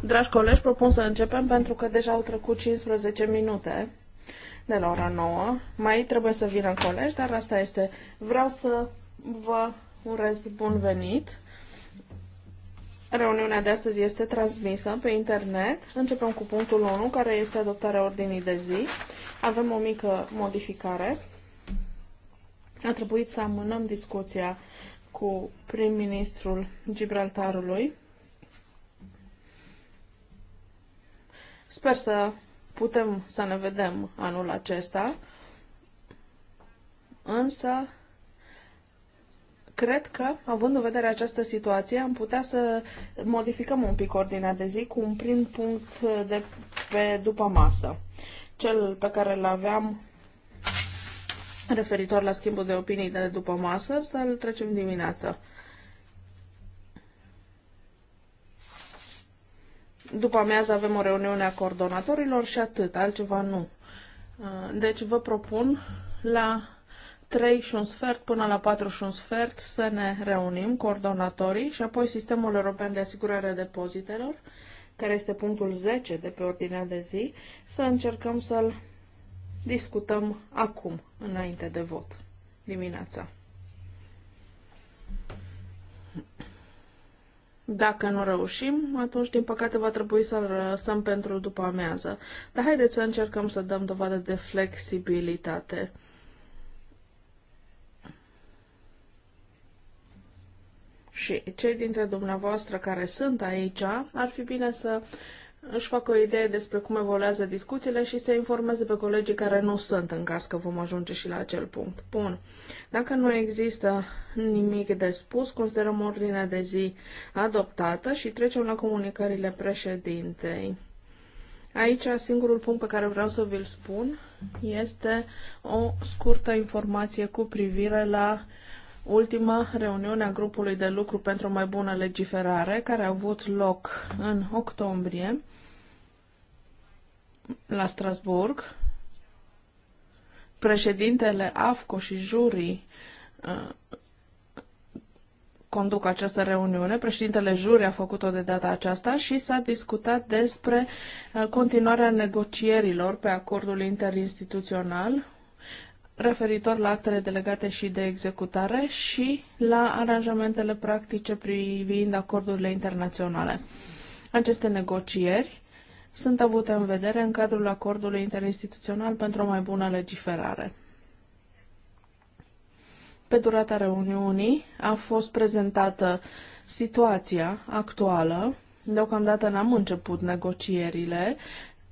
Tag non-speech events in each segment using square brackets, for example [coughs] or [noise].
Dragi colegi, propun să începem pentru că deja au trecut 15 minute de la ora 9. Mai trebuie să vină colegi, dar asta este. Vreau să vă urez bun venit. Reuniunea de astăzi este transmisă pe internet. Începem cu punctul 1, care este adoptarea ordinii de zi. Avem o mică modificare. A trebuit să amânăm discuția cu prim-ministrul Gibraltarului. Sper să putem să ne vedem anul acesta, însă cred că, având în vedere această situație, am putea să modificăm un pic ordinea de zi cu un prim punct de pe după masă. Cel pe care îl aveam referitor la schimbul de opinii de după masă, să-l trecem dimineața. După amiază avem o reuniune a coordonatorilor și atât, altceva nu. Uh, deci vă propun la 3 și un sfert până la 4 și un sfert să ne reunim, coordonatorii, și apoi Sistemul European de Asigurare a Depozitelor, care este punctul 10 de pe ordinea de zi, să încercăm să-l discutăm acum înainte de vot dimineața. Dacă nu reușim, atunci, din păcate, va trebui să-l lăsăm pentru după amează. Dar haideți să încercăm să dăm dovadă de flexibilitate. Și cei dintre dumneavoastră care sunt aici, ar fi bine să își facă o idee despre cum evoluează discuțiile și să informeze pe colegii care nu sunt în caz că vom ajunge și la acel punct. Bun. Dacă nu există nimic de spus, considerăm ordinea de zi adoptată și trecem la comunicările președintei. Aici singurul punct pe care vreau să vi-l spun este o scurtă informație cu privire la ultima reuniune a grupului de lucru pentru o mai bună legiferare, care a avut loc în octombrie la Strasburg. Președintele AFCO și jurii uh, conduc această reuniune. Președintele juri a făcut-o de data aceasta și s-a discutat despre uh, continuarea negocierilor pe acordul interinstituțional referitor la actele delegate și de executare și la aranjamentele practice privind acordurile internaționale. Aceste negocieri sunt avute în vedere în cadrul acordului interinstituțional pentru o mai bună legiferare. Pe durata reuniunii a fost prezentată situația actuală. Deocamdată n-am început negocierile,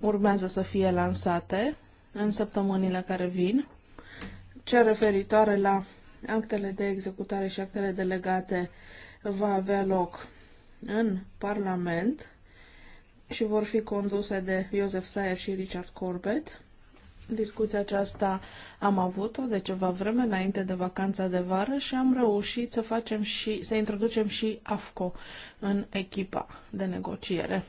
urmează să fie lansate în săptămânile care vin. Cea referitoare la actele de executare și actele delegate va avea loc în Parlament și vor fi conduse de Joseph Sayer și Richard Corbett. Discuția aceasta am avut-o de ceva vreme înainte de vacanța de vară și am reușit să facem și să introducem și AFCO în echipa de negociere.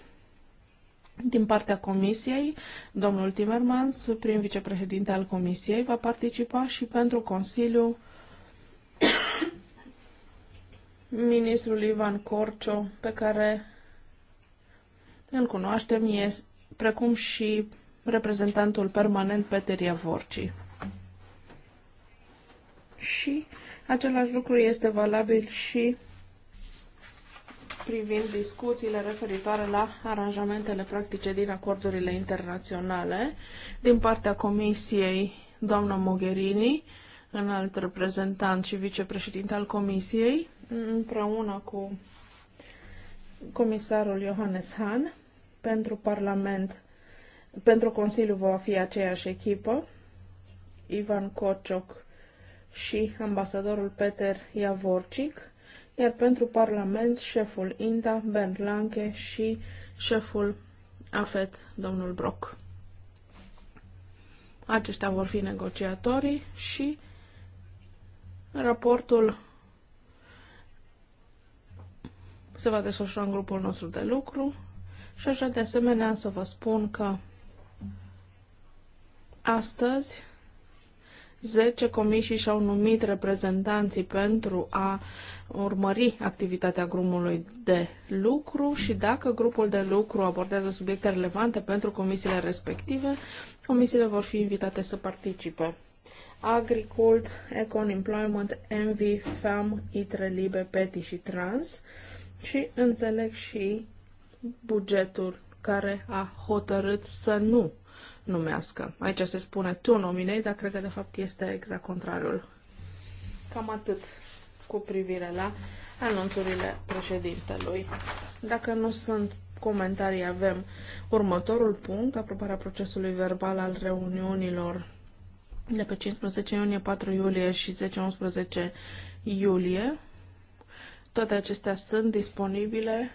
Din partea Comisiei, domnul Timmermans, prim vicepreședinte al Comisiei, va participa și pentru Consiliu ministrul Ivan Corcio, pe care îl cunoaștem, este, precum și reprezentantul permanent Peter Vorci. Și același lucru este valabil și privind discuțiile referitoare la aranjamentele practice din acordurile internaționale din partea Comisiei doamna Mogherini, alt reprezentant și vicepreședinte al Comisiei, împreună cu comisarul Johannes Hahn pentru Parlament, pentru Consiliu va fi aceeași echipă, Ivan Kocioc și ambasadorul Peter Iavorcic, iar pentru Parlament șeful INTA, Bernd Lanke și șeful AFET, domnul Brock. Aceștia vor fi negociatorii și raportul se va desfășura în grupul nostru de lucru și așa de asemenea să vă spun că astăzi 10 comisii și-au numit reprezentanții pentru a urmări activitatea grupului de lucru și dacă grupul de lucru abordează subiecte relevante pentru comisiile respective, comisiile vor fi invitate să participe. Agricult, Econ Employment, Envy, FAM, ITRE, LIBE, PETI și TRANS și înțeleg și bugetul care a hotărât să nu numească. Aici se spune tu nominei, dar cred că de fapt este exact contrariul. Cam atât cu privire la anunțurile președintelui. Dacă nu sunt comentarii, avem următorul punct, aprobarea procesului verbal al reuniunilor de pe 15 iunie, 4 iulie și 10-11 iulie. Toate acestea sunt disponibile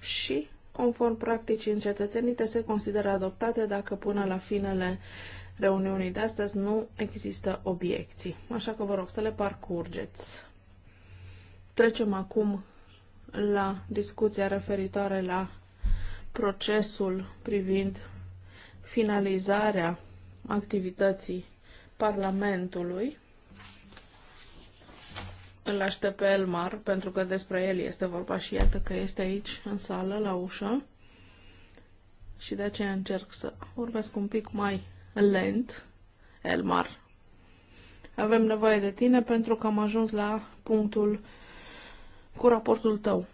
și, conform practicii încetățenite, se consideră adoptate dacă până la finele reuniunii de astăzi nu există obiecții, așa că vă rog să le parcurgeți. Trecem acum la discuția referitoare la procesul privind finalizarea activității Parlamentului. Îl aștept pe Elmar, pentru că despre el este vorba și iată că este aici, în sală, la ușă. Și de aceea încerc să vorbesc un pic mai lent, Elmar. Avem nevoie de tine pentru că am ajuns la punctul cu raportul tău.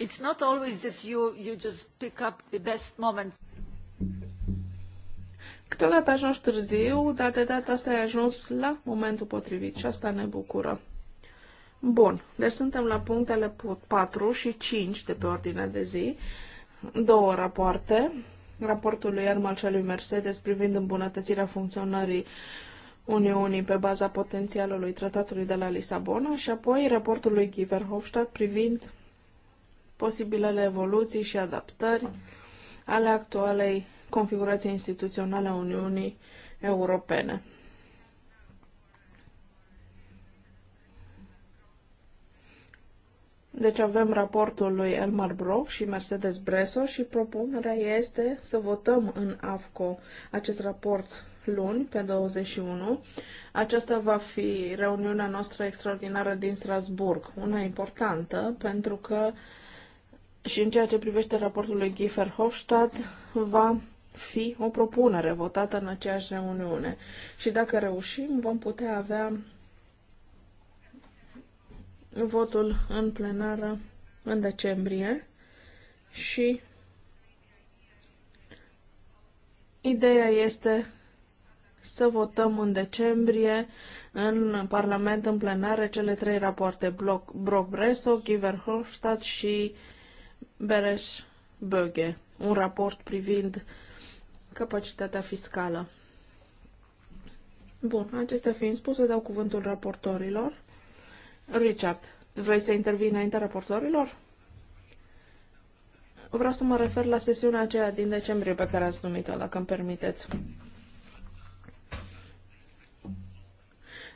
It's not always that you, you just pick up the best moment. Câteodată ajungi târziu, dar de data asta ai ajuns la momentul potrivit și asta ne bucură. Bun, deci suntem la punctele 4 și 5 de pe ordinea de zi. Două rapoarte. Raportul lui Ermal și al lui Mercedes privind îmbunătățirea funcționării Uniunii pe baza potențialului tratatului de la Lisabona și apoi raportul lui Giver Hofstadt privind posibilele evoluții și adaptări ale actualei configurații instituționale a Uniunii Europene. Deci avem raportul lui Elmar Brock și Mercedes Bresso și propunerea este să votăm în AFCO acest raport luni, pe 21. Aceasta va fi reuniunea noastră extraordinară din Strasburg, una importantă, pentru că și în ceea ce privește raportul lui Giefer Hofstadt, va fi o propunere votată în aceeași reuniune. Și dacă reușim, vom putea avea votul în plenară în decembrie și ideea este să votăm în decembrie în Parlament, în plenară, cele trei rapoarte, Bloc, Brock Bresso, Giver Hofstadt și Beres Böge, un raport privind capacitatea fiscală. Bun, acestea fiind spuse, dau cuvântul raportorilor. Richard, vrei să intervii înaintea raportorilor? Vreau să mă refer la sesiunea aceea din decembrie pe care ați numit-o, dacă îmi permiteți.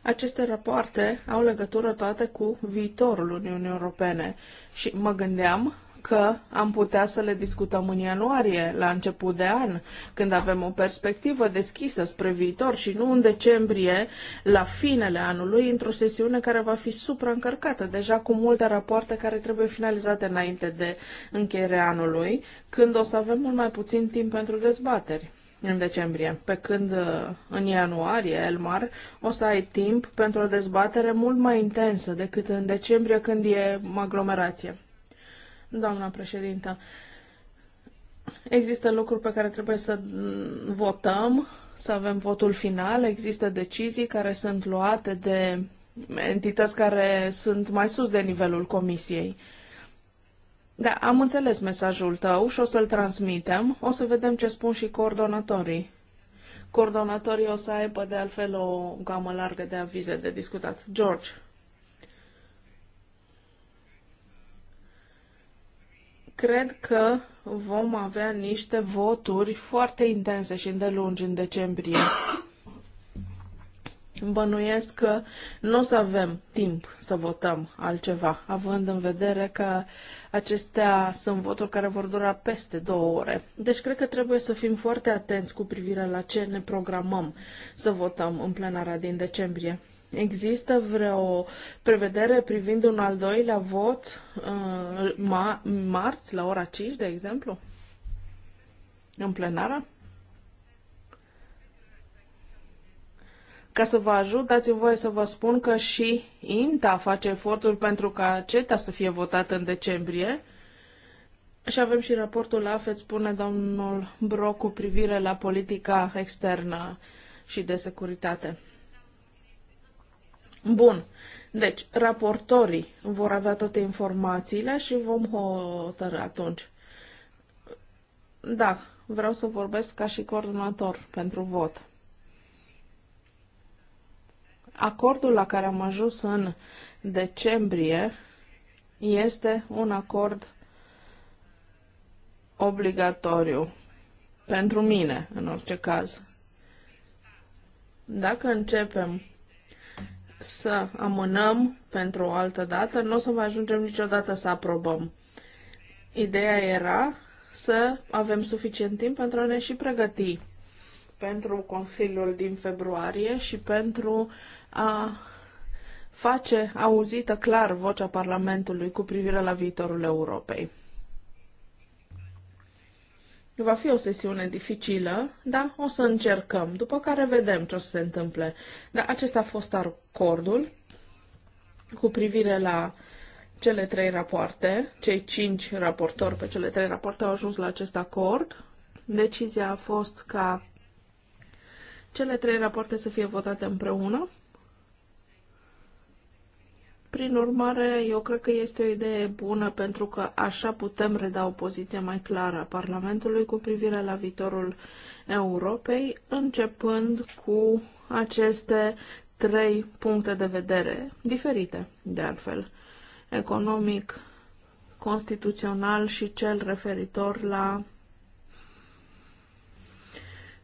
Aceste rapoarte au legătură toate cu viitorul Uniunii Europene și mă gândeam că am putea să le discutăm în ianuarie, la început de an, când avem o perspectivă deschisă spre viitor și nu în decembrie, la finele anului, într-o sesiune care va fi supraîncărcată, deja cu multe rapoarte care trebuie finalizate înainte de încheierea anului, când o să avem mult mai puțin timp pentru dezbateri în decembrie, pe când uh, în ianuarie, Elmar, o să ai timp pentru o dezbatere mult mai intensă decât în decembrie când e aglomerație. Doamna președintă, există lucruri pe care trebuie să votăm, să avem votul final, există decizii care sunt luate de entități care sunt mai sus de nivelul comisiei. Da, am înțeles mesajul tău și o să-l transmitem. O să vedem ce spun și coordonatorii. Coordonatorii o să aibă de altfel o gamă largă de avize de discutat. George. cred că vom avea niște voturi foarte intense și îndelungi în decembrie. Bănuiesc că nu o să avem timp să votăm altceva, având în vedere că acestea sunt voturi care vor dura peste două ore. Deci cred că trebuie să fim foarte atenți cu privire la ce ne programăm să votăm în plenara din decembrie. Există vreo prevedere privind un al doilea vot uh, ma marți la ora 5, de exemplu? În plenară? Ca să vă ajut, dați-mi voie să vă spun că și INTA face eforturi pentru ca CETA să fie votată în decembrie. Și avem și raportul AFET, spune domnul Broc, cu privire la politica externă și de securitate. Bun. Deci, raportorii vor avea toate informațiile și vom hotărâ atunci. Da, vreau să vorbesc ca și coordonator pentru vot. Acordul la care am ajuns în decembrie este un acord obligatoriu. Pentru mine, în orice caz. Dacă începem să amânăm pentru o altă dată, nu o să mai ajungem niciodată să aprobăm. Ideea era să avem suficient timp pentru a ne și pregăti pentru Consiliul din februarie și pentru a face auzită clar vocea Parlamentului cu privire la viitorul Europei. Va fi o sesiune dificilă, dar o să încercăm, după care vedem ce o să se întâmple. Dar acesta a fost acordul cu privire la cele trei rapoarte. Cei cinci raportori pe cele trei rapoarte au ajuns la acest acord. Decizia a fost ca cele trei rapoarte să fie votate împreună prin urmare, eu cred că este o idee bună pentru că așa putem reda o poziție mai clară a Parlamentului cu privire la viitorul Europei, începând cu aceste trei puncte de vedere diferite, de altfel, economic, constituțional și cel referitor la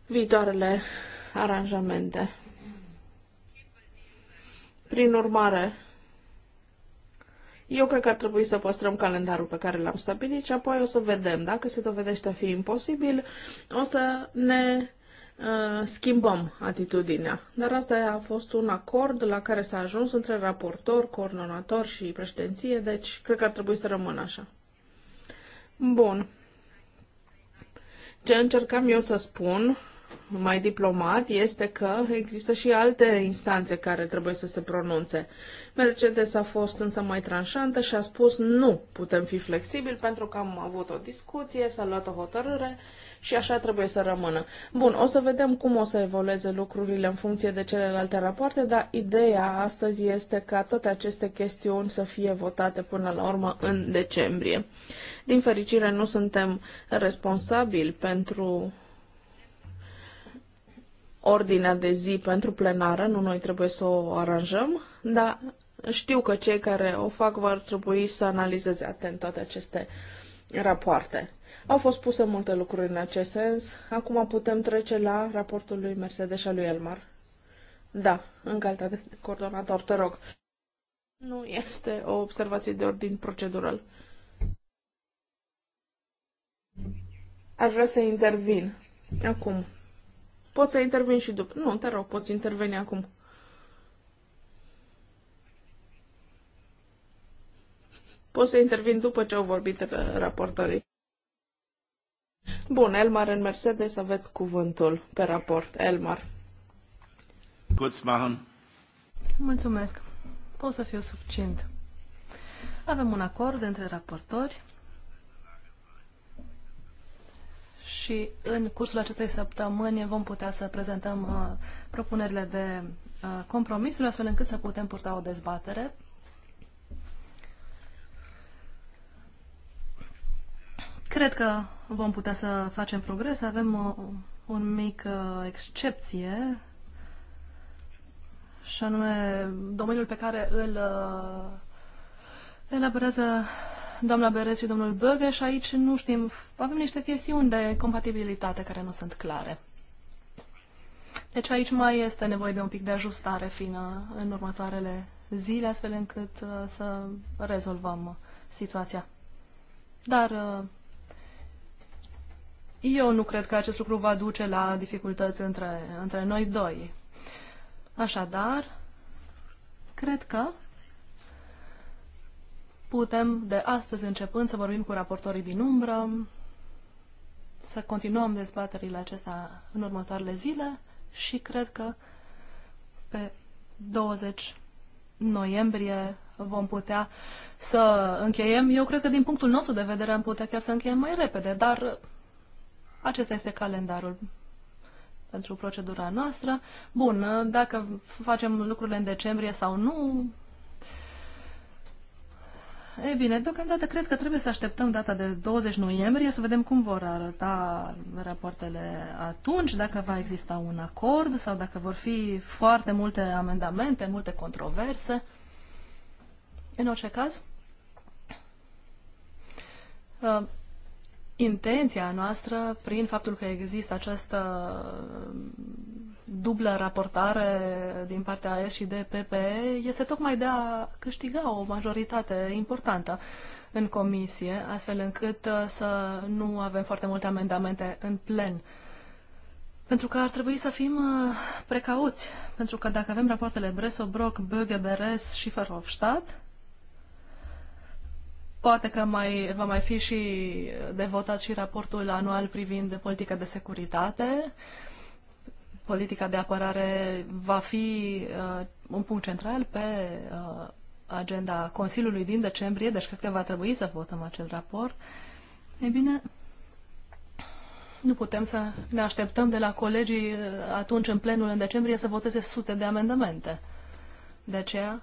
viitoarele aranjamente. Prin urmare, eu cred că ar trebui să păstrăm calendarul pe care l-am stabilit și apoi o să vedem. Dacă se dovedește a fi imposibil, o să ne uh, schimbăm atitudinea. Dar asta a fost un acord la care s-a ajuns între raportor, coordonator și președinție, deci cred că ar trebui să rămână așa. Bun. Ce încercam eu să spun mai diplomat este că există și alte instanțe care trebuie să se pronunțe. Mercedes a fost însă mai tranșantă și a spus nu putem fi flexibili pentru că am avut o discuție, s-a luat o hotărâre și așa trebuie să rămână. Bun, o să vedem cum o să evolueze lucrurile în funcție de celelalte rapoarte, dar ideea astăzi este ca toate aceste chestiuni să fie votate până la urmă în decembrie. Din fericire, nu suntem responsabili pentru ordinea de zi pentru plenară, nu noi trebuie să o aranjăm, dar știu că cei care o fac vor trebui să analizeze atent toate aceste rapoarte. Au fost puse multe lucruri în acest sens. Acum putem trece la raportul lui Mercedes și al lui Elmar. Da, în calitate de coordonator, te rog. Nu este o observație de ordin procedural. Aș vrea să intervin. Acum, Pot să intervin și după. Nu, te rog, poți interveni acum. Poți să intervin după ce au vorbit raportorii. Bun, Elmar în Mercedes, aveți cuvântul pe raport. Elmar. Kurz machen. Mulțumesc. Pot să fiu suficient. Avem un acord între raportori și în cursul acestei săptămâni vom putea să prezentăm uh, propunerile de uh, compromisuri, astfel încât să putem purta o dezbatere. Cred că vom putea să facem progres. Avem o uh, un mic uh, excepție și anume domeniul pe care îl uh, elaborează doamna Beres și domnul Băgă și aici nu știm, avem niște chestiuni de compatibilitate care nu sunt clare. Deci aici mai este nevoie de un pic de ajustare fină în următoarele zile, astfel încât uh, să rezolvăm situația. Dar uh, eu nu cred că acest lucru va duce la dificultăți între, între noi doi. Așadar, cred că putem de astăzi începând să vorbim cu raportorii din umbră, să continuăm dezbaterile acestea în următoarele zile și cred că pe 20 noiembrie vom putea să încheiem. Eu cred că din punctul nostru de vedere am putea chiar să încheiem mai repede, dar acesta este calendarul pentru procedura noastră. Bun, dacă facem lucrurile în decembrie sau nu, E bine, deocamdată cred că trebuie să așteptăm data de 20 noiembrie să vedem cum vor arăta rapoartele atunci, dacă va exista un acord sau dacă vor fi foarte multe amendamente, multe controverse. În orice caz, uh, intenția noastră, prin faptul că există această dublă raportare din partea S și de PPE este tocmai de a câștiga o majoritate importantă în comisie, astfel încât uh, să nu avem foarte multe amendamente în plen. Pentru că ar trebui să fim uh, precauți, pentru că dacă avem rapoartele Bresobroc, Böge, Beres și Ferhofstadt, poate că mai, va mai fi și de votat și raportul anual privind politica de securitate, politica de apărare va fi uh, un punct central pe uh, agenda Consiliului din decembrie, deci cred că va trebui să votăm acel raport. Ei bine, nu putem să ne așteptăm de la colegii uh, atunci în plenul în decembrie să voteze sute de amendamente. De aceea,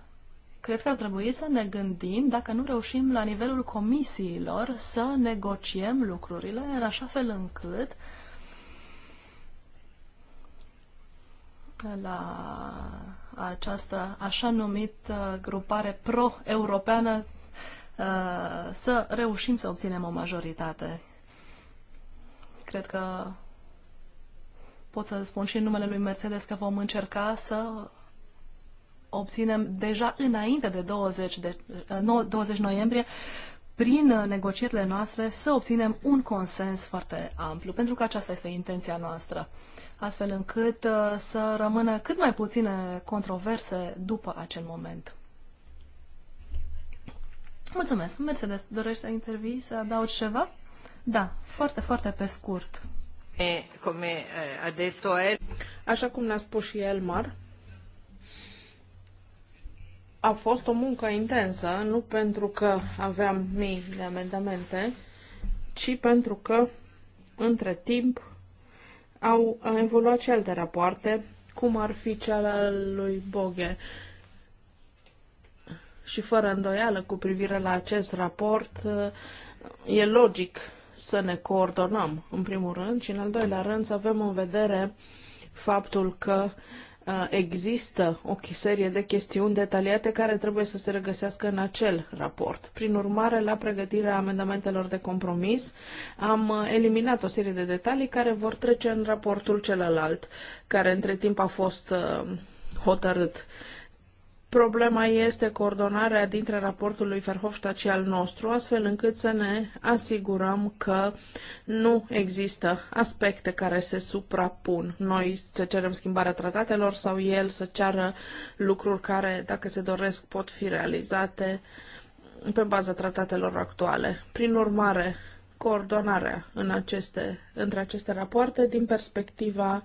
cred că ar trebui să ne gândim dacă nu reușim la nivelul comisiilor să negociem lucrurile în așa fel încât uh, la această așa numită uh, grupare pro-europeană uh, să reușim să obținem o majoritate. Cred că pot să spun și în numele lui Mercedes că vom încerca să obținem deja înainte de 20, de, 20 uh, noiembrie prin negocierile noastre să obținem un consens foarte amplu, pentru că aceasta este intenția noastră astfel încât uh, să rămână cât mai puține controverse după acel moment. Mulțumesc. Mercedes, dorești să intervii, să adaugi ceva? Da, foarte, foarte pe scurt. Come a detto el... Așa cum ne-a spus și Elmar, a fost o muncă intensă, nu pentru că aveam mii de amendamente, ci pentru că, între timp, au evoluat și alte rapoarte, cum ar fi cel al lui Boghe. Și fără îndoială cu privire la acest raport, e logic să ne coordonăm, în primul rând, și în al doilea rând să avem în vedere faptul că există o serie de chestiuni detaliate care trebuie să se regăsească în acel raport. Prin urmare, la pregătirea amendamentelor de compromis, am uh, eliminat o serie de detalii care vor trece în raportul celălalt, care între timp a fost uh, hotărât. Problema este coordonarea dintre raportul lui Verhofstadt și al nostru, astfel încât să ne asigurăm că nu există aspecte care se suprapun. Noi să cerem schimbarea tratatelor sau el să ceară lucruri care, dacă se doresc, pot fi realizate pe baza tratatelor actuale. Prin urmare, coordonarea în aceste, între aceste rapoarte din perspectiva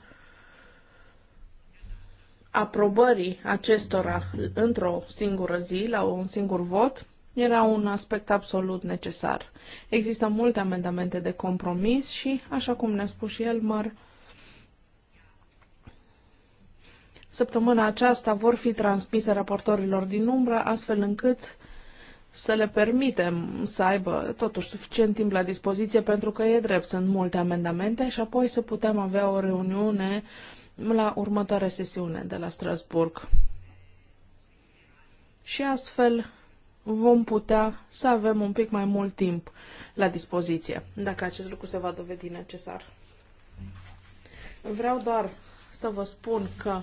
aprobării acestora într-o singură zi, la un singur vot, era un aspect absolut necesar. Există multe amendamente de compromis și, așa cum ne-a spus și Elmar, săptămâna aceasta vor fi transmise raportorilor din umbră, astfel încât să le permitem să aibă totuși suficient timp la dispoziție, pentru că e drept, sunt multe amendamente și apoi să putem avea o reuniune uh, la următoarea sesiune de la Strasburg. Și astfel vom putea să avem un pic mai mult timp la dispoziție, dacă acest lucru se va dovedi necesar. Vreau doar să vă spun că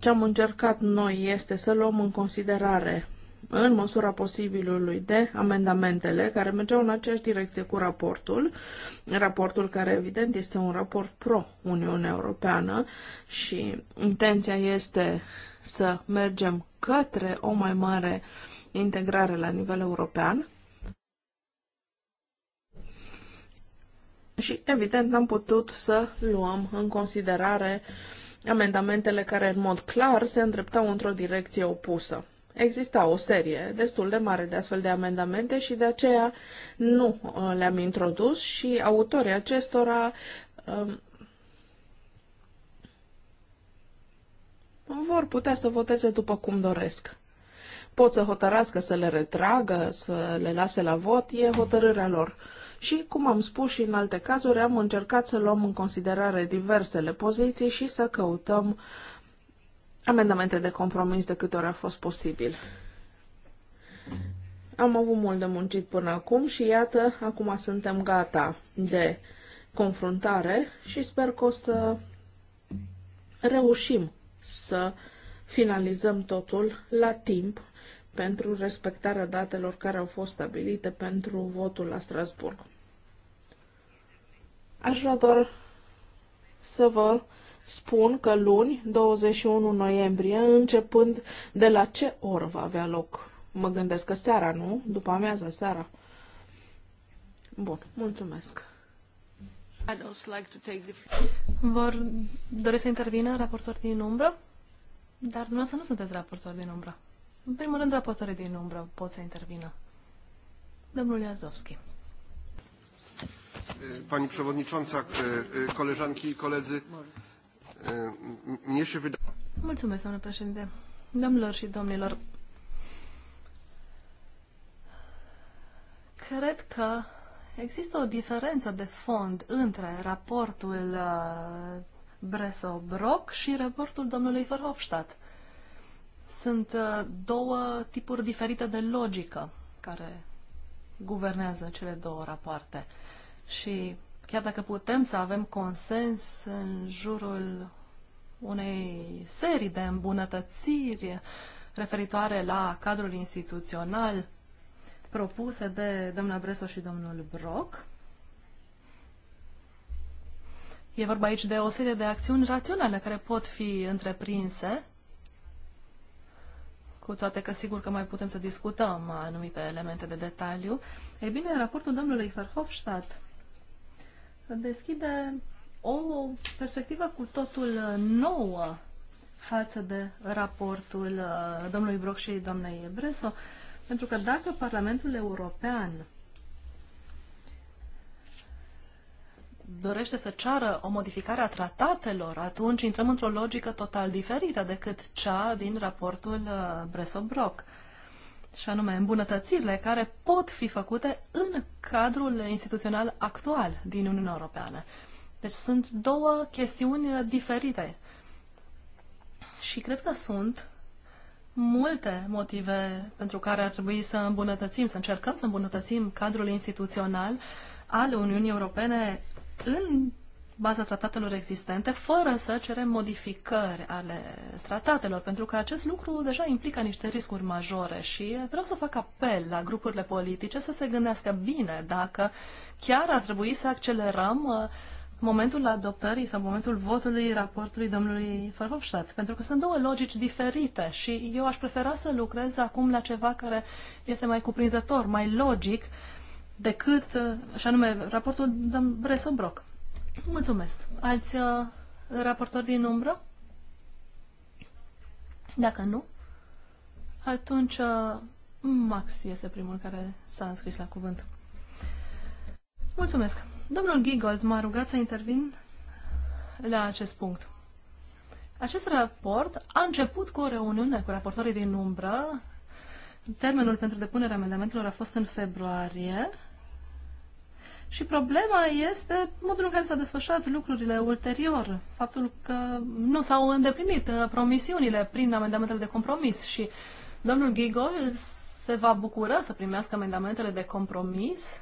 ce am încercat noi este să luăm în considerare în măsura posibilului de amendamentele care mergeau în aceeași direcție cu raportul, raportul care evident este un raport pro-Uniunea Europeană și intenția este să mergem către o mai mare integrare la nivel european. Și evident n-am putut să luăm în considerare amendamentele care în mod clar se îndreptau într-o direcție opusă. Exista o serie destul de mare de astfel de amendamente și de aceea nu uh, le-am introdus și autorii acestora um, vor putea să voteze după cum doresc. Pot să hotărască să le retragă, să le lase la vot, e hotărârea lor. Și, cum am spus și în alte cazuri, am încercat să luăm în considerare diversele poziții și să căutăm uh, amendamente de compromis de câte ori a fost posibil. Am avut mult de muncit până acum și iată, acum suntem gata de confruntare și sper că o să reușim să finalizăm totul la timp pentru respectarea datelor care au fost stabilite pentru votul la Strasburg. Aș vrea doar să vă spun că luni, 21 noiembrie, începând de la ce oră va avea loc? Mă gândesc că seara, nu? După amiază, seara. Bun, mulțumesc. Vor doresc să intervină raportor din umbră? Dar dumneavoastră nu sunteți raportor din umbră. În primul rând, raportorii din umbră pot să intervină. Domnul Iazovski. Pani Przewodnicząca, koleżanki i koledzy, Mulțumesc, doamnă președinte. Domnilor și domnilor, cred că există o diferență de fond între raportul uh, Breso-Brock și raportul domnului Verhofstadt. Sunt uh, două tipuri diferite de logică care guvernează cele două rapoarte. Și chiar dacă putem să avem consens în jurul unei serii de îmbunătățiri referitoare la cadrul instituțional propuse de doamna Breso și domnul Brock. E vorba aici de o serie de acțiuni raționale care pot fi întreprinse, cu toate că sigur că mai putem să discutăm anumite elemente de detaliu. Ei bine, raportul domnului Verhofstadt deschide o perspectivă cu totul nouă față de raportul uh, domnului Broc și doamnei Ebreso, pentru că dacă Parlamentul European dorește să ceară o modificare a tratatelor, atunci intrăm într-o logică total diferită decât cea din raportul uh, Breso-Brock și anume îmbunătățirile care pot fi făcute în cadrul instituțional actual din Uniunea Europeană. Deci sunt două chestiuni diferite. Și cred că sunt multe motive pentru care ar trebui să îmbunătățim, să încercăm să îmbunătățim cadrul instituțional al Uniunii Europene în baza tratatelor existente, fără să cerem modificări ale tratatelor, pentru că acest lucru deja implică niște riscuri majore și vreau să fac apel la grupurile politice să se gândească bine dacă chiar ar trebui să accelerăm uh, momentul adoptării sau momentul votului raportului domnului Verhofstadt, pentru că sunt două logici diferite și eu aș prefera să lucrez acum la ceva care este mai cuprinzător, mai logic, decât, uh, și anume, raportul Bresobroc. Mulțumesc. Alți uh, raportori din umbră? Dacă nu, atunci uh, Max este primul care s-a înscris la cuvânt. Mulțumesc. Domnul Gigold m-a rugat să intervin la acest punct. Acest raport a început cu o reuniune cu raportorii din umbră. Termenul pentru depunerea amendamentelor a fost în februarie și problema este modul în care s-au desfășurat lucrurile ulterior, faptul că nu s-au îndeplinit uh, promisiunile prin amendamentele de compromis și domnul Gigol se va bucura să primească amendamentele de compromis.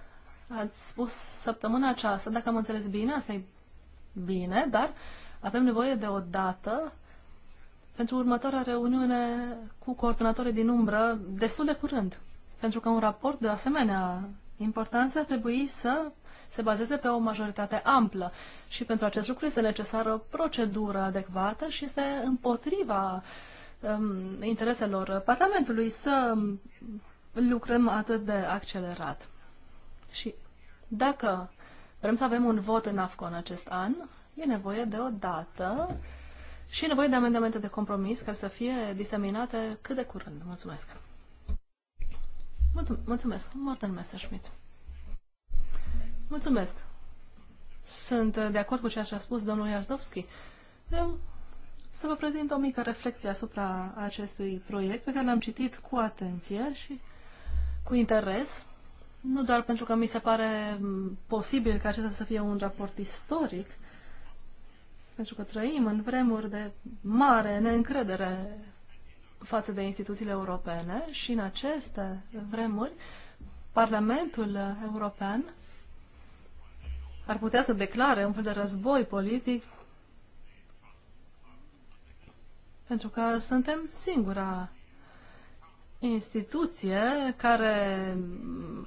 Ați spus săptămâna aceasta, dacă am înțeles bine, asta e bine, dar avem nevoie de o dată pentru următoarea reuniune cu coordonatorii din umbră destul de curând. Pentru că un raport de asemenea importanță ar trebui să se bazeze pe o majoritate amplă. Și pentru acest lucru este necesară o procedură adecvată și este împotriva um, intereselor Parlamentului să lucrăm atât de accelerat. Și dacă vrem să avem un vot în AFCO în acest an, e nevoie de o dată și e nevoie de amendamente de compromis care să fie diseminate cât de curând. Mulțumesc! Mulțumesc, Martin Messerschmidt. Mulțumesc. Sunt de acord cu ceea ce a spus domnul Iazdovski. Eu să vă prezint o mică reflexie asupra acestui proiect pe care l-am citit cu atenție și cu interes, nu doar pentru că mi se pare posibil ca acesta să fie un raport istoric, pentru că trăim în vremuri de mare neîncredere față de instituțiile europene și în aceste vremuri Parlamentul European ar putea să declare un fel de război politic pentru că suntem singura instituție care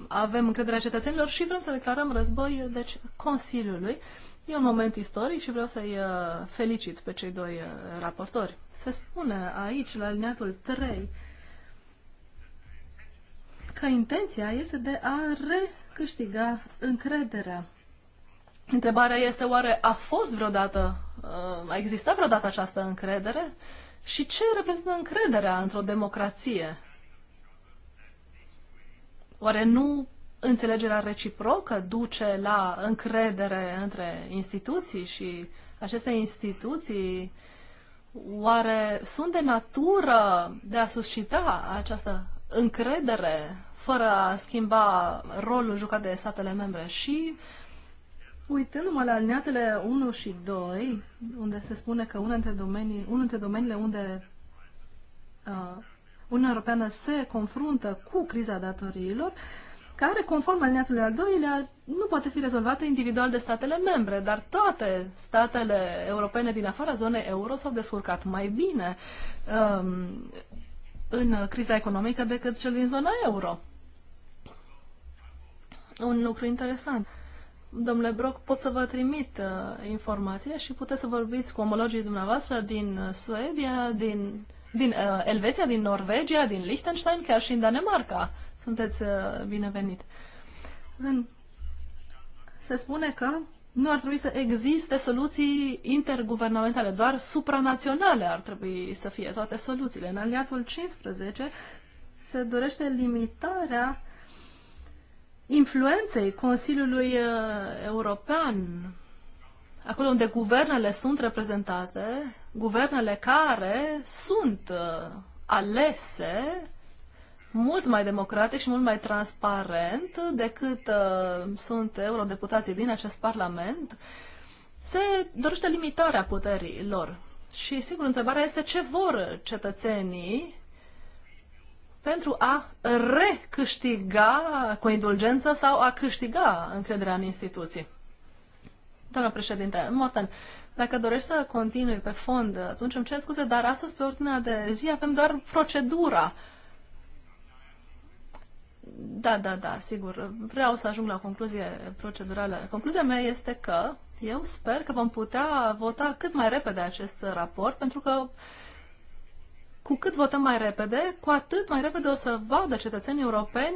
avem încrederea cetățenilor și vrem să declarăm război, deci, Consiliului. E un moment istoric și vreau să-i uh, felicit pe cei doi uh, raportori. Se spune aici, la alineatul 3, că intenția este de a recâștiga încrederea. Întrebarea este oare a fost vreodată, uh, a existat vreodată această încredere? Și ce reprezintă încrederea într-o democrație? Oare nu înțelegerea reciprocă duce la încredere între instituții și aceste instituții oare sunt de natură de a suscita această încredere fără a schimba rolul jucat de statele membre? Și Uitându-mă la alineatele 1 și 2, unde se spune că unul dintre, domenii, unul dintre domeniile unde uh, Uniunea Europeană se confruntă cu criza datoriilor, care, conform alineatului al doilea, nu poate fi rezolvată individual de statele membre, dar toate statele europene din afara zonei euro s-au descurcat mai bine um, în criza economică decât cel din zona euro. Un lucru interesant. Uh, domnule Brock, pot să vă trimit uh, informația și puteți să vorbiți cu omologii dumneavoastră din uh, Suedia, din, din uh, Elveția, din Norvegia, din Liechtenstein, chiar și în Danemarca. Sunteți uh, binevenit. În... Se spune că nu ar trebui să existe soluții interguvernamentale, doar supranaționale ar trebui să fie toate soluțiile. În aliatul 15 se dorește limitarea uh, influenței Consiliului uh, European, acolo unde guvernele sunt reprezentate, guvernele care sunt uh, alese mult mai democratic și mult mai transparent decât uh, sunt eurodeputații din acest Parlament, se dorește limitarea puterii lor. Și, sigur, întrebarea este ce vor cetățenii pentru a recâștiga cu indulgență sau a câștiga încrederea în instituții. Doamna președinte, Morten, dacă dorești să continui pe fond, atunci îmi cer scuze, dar astăzi pe ordinea de zi avem doar procedura. Da, da, da, sigur. Vreau să ajung la o concluzie procedurală. Concluzia mea este că eu sper că vom putea vota cât mai repede acest raport, pentru că cu cât votăm mai repede, cu atât mai repede o să vadă cetățenii europeni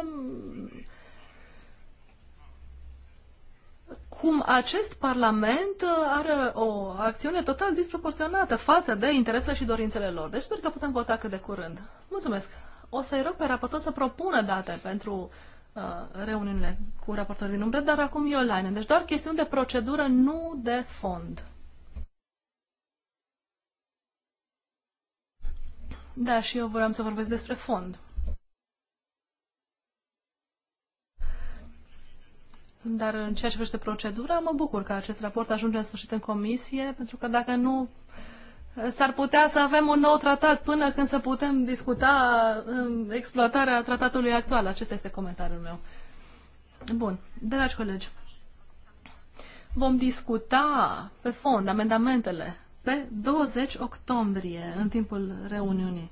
um, cum acest Parlament uh, are o acțiune total disproporționată față de interesele și dorințele lor. Deci sper că putem vota cât de curând. Mulțumesc! O să-i rog pe raportor să propună date pentru uh, reuniunile cu raportorii din umbră, dar acum e online. Deci doar chestiuni de procedură, nu de fond. Da, și eu vreau să vorbesc despre fond. Dar în ceea ce privește procedura, mă bucur că acest raport ajunge în sfârșit în comisie, pentru că dacă nu, s-ar putea să avem un nou tratat până când să putem discuta um, exploatarea tratatului actual. Acesta este comentariul meu. Bun, dragi colegi, vom discuta pe fond amendamentele pe 20 octombrie, în timpul reuniunii.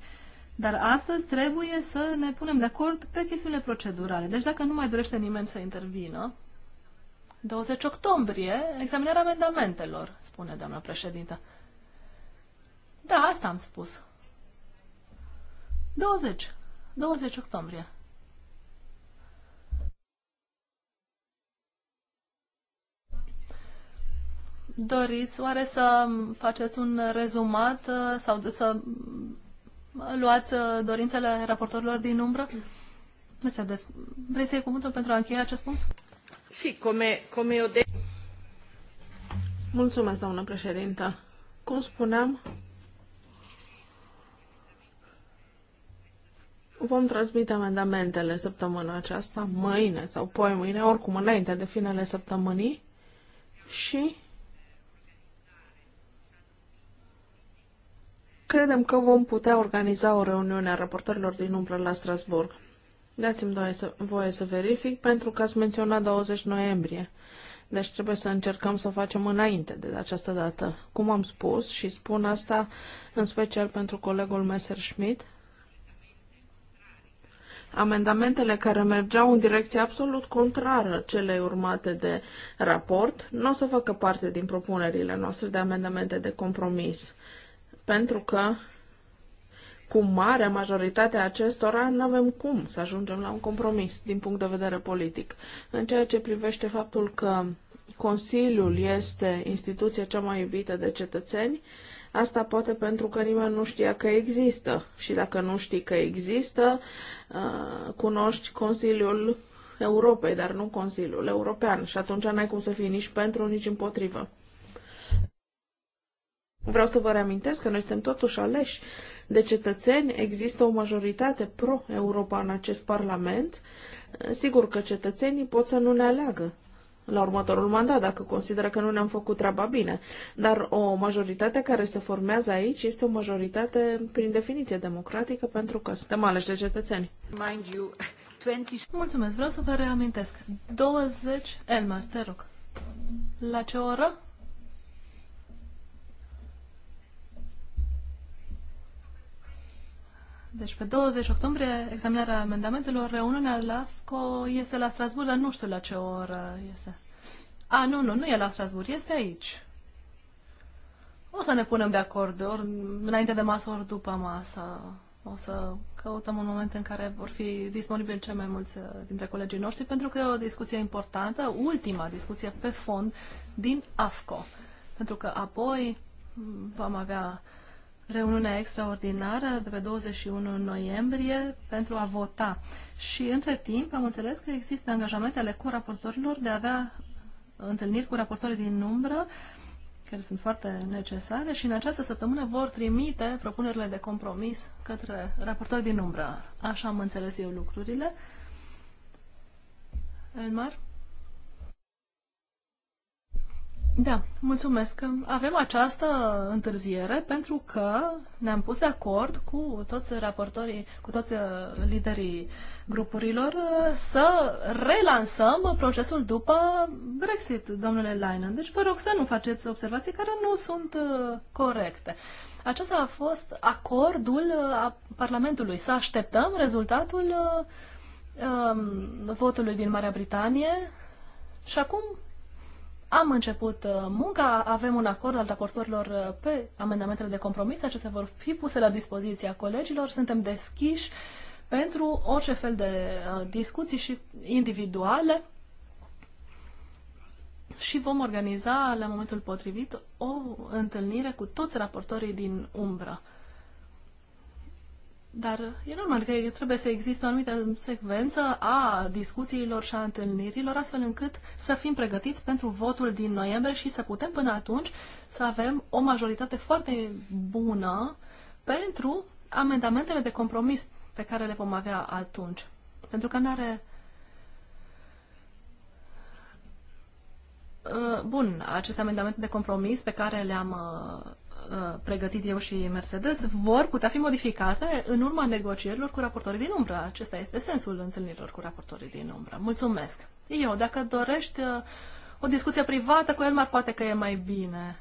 Dar astăzi trebuie să ne punem de acord pe chestiunile procedurale. Deci dacă nu mai dorește nimeni să intervină, 20 octombrie, examinarea amendamentelor, spune doamna președintă. Da, asta am spus. 20. 20 octombrie. Doriți oare să faceți un rezumat uh, sau să luați uh, dorințele raportorilor din umbră? Mercedes, vrei să iei cuvântul pentru a încheia acest punct? Și come, come de... Mulțumesc, doamnă președintă. Cum spuneam, vom transmite amendamentele săptămâna aceasta, mâine sau poi mâine, oricum înainte de finele săptămânii și Credem că vom putea organiza o reuniune a raportorilor din umbră la Strasburg. Dați-mi voie să verific, pentru că ați menționat 20 noiembrie. Deci trebuie să încercăm să o facem înainte de această dată. Cum am spus și spun asta în special pentru colegul Schmidt. amendamentele care mergeau în direcție absolut contrară celei urmate de raport nu o să facă parte din propunerile noastre de amendamente de compromis pentru că cu marea majoritate a acestora nu avem cum să ajungem la un compromis din punct de vedere politic. În ceea ce privește faptul că Consiliul este instituția cea mai iubită de cetățeni, Asta poate pentru că nimeni nu știa că există. Și dacă nu știi că există, uh, cunoști Consiliul Europei, dar nu Consiliul European. Și atunci n-ai cum să fii nici pentru, nici împotrivă. Vreau să vă reamintesc că noi suntem totuși aleși de cetățeni, există o majoritate pro-Europa în acest Parlament. Sigur că cetățenii pot să nu ne aleagă la următorul mandat, dacă consideră că nu ne-am făcut treaba bine. Dar o majoritate care se formează aici este o majoritate, prin definiție, democratică, pentru că suntem aleși de cetățeni. Mind you, 20... Mulțumesc, vreau să vă reamintesc. 20, Elmar, te rog. La ce oră? Deci pe 20 octombrie, examinarea amendamentelor, reuniunea la FCO este la Strasbourg, dar nu știu la ce oră este. A, nu, nu, nu e la Strasbourg, este aici. O să ne punem de acord, ori înainte de masă, ori după masă. O să căutăm un moment în care vor fi disponibili cei mai mulți uh, dintre colegii noștri, pentru că e o discuție importantă, ultima discuție pe fond din AFCO. Pentru că apoi mm, vom avea reuniunea extraordinară de pe 21 noiembrie pentru a vota. Și între timp am înțeles că există angajamente ale coraportorilor de a avea întâlniri cu raportorii din umbră, care sunt foarte necesare și în această săptămână vor trimite propunerile de compromis către raportori din umbră. Așa am înțeles eu lucrurile. Elmar? Da, mulțumesc. Avem această întârziere pentru că ne-am pus de acord cu toți raportorii, cu toți uh, liderii grupurilor uh, să relansăm procesul după Brexit, domnule Leinen. Deci vă rog să nu faceți observații care nu sunt uh, corecte. Acesta a fost acordul a Parlamentului, să așteptăm rezultatul um, votului din Marea Britanie și acum am început uh, munca, avem un acord al raportorilor uh, pe amendamentele de compromis, acestea vor fi puse la dispoziția colegilor, suntem deschiși pentru orice fel de uh, discuții și individuale și vom organiza la momentul potrivit o întâlnire cu toți raportorii din umbră. Dar e normal că trebuie să existe o anumită secvență a discuțiilor și a întâlnirilor, astfel încât să fim pregătiți pentru votul din noiembrie și să putem până atunci să avem o majoritate foarte bună pentru amendamentele de compromis pe care le vom avea atunci. Pentru că nu are. Uh, bun, aceste amendamente de compromis pe care le-am uh, Uh, pregătit eu și Mercedes vor putea fi modificate în urma negocierilor cu raportorii din umbră. Acesta este sensul întâlnirilor cu raportorii din umbră. Mulțumesc! Eu, dacă dorești uh, o discuție privată cu el, mai poate că e mai bine.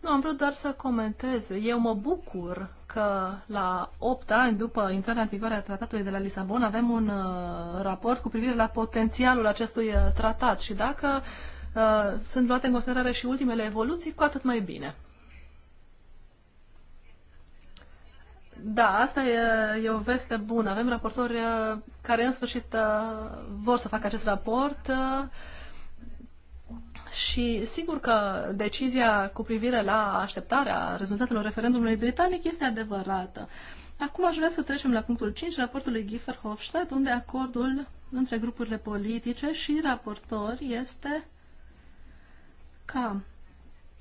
Nu, am vrut doar să comentez. Eu mă bucur că la 8 ani după intrarea în vigoare a tratatului de la Lisabona avem un uh, raport cu privire la potențialul acestui uh, tratat și dacă uh, sunt luate în considerare și ultimele evoluții, cu atât mai bine. Da, asta e, e o veste bună. Avem raportori uh, care în sfârșit uh, vor să facă acest raport uh, și sigur că decizia cu privire la așteptarea rezultatelor referendumului britanic este adevărată. Acum aș vrea să trecem la punctul 5, raportul lui Giffer Hofstadt, unde acordul între grupurile politice și raportori este ca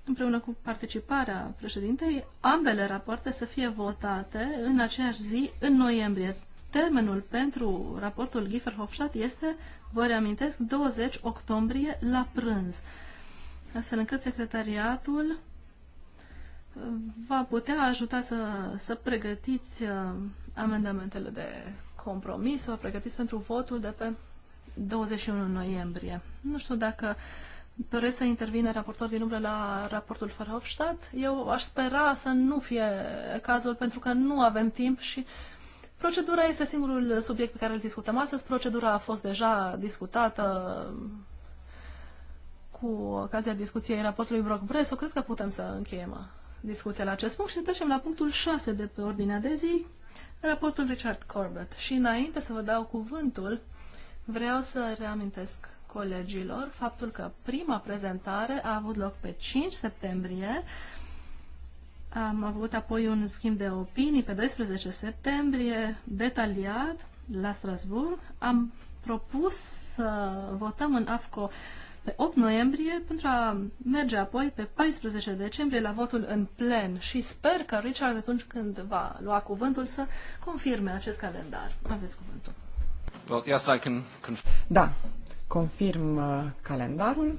împreună cu participarea președintei, ambele rapoarte să fie votate în aceeași zi, în noiembrie. Termenul pentru raportul Giefer-Hofstadt este, vă reamintesc, 20 octombrie la prânz, astfel încât secretariatul uh, va putea ajuta să, să pregătiți uh, amendamentele de compromis, să vă pregătiți pentru votul de pe 21 noiembrie. Nu știu dacă uh, doresc să intervine raportor din umbră la raportul Verhofstadt. Eu aș spera să nu fie cazul pentru că nu avem timp și procedura este singurul subiect pe care îl discutăm astăzi. Procedura a fost deja discutată cu ocazia discuției raportului Brock Bresso. Cred că putem să încheiem discuția la acest punct și trecem la punctul 6 de pe ordinea de zi, raportul Richard Corbett. Și înainte să vă dau cuvântul, vreau să reamintesc colegilor faptul că prima prezentare a avut loc pe 5 septembrie. Am avut apoi un schimb de opinii pe 12 septembrie, detaliat, la Strasburg. Am propus să votăm în AFCO pe 8 noiembrie pentru a merge apoi pe 14 decembrie la votul în plen și sper că Richard atunci când va lua cuvântul să confirme acest calendar. Aveți cuvântul. Well, yes, I can... Da, confirm uh, calendarul.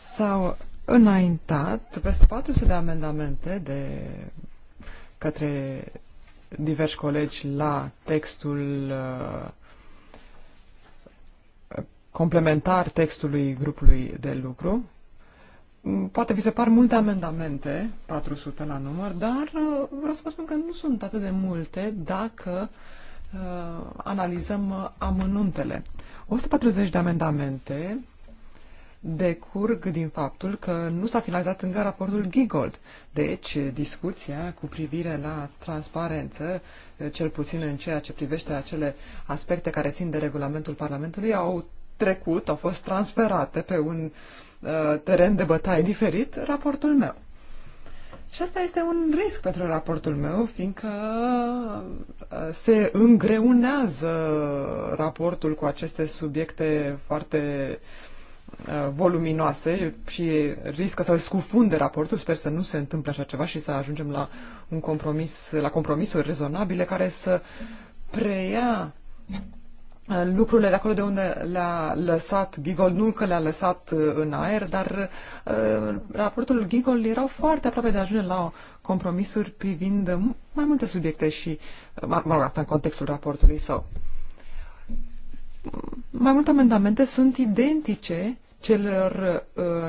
S-au înaintat peste 400 de amendamente de către diversi colegi la textul uh, complementar textului grupului de lucru poate vi se par multe amendamente, 400 la număr, dar uh, vreau să vă spun că nu sunt atât de multe dacă uh, analizăm uh, amănuntele. 140 de amendamente decurg din faptul că nu s-a finalizat încă raportul Gigold. Deci, discuția cu privire la transparență, uh, cel puțin în ceea ce privește acele aspecte care țin de regulamentul Parlamentului, au trecut, au fost transferate pe un uh, Uh, teren de bătaie diferit raportul meu. Și asta este un risc pentru raportul meu, fiindcă uh, se îngreunează raportul cu aceste subiecte foarte uh, voluminoase și riscă să scufunde raportul. Sper să nu se întâmple așa ceva și să ajungem la un compromis, la compromisuri rezonabile care să preia lucrurile de acolo de unde le-a lăsat Gigol, nu că le-a lăsat uh, în aer, dar uh, raportul Gigol erau foarte aproape de a ajunge la compromisuri privind mai multe subiecte și, uh, mă rog, asta în contextul raportului său. Mai multe amendamente sunt identice celor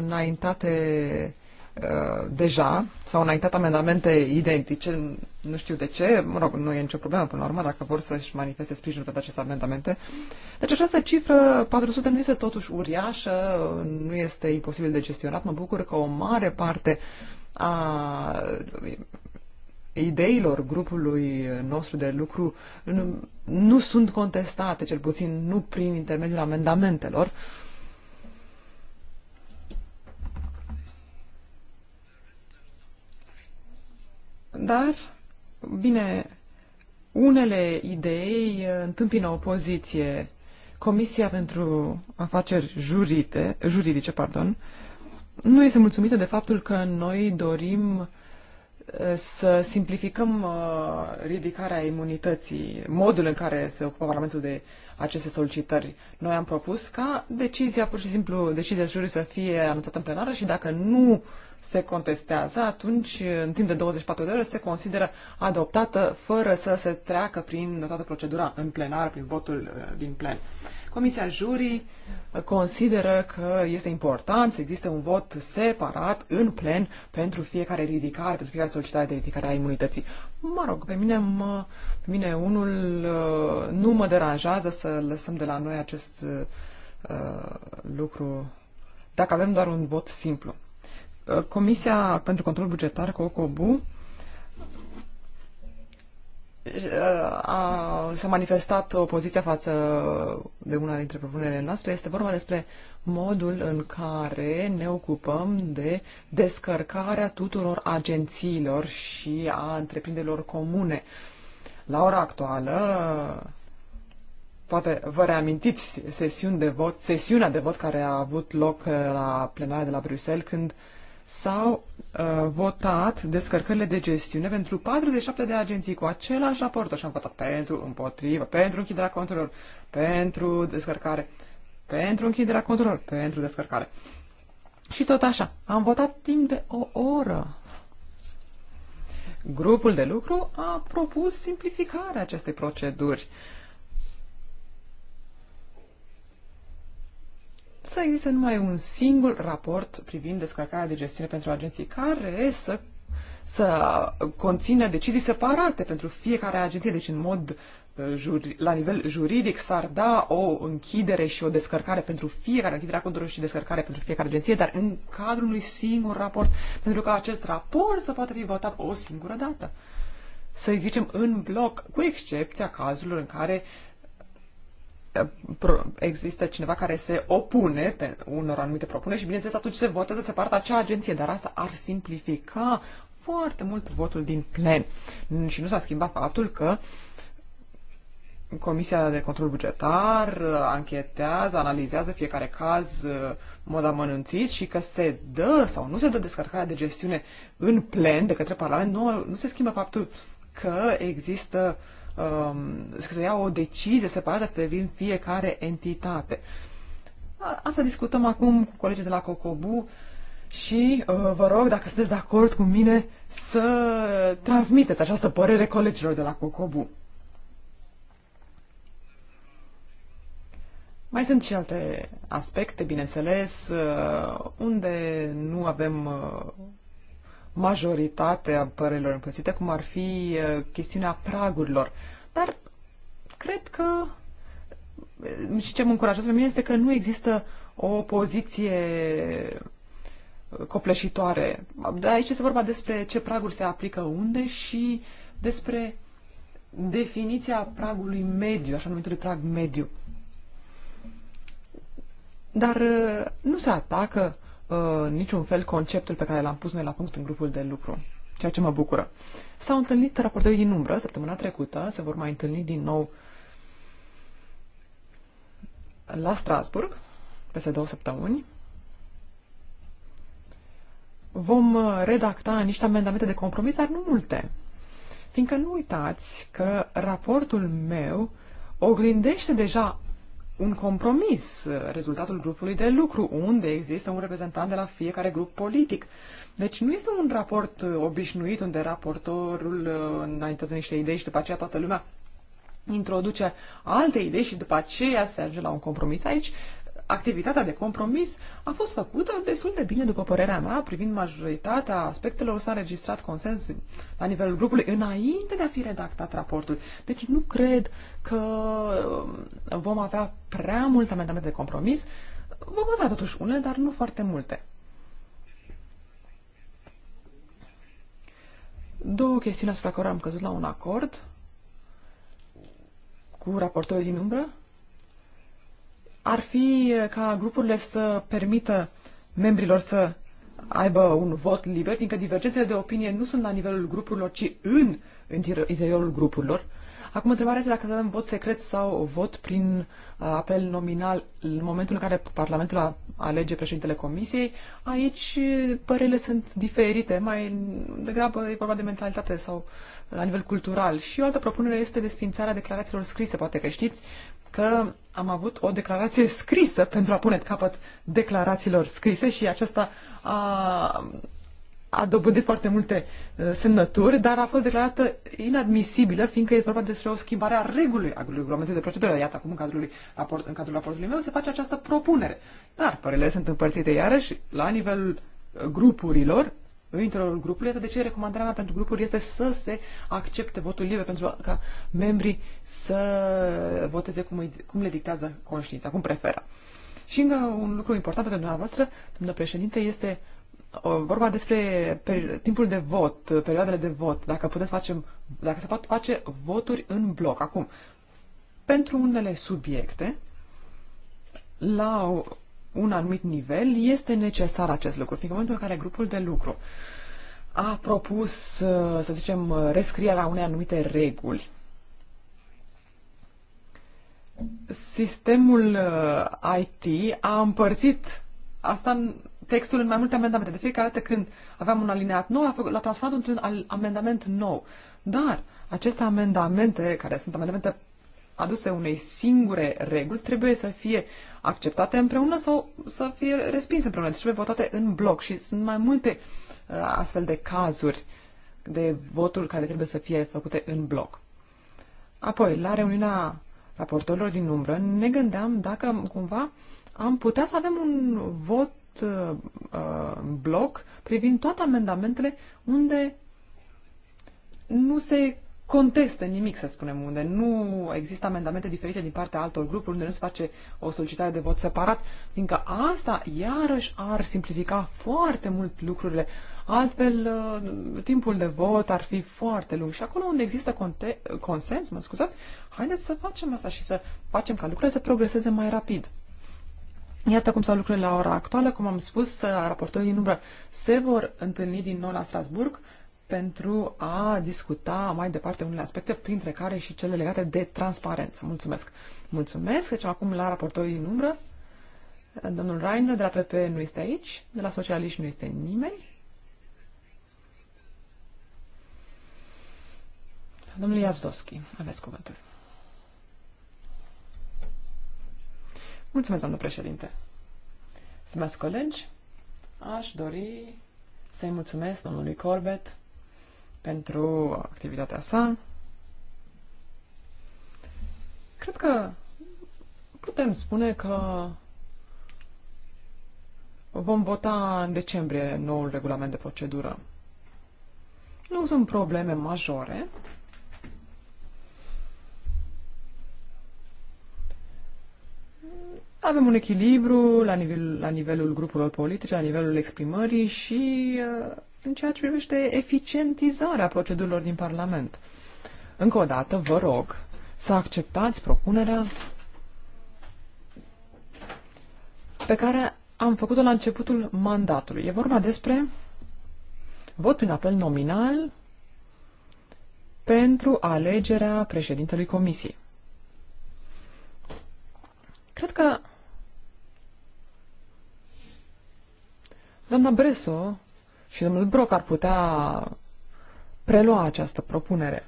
înaintate Uh, deja, s-au înaintat amendamente identice, nu știu de ce, mă rog, nu e nicio problemă până la urmă dacă vor să-și manifeste sprijinul pentru aceste amendamente. Deci această cifră, 400, nu este totuși uriașă, nu este imposibil de gestionat. Mă bucur că o mare parte a ideilor grupului nostru de lucru nu, nu sunt contestate, cel puțin nu prin intermediul amendamentelor. Uh, Dar, bine, unele idei uh, întâmpină opoziție. Comisia pentru afaceri jurite, juridice pardon, nu este mulțumită de faptul că noi dorim uh, să simplificăm uh, ridicarea imunității, modul în care se ocupă Parlamentul de aceste solicitări. Noi am propus ca decizia, pur și simplu, decizia jurii să fie anunțată în plenară și dacă nu uh, se contestează, atunci, în timp de 24 de ore, se consideră adoptată fără să se treacă prin toată procedura în plenar, prin votul uh, din plen. Comisia Jurii uh, consideră că este important să existe un vot separat în plen pentru fiecare ridicare, pentru fiecare solicitare de ridicare a imunității. Mă rog, pe mine, mă, pe mine unul uh, nu mă deranjează să lăsăm de la noi acest uh, lucru dacă avem doar un vot simplu. Uh, Comisia pentru Control Bugetar, COCOBU, uh, a, s-a manifestat opoziția față de una dintre propunerile noastre. Este vorba despre modul în care ne ocupăm de descărcarea tuturor agențiilor și a întreprinderilor comune. La ora actuală, poate vă reamintiți sesiuni de vot, sesiunea de vot care a avut loc uh, la plenarea de la Bruxelles, când uh, s-au uh, votat descărcările de gestiune pentru 47 de agenții cu același raport. Așa am votat pentru, împotrivă, pentru închiderea conturilor, pentru descărcare, pentru închiderea conturilor, pentru descărcare. Și tot așa, am votat timp de o oră. Grupul de lucru a propus simplificarea acestei proceduri. Uh, să existe numai un singur raport privind descărcarea de gestiune pentru agenții care să să conțină decizii separate pentru fiecare agenție, deci în mod uh, la nivel juridic s-ar da o închidere și o descărcare pentru fiecare, a conturilor și descărcare pentru fiecare agenție, dar în cadrul unui singur raport, pentru că acest raport să poată fi votat o singură dată. Să zicem în bloc, cu excepția cazurilor în care Eh, există cineva care se opune pe unor anumite propuneri și, bineînțeles, atunci se votează separat acea agenție, dar asta ar simplifica foarte mult votul din plen. Și nu s-a schimbat faptul că Comisia de Control Bugetar eh, anchetează, analizează fiecare caz eh, mod amănânțit și că se dă sau nu se dă descărcarea de gestiune în plen de către Parlament, nu, nu se schimbă faptul că există uh, Um, să se ia o decizie separată privind fiecare entitate. Asta discutăm acum cu colegii de la Cocobu și uh, vă rog, dacă sunteți de acord cu mine, să transmiteți această părere colegilor de la Cocobu. Mai sunt și alte aspecte, bineînțeles, uh, unde nu avem uh, majoritatea a părerilor împărțite, cum ar fi chestiunea pragurilor. Dar cred că și ce mă încurajează pe mine este că nu există o poziție copleșitoare. De aici este vorba despre ce praguri se aplică unde și despre definiția pragului mediu, așa numitului prag mediu. Dar nu se atacă în uh, niciun fel conceptul pe care l-am pus noi la punct în grupul de lucru, ceea ce mă bucură. S-au întâlnit raportorii din umbră săptămâna trecută, se vor mai întâlni din nou la Strasburg, peste două săptămâni. Vom uh, redacta niște amendamente de compromis, dar nu multe. Fiindcă nu uitați că raportul meu oglindește deja un compromis, uh, rezultatul grupului de lucru, unde există un reprezentant de la fiecare grup politic. Deci nu este un raport uh, obișnuit unde raportorul uh, înaintează niște idei și după aceea toată lumea introduce alte idei și după aceea se ajunge la un compromis. Aici activitatea de compromis a fost făcută destul de bine, după părerea mea, privind majoritatea aspectelor, s-a înregistrat consens la nivelul grupului înainte de a fi redactat raportul. Deci nu cred că um, vom avea prea multe amendamente de compromis. Vom avea totuși unele, dar nu foarte multe. Două chestiuni asupra care am căzut la un acord cu raportorii din umbră ar fi eh, ca grupurile să permită membrilor să aibă un vot liber, fiindcă divergențele de opinie nu sunt la nivelul grupurilor, ci în interiorul grupurilor. Acum, întrebarea este dacă să avem vot secret sau vot prin eh, apel nominal în momentul în care Parlamentul alege președintele Comisiei. Aici eh, părerile sunt diferite, mai degrabă e vorba de mentalitate sau la nivel cultural. Și o altă propunere este desfințarea declarațiilor scrise. Poate că știți că am avut o declarație scrisă pentru a pune capăt declarațiilor scrise și aceasta a, a dobândit foarte multe uh, semnături, dar a fost declarată inadmisibilă, fiindcă e vorba despre o schimbare a regulii a regulamentului de procedură. Iată, acum în cadrul, raport, în cadrul raportului meu se face această propunere. Dar părerele sunt împărțite iarăși la nivelul uh, grupurilor în grupul, este de ce recomandarea mea pentru grupuri este să se accepte votul liber pentru ca membrii să voteze cum, cum le dictează conștiința, cum preferă. Și încă un lucru important pentru dumneavoastră, domnule președinte, este uh, vorba despre timpul de vot, perioadele de vot, dacă puteți face, dacă se pot face voturi în bloc. Acum, pentru unele subiecte, la un anumit nivel, este necesar acest lucru, fiindcă în momentul în care grupul de lucru a propus, uh, să zicem, uh, rescrierea unei anumite reguli, sistemul uh, IT a împărțit asta în textul în mai multe amendamente. De fiecare dată când aveam un alineat nou, l-a transformat într-un amendament nou. Dar aceste amendamente, care sunt amendamente aduse unei singure reguli, trebuie să fie acceptate împreună sau să fie respinse împreună. Deci trebuie votate în bloc și sunt mai multe uh, astfel de cazuri de voturi care trebuie să fie făcute în bloc. Apoi, la reuniunea raportorilor din umbră, ne gândeam dacă cumva am putea să avem un vot uh, uh bloc privind toate amendamentele unde nu se conteste nimic, să spunem, unde nu există amendamente diferite din partea altor grupuri, unde nu se face o solicitare de vot separat, fiindcă asta iarăși ar simplifica foarte mult lucrurile. Altfel, uh, timpul de vot ar fi foarte lung și acolo unde există consens, mă scuzați, haideți să facem asta și să facem ca lucrurile să progreseze mai rapid. Iată cum stau lucrurile la ora actuală. Cum am spus, uh, raportorii din umbră se vor întâlni din nou la Strasburg pentru a discuta mai departe unele aspecte, printre care și cele legate de transparență. Mulțumesc! Mulțumesc! Deci acum la raportorii în umbră, domnul Rainer de la PP nu este aici, de la Socialiști nu este nimeni. Domnul Iavzovski, aveți cuvântul. Mulțumesc, domnul președinte. Stimați colegi, aș dori să-i mulțumesc domnului Corbett pentru activitatea sa. Cred că putem spune că vom vota în decembrie noul regulament de procedură. Nu sunt probleme majore. Avem un echilibru la, nivel, la nivelul grupurilor politice, la nivelul exprimării și uh, în ceea ce privește eficientizarea procedurilor din Parlament. Încă o dată, vă rog să acceptați propunerea pe care am făcut-o la începutul mandatului. E vorba despre vot prin apel nominal pentru alegerea președintelui comisiei. Cred că doamna Breso și domnul Broc ar putea prelua această propunere.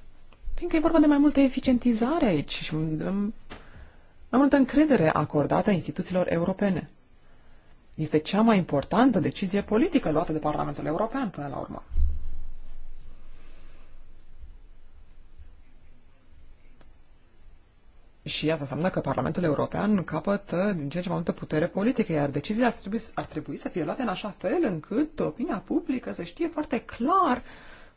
Fiindcă e vorba de mai multă eficientizare aici și um, mai multă încredere acordată instituțiilor europene. Este cea mai importantă decizie politică luată de Parlamentul European până la urmă. Și asta înseamnă că Parlamentul European capătă din ce în ce mai multă putere politică, iar deciziile ar trebui, ar trebui să fie luate în așa fel încât opinia publică să știe foarte clar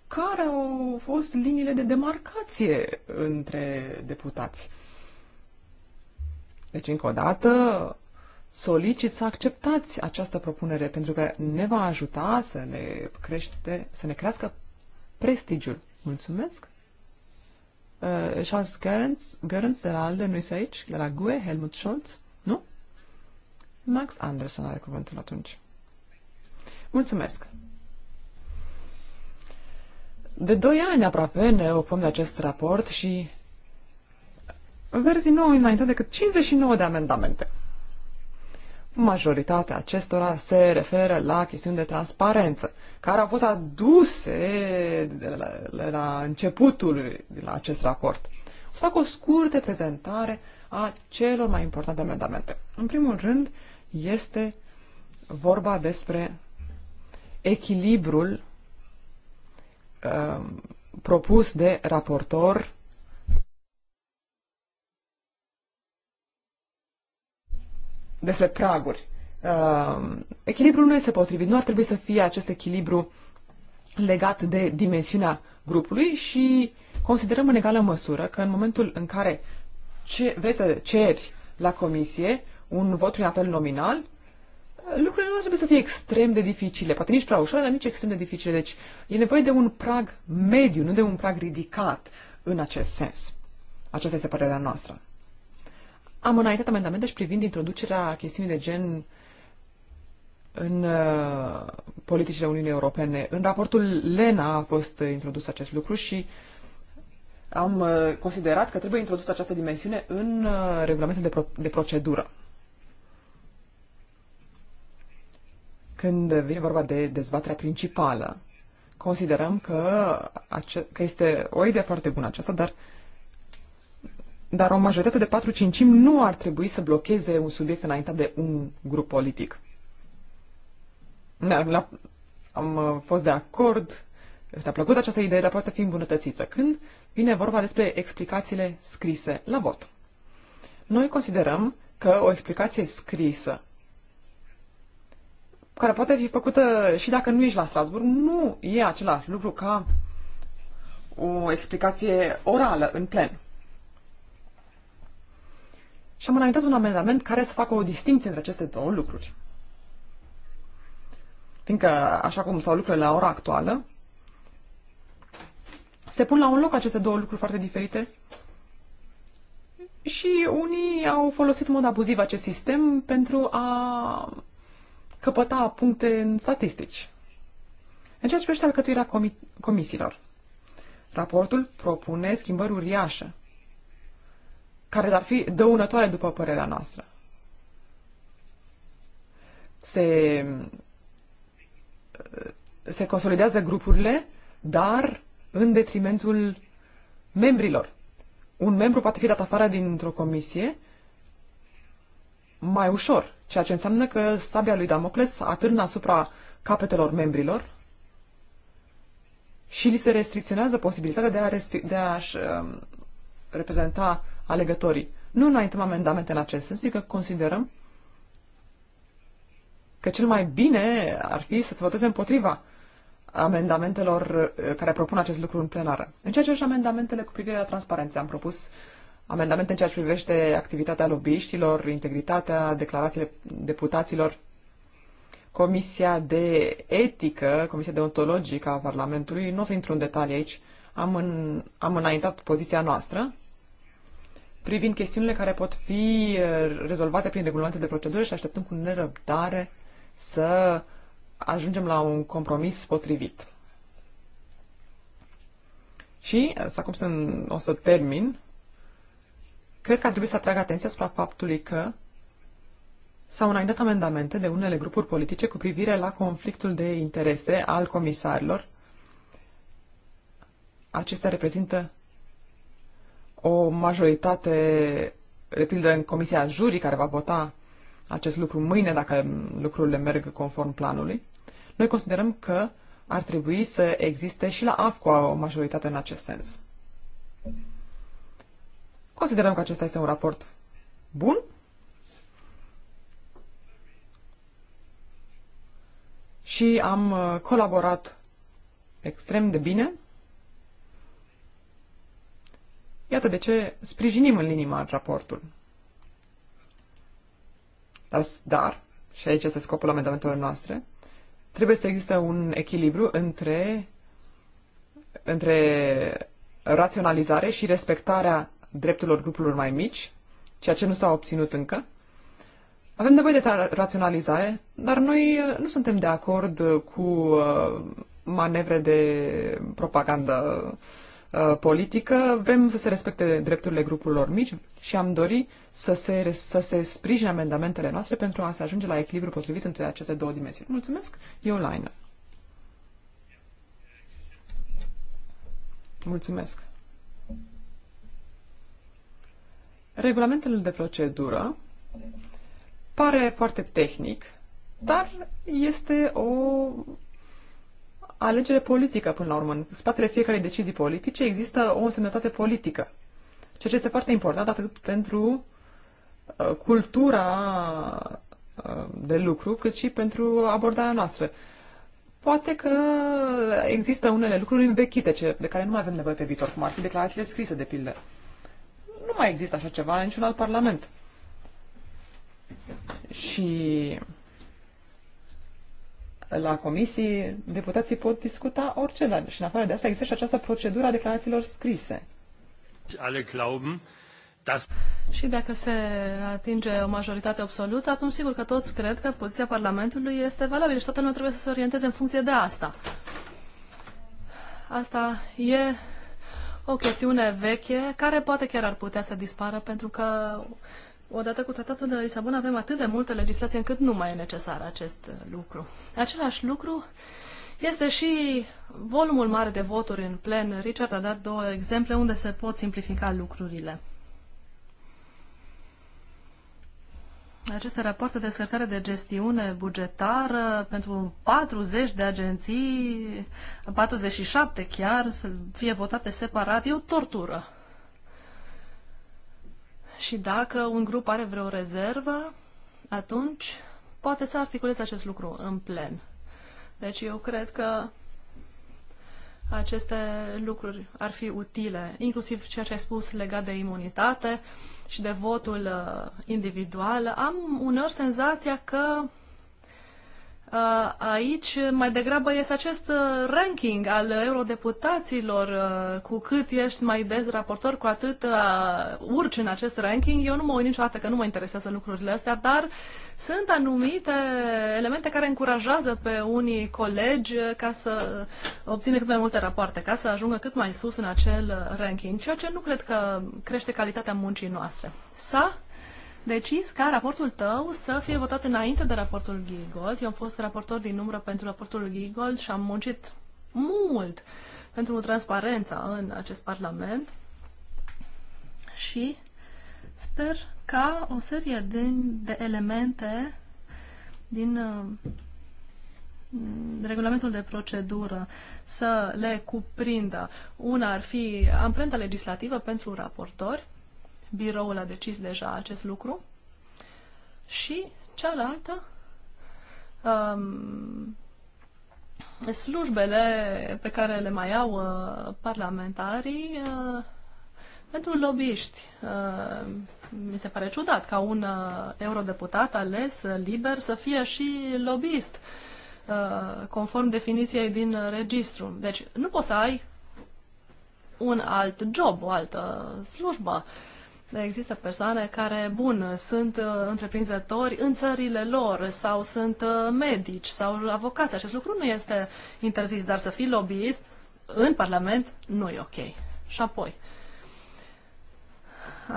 care au fost liniile de demarcație între deputați. Deci, încă o dată, solicit să acceptați această propunere, pentru că ne va ajuta să ne, crește, să ne crească prestigiul. Mulțumesc! uh, Charles Gerens, Gerens de la ALDE nu este aici, de la GUE, Helmut Scholz, nu? Max Anderson are cuvântul atunci. Mulțumesc! De doi ani aproape ne ocupăm de acest raport și verzi nou înainte decât 59 de amendamente majoritatea acestora se referă la chestiuni de transparență, care au fost aduse de la, de la începutul de la acest raport. O să fac o scurtă prezentare a celor mai importante amendamente. În primul rând, este vorba despre echilibrul uh, propus de raportor despre praguri. Uh, echilibrul nu este potrivit, nu ar trebui să fie acest echilibru legat de dimensiunea grupului și considerăm în egală măsură că în momentul în care ce, vrei să ceri la comisie un vot prin apel nominal, lucrurile nu trebuie să fie extrem de dificile, poate nici prea ușoare, dar nici extrem de dificile. Deci e nevoie de un prag mediu, nu de un prag ridicat în acest sens. Aceasta este părerea noastră. Am înaintat amendamente și privind introducerea chestiunii de gen în uh, politicile Uniunii Europene. În raportul Lena a fost introdus acest lucru și am uh, considerat că trebuie introdusă această dimensiune în uh, regulamentul de, pro- de procedură. Când vine vorba de dezbaterea principală, considerăm că, ace- că este o idee foarte bună aceasta, dar uh, dar o majoritate de 4 cincimi nu ar trebui să blocheze un subiect înaintat de un grup politic. Da, la, am uh, fost de acord, ne-a plăcut această idee, dar poate fi îmbunătățită. Când vine vorba despre explicațiile scrise la vot. Noi considerăm că o explicație scrisă care poate fi făcută și dacă nu ești la Strasburg, nu e același lucru ca o explicație orală în plen. Și am înaintat un amendament care să facă o distinție între aceste două lucruri. Fiindcă, așa cum s-au lucrurile la ora actuală, se pun la un loc aceste două lucruri foarte diferite și unii au folosit în mod abuziv acest sistem pentru a căpăta puncte în statistici. În ceea ce privește alcătuirea comisiilor, raportul propune schimbări uriașe care ar fi dăunătoare după părerea noastră. Se, se consolidează grupurile, dar în detrimentul membrilor. Un membru poate fi dat afară dintr-o comisie mai ușor, ceea ce înseamnă că sabia lui Damocles atârnă asupra capetelor membrilor și li se restricționează posibilitatea de a, restri- de a um, reprezenta alegătorii. Nu înaintăm amendamente în acest sens, adică considerăm că cel mai bine ar fi să se voteze împotriva amendamentelor uh, care propun acest lucru în plenară. În ceea ce privește amendamentele cu privire la transparență, am propus amendamente în ceea ce privește activitatea lobbyiștilor, integritatea, declarațiile deputaților, Comisia de Etică, Comisia de Ontologică a Parlamentului, nu o să intru în detalii aici, am, în, am înaintat poziția noastră privind chestiunile care pot fi uh, rezolvate prin regulamente de procedură și așteptăm cu nerăbdare să ajungem la un compromis potrivit. Și, uh, acum să, o să termin, cred că ar trebui să atrag atenția asupra faptului că s-au înaintat amendamente de unele grupuri politice cu privire la conflictul de interese al comisarilor. Acestea reprezintă o majoritate, de pildă în Comisia Jurii, care va vota acest lucru mâine, dacă lucrurile merg conform planului, noi considerăm că ar trebui să existe și la AFCO o majoritate în acest sens. Considerăm că acesta este un raport bun. Și am uh, colaborat extrem de bine Iată de ce sprijinim în linii mari raportul. Dar, dar, și aici este scopul amendamentelor noastre, trebuie să existe un echilibru între, între raționalizare și respectarea drepturilor grupurilor mai mici, ceea ce nu s-a obținut încă. Avem nevoie de raționalizare, dar noi uh, nu suntem de acord cu uh, manevre de propagandă uh, Uh, politică, vrem să se respecte drepturile grupurilor mici și am dori să se, să se sprijine amendamentele noastre pentru a se ajunge la echilibru potrivit între aceste două dimensiuni. Mulțumesc, eu Laină. Mulțumesc. Regulamentul de procedură pare foarte tehnic, dar este o alegere politică până la urmă. În spatele fiecarei decizii politice există o însemnătate politică, ceea ce este foarte important atât pentru uh, cultura uh, de lucru, cât și pentru abordarea noastră. Poate că există unele lucruri învechite ce, de care nu mai avem nevoie pe viitor, cum ar fi declarațiile scrise, de pildă. Nu mai există așa ceva în niciun alt parlament. Și la comisii, deputații pot discuta orice, dar și în afară de asta există și această procedură a declarațiilor scrise. Alle glauben, dass... Și dacă se atinge o majoritate absolută, atunci sigur că toți cred că poziția Parlamentului este valabilă și toată lumea trebuie să se orienteze în funcție de asta. Asta e o chestiune veche care poate chiar ar putea să dispară pentru că odată cu tratatul de la Lisabona avem atât de multă legislație încât nu mai e necesar acest uh, lucru. Același lucru este și volumul mare de voturi în plen. Richard a dat două exemple unde se pot simplifica lucrurile. Aceste rapoarte de descărcare de gestiune bugetară pentru 40 de agenții, 47 chiar, să fie votate separat, e o tortură. Și dacă un grup are vreo rezervă, atunci poate să articuleze acest lucru în plen. Deci eu cred că aceste lucruri ar fi utile, inclusiv ceea ce ai spus legat de imunitate și de votul uh, individual. Am uneori senzația că Aici mai degrabă este acest uh, ranking al eurodeputaților. Uh, cu cât ești mai des raportor, cu atât uh, urci în acest ranking. Eu nu mă uit niciodată că nu mă interesează lucrurile astea, dar sunt anumite elemente care încurajează pe unii colegi ca să obține cât mai multe rapoarte, ca să ajungă cât mai sus în acel ranking, ceea ce nu cred că crește calitatea muncii noastre. Sa? decis ca raportul tău să fie votat înainte de raportul Giggold. Eu am fost raportor din umbră pentru raportul Giggold și am muncit mult pentru transparența în acest parlament și sper ca o serie de, de elemente din uh, regulamentul de procedură să le cuprindă. Una ar fi amprenta legislativă pentru raportori, biroul a decis deja acest lucru. Și cealaltă, um, slujbele pe care le mai au uh, parlamentarii uh, pentru lobbyști. Uh, mi se pare ciudat ca un uh, eurodeputat ales uh, liber să fie și lobbyist, uh, conform definiției din registru. Deci nu poți să ai un alt job, o altă slujbă. Uh, Există persoane care, bun, sunt uh, întreprinzători în țările lor sau sunt uh, medici sau avocați. Acest lucru nu este interzis, dar să fii lobbyist în Parlament nu e ok. Și apoi,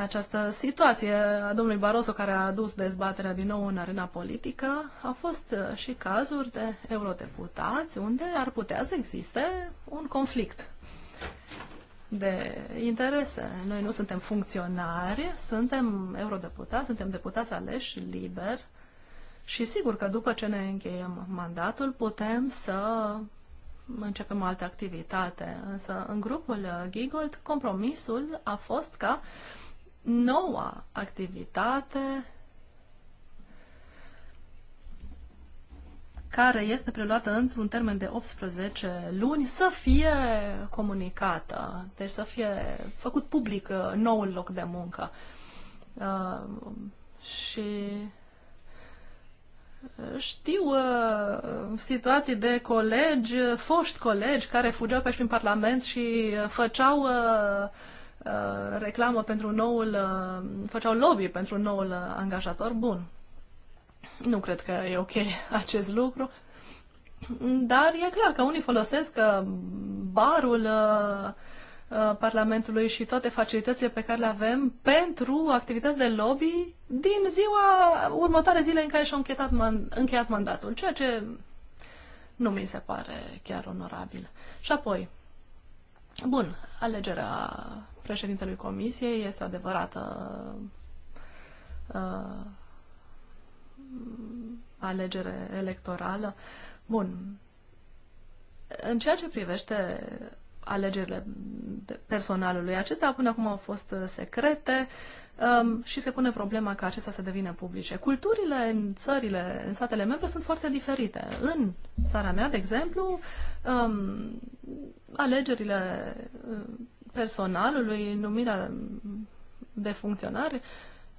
această situație a domnului Barroso care a adus dezbaterea din nou în arena politică a fost uh, și cazuri de eurodeputați unde ar putea să existe un conflict de interese. Noi nu suntem funcționari, suntem eurodeputați, suntem deputați aleși liber și sigur că după ce ne încheiem mandatul putem să începem alte activitate. Însă în grupul Gigold compromisul a fost ca noua activitate care este preluată într-un termen de 18 luni să fie comunicată, deci să fie făcut public uh, noul loc de muncă. Uh, și știu uh, situații de colegi, foști colegi care fugeau pe prin Parlament și făceau reclamă pentru noul, făceau lobby pentru noul angajator. Bun, nu cred că e ok [laughs] acest lucru. Dar e clar că unii folosesc uh, barul uh, uh, Parlamentului și toate facilitățile pe care le avem pentru activități de lobby din ziua următoare zile în care și-au încheiat, man- încheiat mandatul, ceea ce nu mi se pare chiar onorabil. Și apoi, bun, alegerea președintelui comisiei este adevărată uh, alegere electorală. Bun. În ceea ce privește alegerile personalului, acestea până acum au fost secrete um, și se pune problema ca acestea să devină publice. Culturile în țările, în statele membre sunt foarte diferite. În țara mea, de exemplu, um, alegerile uh, personalului, numirea de funcționari,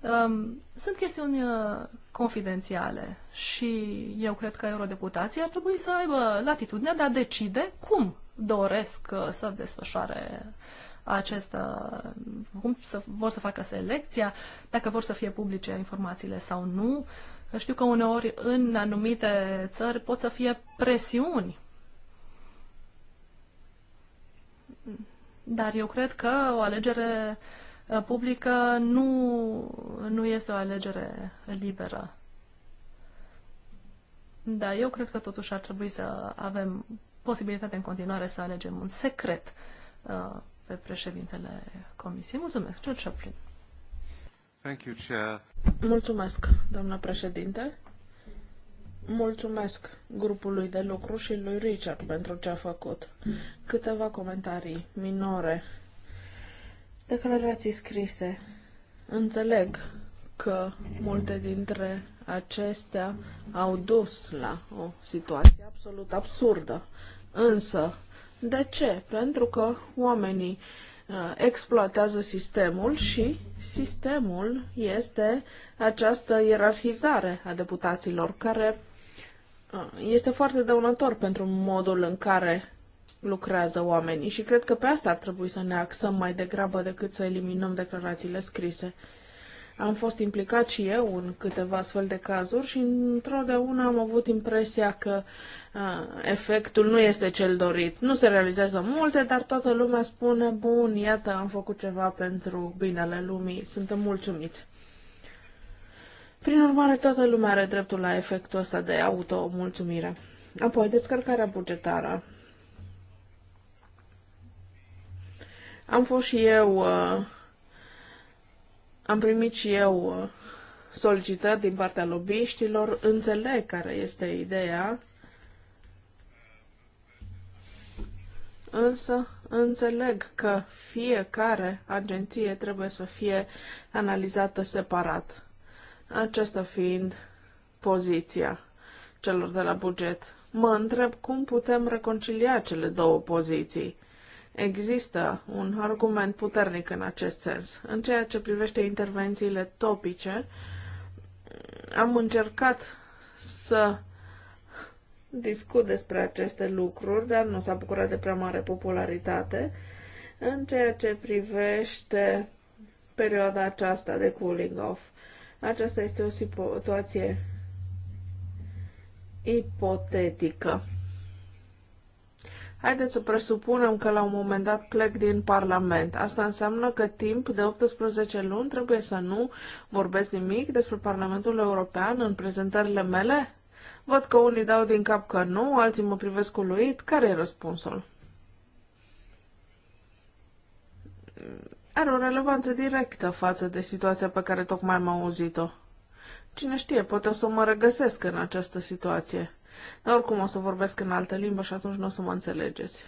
Um, sunt chestiuni uh, confidențiale și eu cred că eurodeputații ar trebui să aibă latitudinea de a decide cum doresc uh, să desfășoare acest, uh, cum să, vor să facă selecția, dacă vor să fie publice informațiile sau nu. Știu că uneori în anumite țări pot să fie presiuni dar eu cred că o alegere uh, Uh, publică nu, nu este o alegere liberă. Da, eu cred că totuși ar trebui să avem posibilitatea în continuare să alegem un secret uh, pe președintele Comisiei. Mulțumesc, George Chaplin. Thank you, Chair. Mulțumesc, doamna președinte. Mulțumesc grupului de lucru și lui Richard pentru ce a făcut. Câteva comentarii minore Declarații scrise. Înțeleg că multe dintre acestea au dus la o situație absolut absurdă. Însă, de ce? Pentru că oamenii uh, exploatează sistemul și sistemul este această ierarhizare a deputaților care uh, este foarte dăunător pentru modul în care lucrează oamenii și cred că pe asta ar trebui să ne axăm mai degrabă decât să eliminăm declarațiile scrise. Am fost implicat și eu în câteva astfel de cazuri și într-o de una am avut impresia că a, efectul nu este cel dorit. Nu se realizează multe, dar toată lumea spune, bun, iată, am făcut ceva pentru binele lumii, suntem mulțumiți. Prin urmare, toată lumea are dreptul la efectul ăsta de auto-mulțumire. Apoi, descărcarea bugetară. Am fost și eu, uh, am primit și eu uh, solicitări din partea lobbyiștilor, înțeleg care este ideea, însă înțeleg că fiecare agenție trebuie să fie analizată separat. Aceasta fiind poziția celor de la buget. Mă întreb cum putem reconcilia cele două poziții. Există un argument puternic în acest sens. În ceea ce privește intervențiile topice, am încercat să discut despre aceste lucruri, dar nu s-a bucurat de prea mare popularitate. În ceea ce privește perioada aceasta de cooling off, aceasta este o situație ipotetică. Haideți să presupunem că la un moment dat plec din Parlament. Asta înseamnă că timp de 18 luni trebuie să nu vorbesc nimic despre Parlamentul European în prezentările mele? Văd că unii dau din cap că nu, alții mă privesc cu lui. Care e răspunsul? Are o relevanță directă față de situația pe care tocmai am auzit-o. Cine știe, poate o să mă regăsesc în această situație. Dar oricum o să vorbesc în altă limbă și atunci nu o să mă înțelegeți.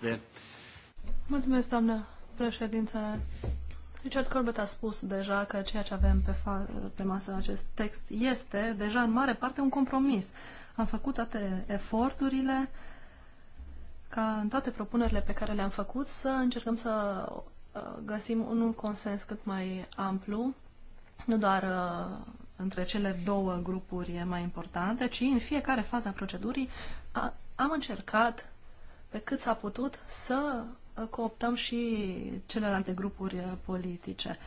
De. Mulțumesc, doamnă președinte. Richard Corbett a spus deja că ceea ce avem pe, fa- pe masă în acest text este deja în mare parte un compromis. Am făcut toate eforturile ca în toate propunerile pe care le-am făcut să încercăm să uh, găsim un consens cât mai amplu, nu doar uh, între cele două grupuri mai importante, ci în fiecare fază a procedurii a, am încercat pe cât s-a putut să uh, cooptăm și celelalte grupuri uh, politice.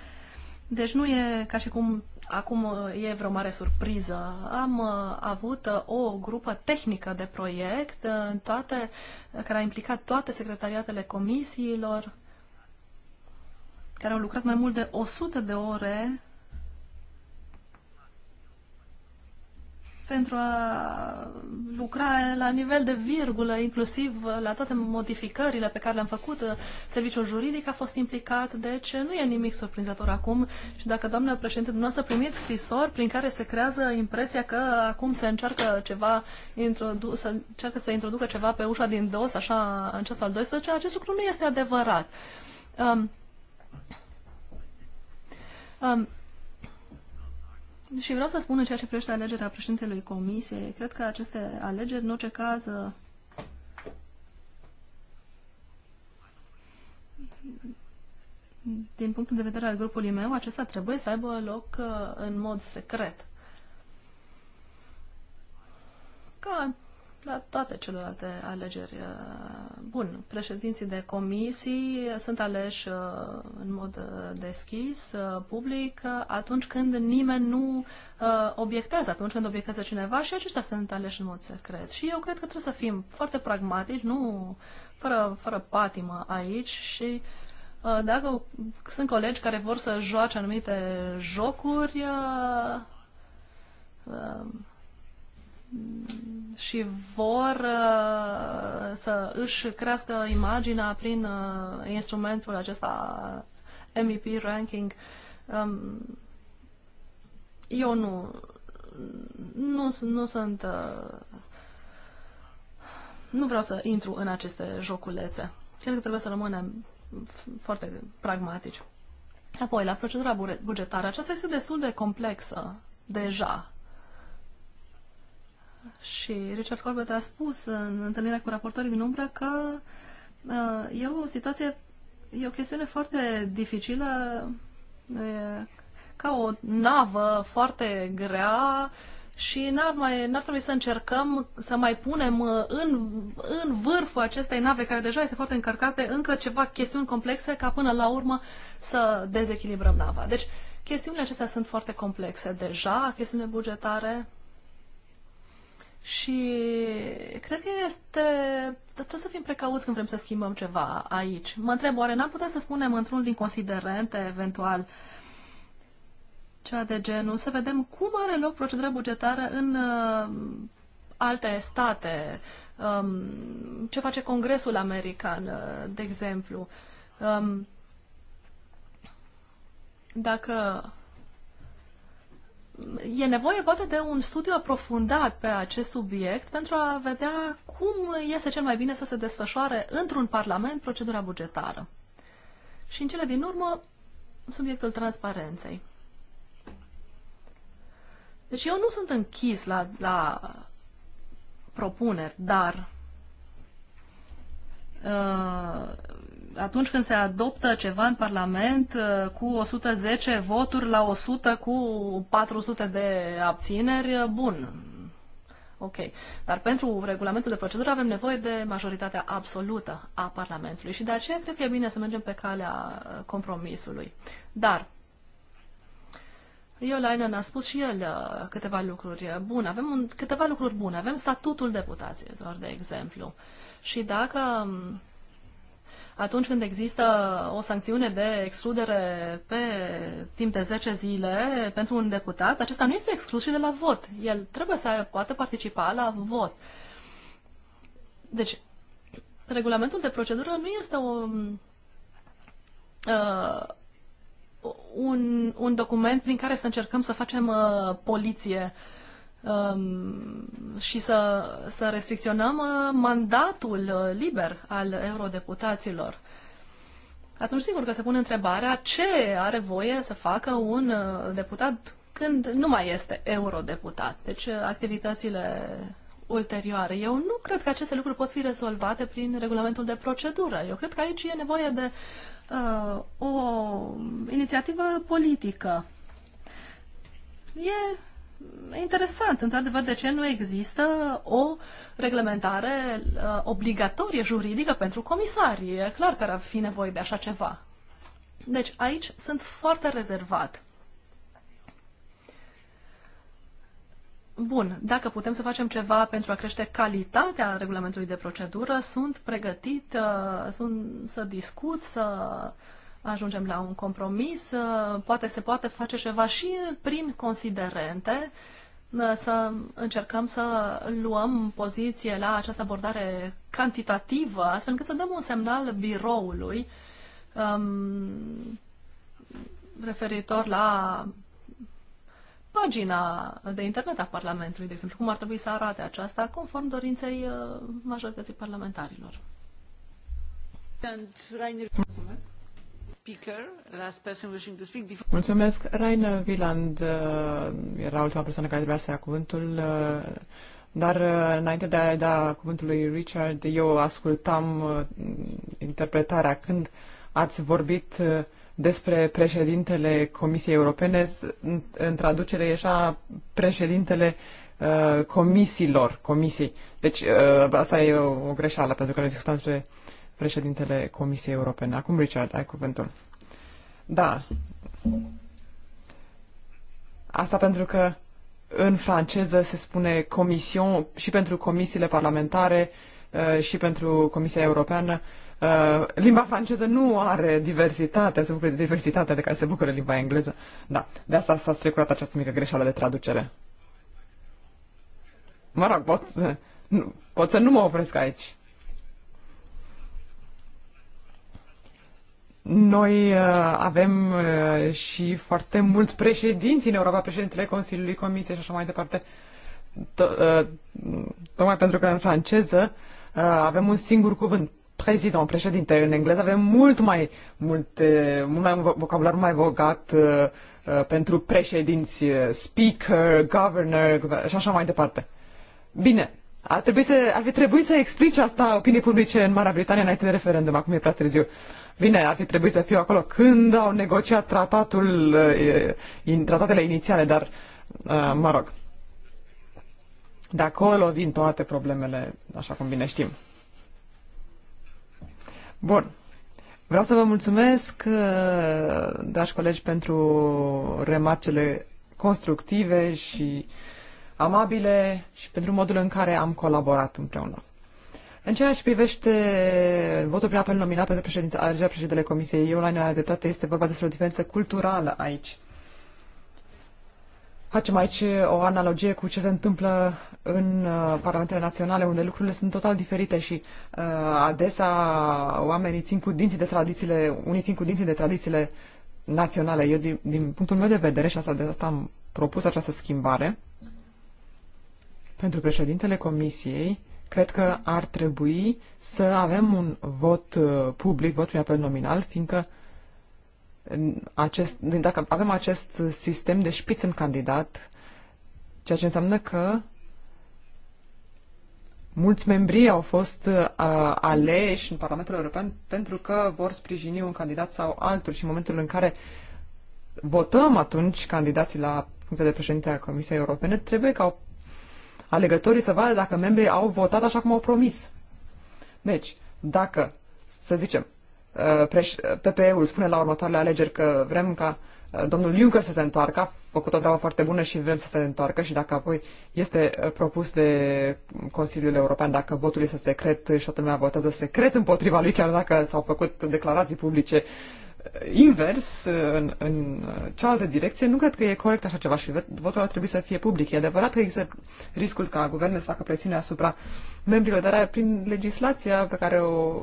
Deci nu e ca și cum acum uh, e vreo mare surpriză. Am avut o grupă tehnică de proiect toate, care a implicat toate secretariatele comisiilor, care au lucrat mai mult de 100 de ore pentru a lucra la nivel de virgulă, inclusiv la toate modificările pe care le-am făcut. Serviciul juridic a fost implicat, deci nu e nimic surprinzător acum. Și dacă, doamnă președinte, dumneavoastră primiți scrisori prin care se creează impresia că acum se încearcă ceva, introdu- se încearcă să introducă ceva pe ușa din dos, așa, în ceasul al 12, acest lucru nu este adevărat. Um, um, și vreau să spun în ceea ce privește alegerea președintelui Comisiei, cred că aceste alegeri, în orice caz, din punctul de vedere al grupului meu, acesta trebuie să aibă loc uh, în mod secret. Ca la toate celelalte alegeri. Uh, bun, președinții de comisii sunt aleși uh, în mod uh, deschis, public, atunci când nimeni nu obiectează, atunci când obiectează cineva și aceștia sunt aleși în mod secret. Și eu cred că trebuie să fim foarte pragmatici, nu fără, fără patimă aici și dacă sunt colegi care vor să joace anumite jocuri, și vor uh, să își crească imaginea prin uh, instrumentul acesta MEP ranking. Um, eu nu, nu, nu sunt, uh, nu vreau să intru în aceste joculețe. Cred că trebuie să rămânem foarte pragmatici. Apoi, la procedura bugetară, aceasta este destul de complexă deja și Richard Corbett a spus în întâlnirea cu raportorii din umbră că uh, e o situație, e o chestiune foarte dificilă, e ca o navă foarte grea și n-ar, mai, n-ar trebui să încercăm să mai punem uh, în, în vârful acestei nave, care deja este foarte încărcate, încă ceva chestiuni complexe ca până la urmă să dezechilibrăm nava. Deci, chestiunile acestea sunt foarte complexe deja, chestiunile bugetare, și cred că este... Trebuie să fim precauți când vrem să schimbăm ceva aici. Mă întreb, oare n-am putea să spunem într-unul din considerente, eventual, cea de genul, să vedem cum are loc procedura bugetară în uh, alte state, um, ce face Congresul American, uh, de exemplu. Um, dacă e nevoie poate de un studiu aprofundat pe acest subiect pentru a vedea cum este cel mai bine să se desfășoare într-un parlament procedura bugetară. Și în cele din urmă, subiectul transparenței. Deci eu nu sunt închis la, la propuneri, dar uh, atunci când se adoptă ceva în Parlament uh, cu 110 voturi la 100 cu 400 de abțineri, uh, bun. Ok. Dar pentru regulamentul de procedură avem nevoie de majoritatea absolută a Parlamentului și de aceea cred că e bine să mergem pe calea uh, compromisului. Dar ne a spus și el câteva lucruri bune. Avem un, câteva lucruri bune. Avem statutul deputaților, de exemplu. Și dacă um, atunci când există o sancțiune de excludere pe timp de 10 zile pentru un deputat, acesta nu este exclus și de la vot. El trebuie să poată participa la vot. Deci, regulamentul de procedură nu este o, uh, un, un document prin care să încercăm să facem uh, poliție Um, și să, să restricționăm uh, mandatul uh, liber al eurodeputaților. Atunci, sigur că se pune întrebarea ce are voie să facă un uh, deputat când nu mai este eurodeputat. Deci, activitățile ulterioare. Eu nu cred că aceste lucruri pot fi rezolvate prin regulamentul de procedură. Eu cred că aici e nevoie de uh, o inițiativă politică. E interesant, într-adevăr, de ce nu există o reglementare uh, obligatorie juridică pentru comisari. E clar că ar fi nevoie de așa ceva. Deci aici sunt foarte rezervat. Bun, dacă putem să facem ceva pentru a crește calitatea regulamentului de procedură, sunt pregătit uh, sunt, să discut, să uh, ajungem la un compromis. Uh, poate se poate face ceva și prin considerente, uh, să încercăm să luăm poziție la această abordare cantitativă, astfel încât să dăm un semnal biroului um, referitor la pagina de internet a Parlamentului, de exemplu, cum ar trebui să arate aceasta conform dorinței uh, majorității parlamentarilor. Mulțumesc speaker, last person wishing to speak before... Mulțumesc. Rainer Wieland uh, era ultima persoană care trebuia să ia cuvântul, uh, dar uh, înainte de a da cuvântul lui Richard, eu ascultam interpretarea când ați vorbit despre președintele Comisiei Europene, în traducere ieșa președintele comisiilor, comisiei. Deci asta e o, greșeală, pentru că noi discutăm despre președintele Comisiei Europene. Acum, Richard, ai cuvântul. Da. Asta pentru că în franceză se spune comision și pentru comisiile parlamentare uh, și pentru Comisia Europeană. Uh, limba franceză nu are diversitate, se bucură de diversitatea de care se bucură limba engleză. Da, de asta s-a strecurat această mică greșeală de traducere. Mă rog, pot, pot să nu mă opresc aici. Noi uh, avem uh, și foarte mulți președinți în Europa, președintele Consiliului Comisiei și așa mai departe. Uh, tocmai pentru că în franceză avem un singur cuvânt, prezident, președinte. În engleză avem mult mai multe, mult mai un vocabular mai bogat pentru președinți, speaker, governor și așa mai departe. Bine, ar, trebui să, ar fi trebuit să explice asta opinii publice în Marea Britanie înainte de referendum, acum e prea târziu. Bine, ar fi trebuit să fiu acolo când au negociat tratatul, eh, in, tratatele inițiale, dar, eh, mă rog, de acolo vin toate problemele, așa cum bine știm. Bun. Vreau să vă mulțumesc, eh, dragi colegi, pentru remarcele constructive și uh, amabile și pentru modul în care am colaborat împreună. În ceea ce privește votul prin apel nominat pentru președinte, alegerea președintele Comisiei, eu la neadeptate este vorba despre o diferență culturală aici. Facem aici o analogie cu ce se întâmplă în uh, parlamentele naționale, unde lucrurile sunt total diferite și uh, adesea oamenii țin cu dinții de tradițiile, unii țin cu dinții de tradițiile naționale. Eu, din, din punctul meu de vedere, și asta, de asta am propus această schimbare, uh, pentru președintele Comisiei, cred că ar trebui să avem un vot uh, public, vot prin apel nominal, fiindcă acest, dacă avem acest sistem de șpiț în candidat, ceea ce înseamnă că mulți membri au fost uh, aleși în Parlamentul European pentru că vor sprijini un candidat sau altul și în momentul în care votăm atunci candidații la funcția de președinte a Comisiei Europene, trebuie ca alegătorii să vadă dacă membrii au votat așa cum au promis. Deci, dacă, să zicem, uh, PPE-ul spune la următoarele alegeri că vrem ca uh, domnul Juncker să se întoarcă, a făcut o treabă foarte bună și vrem să se întoarcă și dacă apoi este uh, propus de Consiliul European, dacă votul este secret și toată lumea votează secret împotriva lui, chiar dacă s-au făcut declarații publice uh, invers, în, în cealaltă direcție, nu cred că e corect așa ceva și votul ar trebui să fie public. E adevărat că există riscul ca guvernul să facă presiune asupra membrilor, dar eh, prin legislația pe care o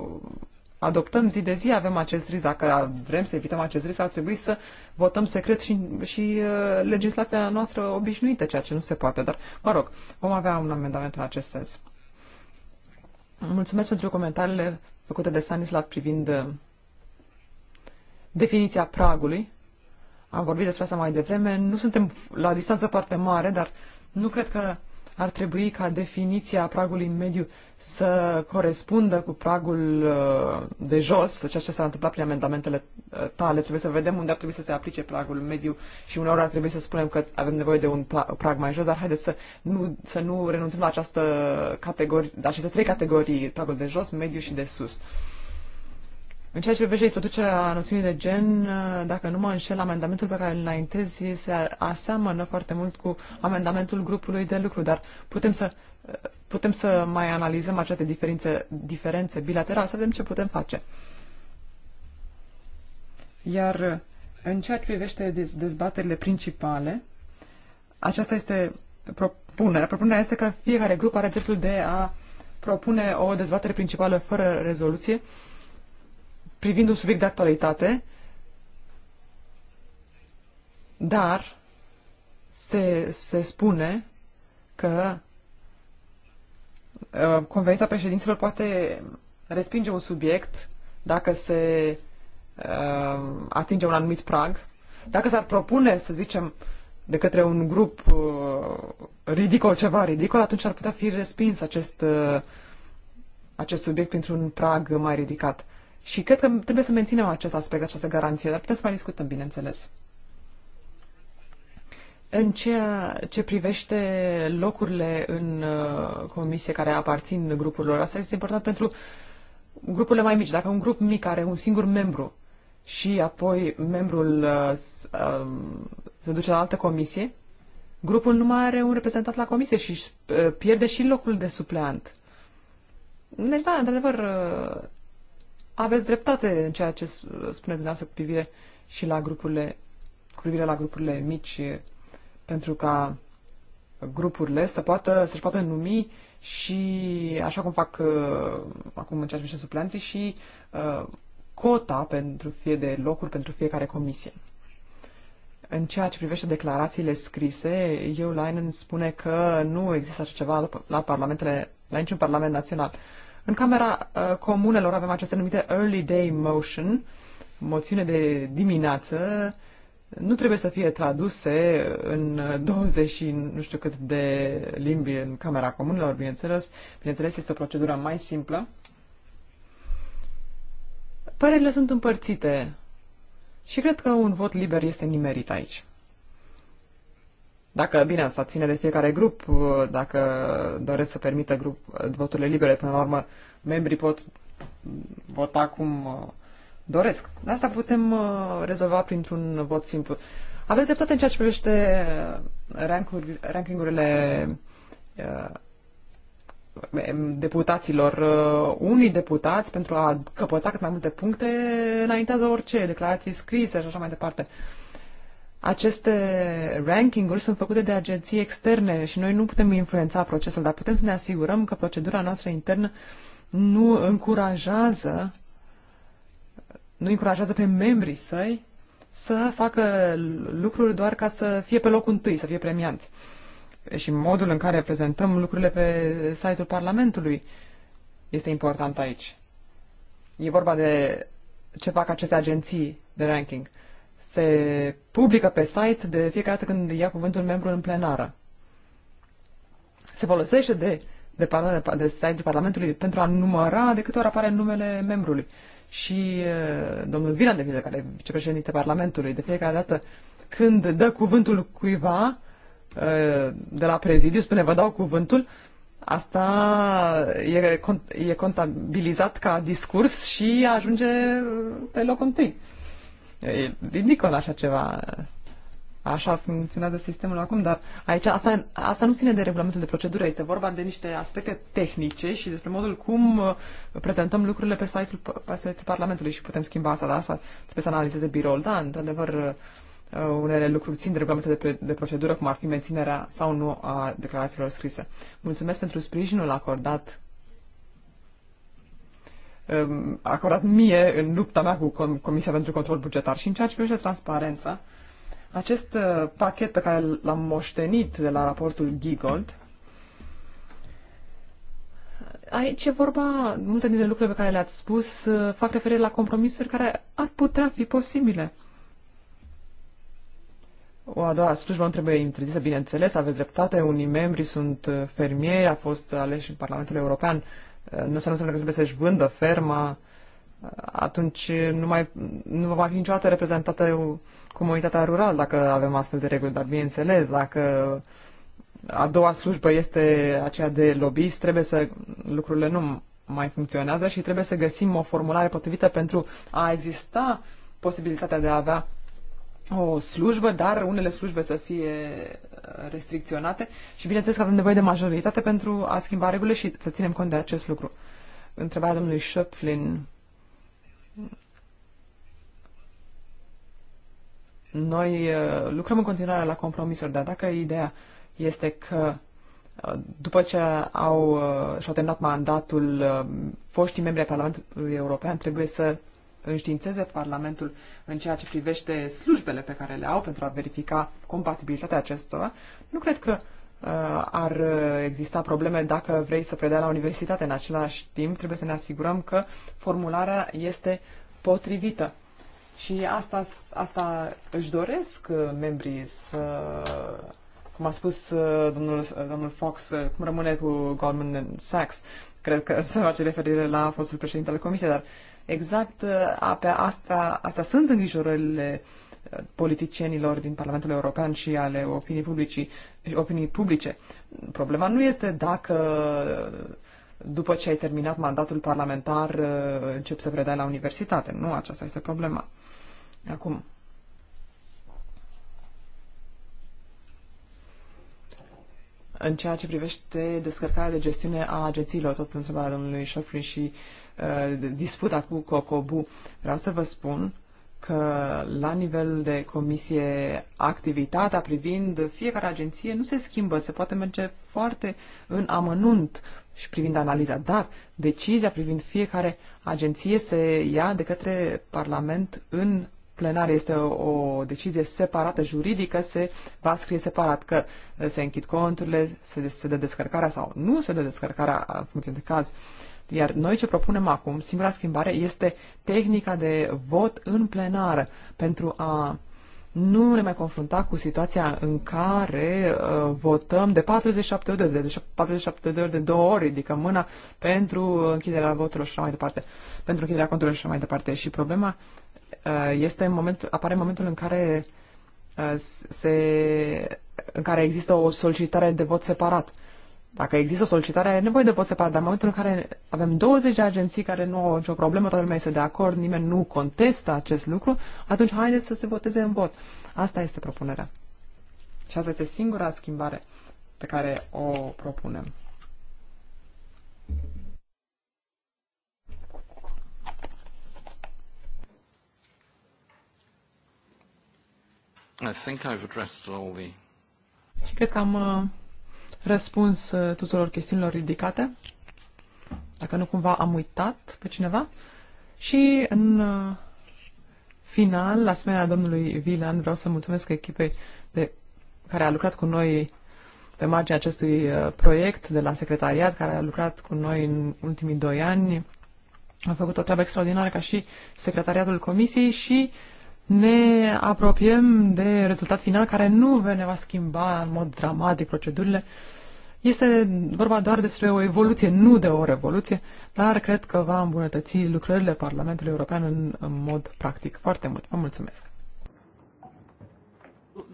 adoptăm zi de zi, avem acest risc. Dacă vrem să evităm acest risc, ar trebui să votăm secret și, și eh, legislația noastră obișnuită, ceea ce nu se poate. Dar, mă rog, vom avea un amendament în acest sens. Mulțumesc pentru comentariile făcute de Sanislav privind eh, definiția pragului. Am vorbit despre asta mai devreme. Nu suntem la distanță foarte mare, dar nu cred că ar trebui ca definiția pragului mediu să corespundă cu pragul uh, de jos, ceea ce s-a întâmplat prin amendamentele uh, tale. Trebuie să vedem unde ar trebui să se aplice pragul mediu și uneori ar trebui să spunem că avem nevoie de un prag mai jos, dar haideți să nu, să nu renunțăm la această categorie, aceste trei categorii, pragul de jos, mediu și de sus. În ceea ce privește introducerea noțiunii de gen, dacă nu mă înșel, amendamentul pe care îl înaintez se aseamănă foarte mult cu amendamentul grupului de lucru, dar putem să, putem să mai analizăm aceste diferențe, diferențe bilaterale, să vedem ce putem face. Iar în ceea ce privește dez, dezbaterile principale, aceasta este propunerea. Propunerea este că fiecare grup are dreptul de a propune o dezbatere principală fără rezoluție, privind un subiect de actualitate, dar se, se spune că uh, Convenția Președinților poate respinge un subiect dacă se uh, atinge un anumit prag. Dacă s-ar propune, să zicem, de către un grup uh, ridicol ceva ridicol, atunci ar putea fi respins acest, uh, acest subiect printr-un prag mai ridicat. Și cred că trebuie să menținem acest aspect, această garanție, dar putem să mai discutăm, bineînțeles. În ceea ce privește locurile în uh, comisie care aparțin grupurilor, asta este important pentru grupurile mai mici. Dacă un grup mic are un singur membru și apoi membrul uh, um, se duce la altă comisie, grupul nu mai are un reprezentant la comisie și uh, pierde și locul de supleant. Deci, da, într-adevăr, aveți dreptate în ceea ce spuneți dumneavoastră cu privire și la grupurile, cu privire la grupurile mici, pentru ca grupurile să poată, să-și poată numi și, așa cum fac uh, acum în ceea ce privește supleanții, și uh, cota pentru fie de locuri pentru fiecare comisie. În ceea ce privește declarațiile scrise, eu Leinen spune că nu există așa ceva la, la parlamentele, la niciun parlament național. Uh, în Camera uh, Comunelor avem această numită Early Day Motion, moțiune de dimineață, nu trebuie să fie traduse în 20 uh, și nu știu cât de limbi în Camera Comunelor, bineînțeles. Bineînțeles, este o procedură mai simplă. Părerile sunt împărțite și cred că un vot liber este nimerit aici. Dacă, bine, asta ține de fiecare grup, uh, dacă doresc să permită grup, uh, voturile libere, până la urmă, membrii pot vota cum uh, doresc. Asta putem rezolva printr-un vot simplu. Aveți dreptate în ceea ce privește rankingurile deputaților. Unii deputați, pentru a căpăta cât mai multe puncte, înaintează orice, declarații scrise și așa mai departe. Uh, aceste rankinguri sunt făcute de agenții externe și noi nu putem influența procesul, dar putem să ne asigurăm că procedura noastră internă nu încurajează nu încurajează pe membrii săi să facă lucruri doar ca să fie pe loc întâi, să fie premianți. Și modul în care prezentăm lucrurile pe site-ul Parlamentului este important aici. E vorba de ce fac aceste agenții de ranking se publică pe site de fiecare dată când ia cuvântul membru în plenară. Se folosește de, de, de, de site-ul Parlamentului pentru a număra de câte ori apare numele membrului. Și uh, domnul Vila de Vila, care e vicepreședinte Parlamentului, de fiecare dată când dă cuvântul cuiva uh, de la prezidiu, spune vă dau cuvântul, asta e, e contabilizat ca discurs și ajunge pe locul întâi. E ridicol așa ceva. Așa funcționează sistemul acum, dar aici asta, asta nu ține de regulamentul de procedură, este vorba de niște aspecte tehnice și despre modul cum uh, prezentăm lucrurile pe site-ul, pe site-ul Parlamentului și putem schimba asta, dar asta trebuie să analizeze biroul. Da, într-adevăr, uh, unele lucruri țin de regulamente de, de procedură, cum ar fi menținerea sau nu a declarațiilor scrise. Mulțumesc pentru sprijinul acordat Ehm, acordat mie în lupta mea cu Comisia pentru Control Bugetar. Și în ceea ce privește transparența, acest uh, pachet pe care l-am moștenit de la raportul Gigold, aici e vorba, multe dintre lucrurile pe care le-ați spus uh, fac referire la compromisuri care ar putea fi posibile. O a doua slujbă nu trebuie interzisă, bineînțeles, aveți dreptate, unii membri sunt uh, fermieri, a fost aleși în Parlamentul European, nu se înseamnă că trebuie să-și vândă ferma, atunci nu, mai, nu va mai fi niciodată reprezentată comunitatea rurală dacă avem astfel de reguli, dar bineînțeles, dacă a doua slujbă este aceea de lobbyist, trebuie să lucrurile nu mai funcționează și trebuie să găsim o formulare potrivită pentru a exista posibilitatea de a avea o slujbă, dar unele slujbe să fie uh, restricționate și bineînțeles că avem nevoie de majoritate pentru a schimba regulile și să ținem cont de acest lucru. Întrebarea domnului Șoplin. Noi uh, lucrăm în continuare la compromisuri, dar dacă ideea este că uh, după ce au, și-au terminat mandatul, foștii membri ai Parlamentului European trebuie să înștiințeze Parlamentul în ceea ce privește slujbele pe care le au pentru a verifica compatibilitatea acestora, nu cred că uh, ar exista probleme dacă vrei să predai la universitate. În același timp, trebuie să ne asigurăm că formularea este potrivită. Și asta, asta își doresc uh, membrii să, cum a spus uh, domnul, uh, domnul Fox, cum rămâne cu Goldman Sachs, cred că se face referire la fostul președinte al Comisiei, dar uh, Exact uh, pe asta, asta sunt îngrijorările uh, politicienilor din Parlamentul European și ale opinii, publici, opinii publice. Problema nu este dacă uh, după ce ai terminat mandatul parlamentar începi să predai la universitate. Nu, aceasta este problema. Acum, în ceea ce privește descărcarea de gestiune a agențiilor, tot întrebarea domnului Șofri și uh, Uh, disputa cu Cocobu. Vreau să vă spun că la nivel de comisie activitatea privind fiecare agenție nu se schimbă, se poate merge foarte în amănunt și privind analiza, dar decizia privind fiecare agenție se ia de către Parlament în plenar este o, o decizie separată juridică, se va scrie separat că se închid conturile, se, se dă descărcarea sau nu se dă descărcarea în funcție de caz. Uh, iar noi ce propunem acum, singura schimbare, este tehnica de vot în plenară pentru a nu ne mai confrunta cu situația în care uh, votăm de 47 de ori, de 47 de ori, de două ori, ridicăm mâna pentru închiderea voturilor și așa mai departe, pentru închiderea conturilor și așa mai departe. Și problema uh, este în momentul, apare în momentul în care uh, se, în care există o solicitare de vot separat dacă există o solicitare, e nevoie de vot separat, dar în momentul în care avem 20 de agenții care nu au nicio problemă, toată lumea este de acord, nimeni nu contestă acest lucru, atunci haideți să se voteze în vot. Asta este propunerea. Și asta este singura schimbare pe care o propunem. I think I've addressed all the... Și cred că am uh, răspuns uh, tuturor chestiunilor ridicate, dacă nu cumva am uitat pe cineva. Și în uh, final, la asemenea domnului Vilan, vreau să mulțumesc echipei de, care a lucrat cu noi pe marginea acestui uh, proiect de la secretariat, care a lucrat cu noi în ultimii doi ani. A făcut o treabă extraordinară ca și secretariatul comisiei și uh, ne apropiem de rezultat final care nu ne va schimba în mod dramatic procedurile. Este vorba doar despre o evoluție, nu de o revoluție, dar cred că va îmbunătăți lucrările Parlamentului European în, în mod practic foarte mult. Vă mulțumesc!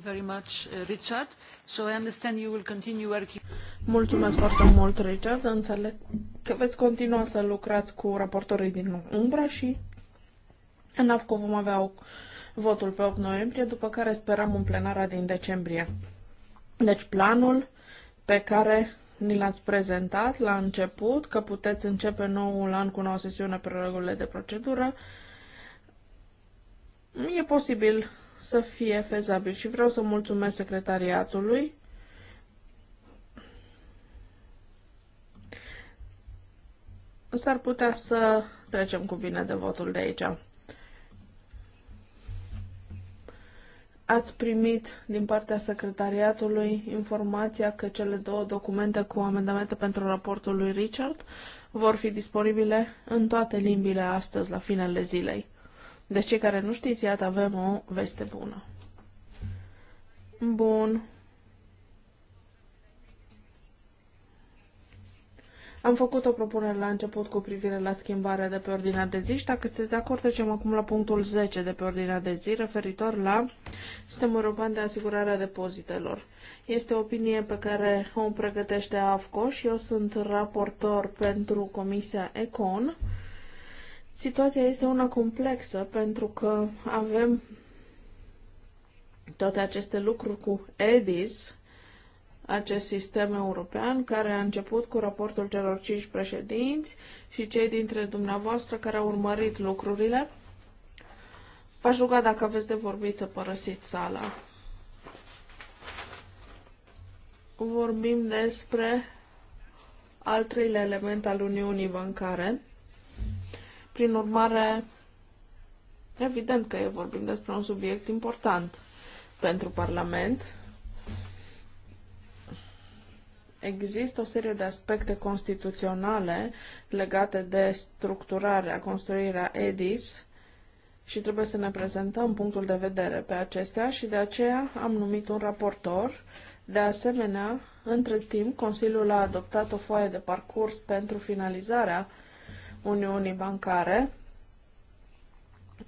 Very much, uh, Richard. So I understand you will continue working. Mulțumesc foarte mult, Richard. Înțeleg că veți continua să lucrați cu raportorii din umbra și în AFCO vom avea o votul pe 8 noiembrie, după care sperăm în plenara din decembrie. Deci planul pe care ni l-ați prezentat la început, că puteți începe noul an cu nouă sesiune pe regulile de procedură, e posibil să fie fezabil și vreau să mulțumesc secretariatului s-ar putea să trecem cu bine de votul de aici. Ați primit din partea secretariatului informația că cele două documente cu amendamente pentru raportul lui Richard vor fi disponibile în toate limbile astăzi, la finele zilei. Deci cei care nu știți, iată, avem o veste bună. Bun. Am făcut o propunere la început cu privire la schimbarea de pe ordinea de zi și dacă sunteți de acord, trecem acum la punctul 10 de pe ordinea de zi, referitor la Sistemul European de Asigurare a Depozitelor. Este o opinie pe care o pregătește AFCO și eu sunt raportor pentru Comisia ECON. Situația este una complexă pentru că avem toate aceste lucruri cu EDIS, acest sistem european care a început cu raportul celor cinci președinți și cei dintre dumneavoastră care au urmărit lucrurile. V-aș ruga dacă aveți de vorbit să părăsiți sala. Vorbim despre al treilea element al Uniunii Bancare. Prin urmare, evident că vorbim despre un subiect important pentru Parlament Există o serie de aspecte constituționale legate de structurarea, construirea EDIS și trebuie să ne prezentăm punctul de vedere pe acestea și de aceea am numit un raportor. De asemenea, între timp, Consiliul a adoptat o foaie de parcurs pentru finalizarea Uniunii Bancare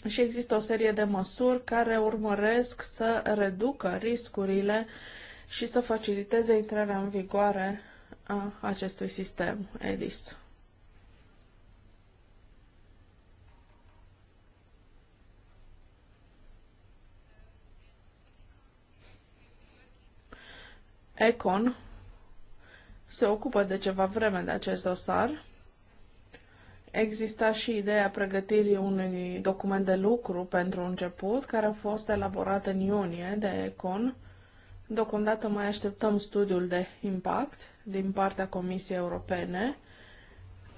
și există o serie de măsuri care urmăresc să reducă riscurile și să faciliteze intrarea în vigoare a acestui sistem EDIS. Econ se ocupă de ceva vreme de acest dosar. Exista și ideea pregătirii unui document de lucru pentru început, care a fost elaborat în iunie de Econ Deocamdată mai așteptăm studiul de impact din partea Comisiei Europene,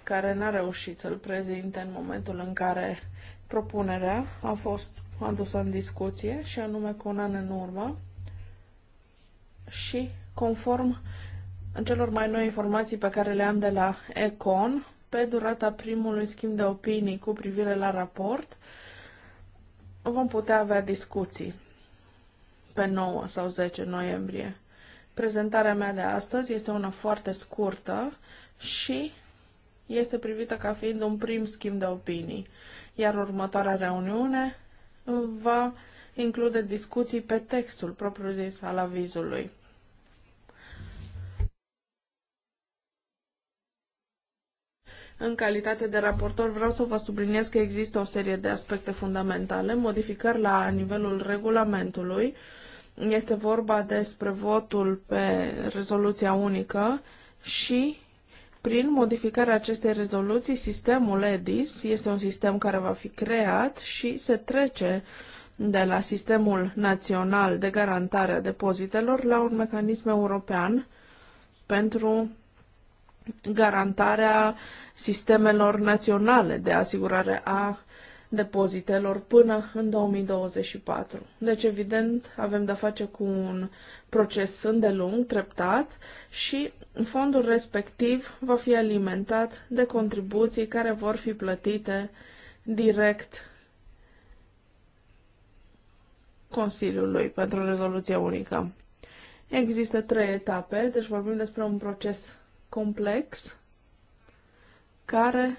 care n-a reușit să-l prezinte în momentul în care propunerea a fost adusă în discuție, și anume cu un an în urmă, și conform celor mai noi informații pe care le am de la Econ, pe durata primului schimb de opinii cu privire la raport, vom putea avea discuții pe 9 sau 10 noiembrie. Prezentarea mea de astăzi este una foarte scurtă și este privită ca fiind un prim schimb de opinii, iar următoarea reuniune va include discuții pe textul propriu-zis al avizului. În calitate de raportor vreau să vă subliniez că există o serie de aspecte fundamentale, modificări la nivelul regulamentului, este vorba despre votul pe rezoluția unică și prin modificarea acestei rezoluții, sistemul EDIS este un sistem care va fi creat și se trece de la sistemul național de garantare a depozitelor la un mecanism european pentru garantarea sistemelor naționale de asigurare a depozitelor până în 2024. Deci, evident, avem de-a face cu un proces îndelung, treptat și fondul respectiv va fi alimentat de contribuții care vor fi plătite direct Consiliului pentru rezoluția unică. Există trei etape, deci vorbim despre un proces complex care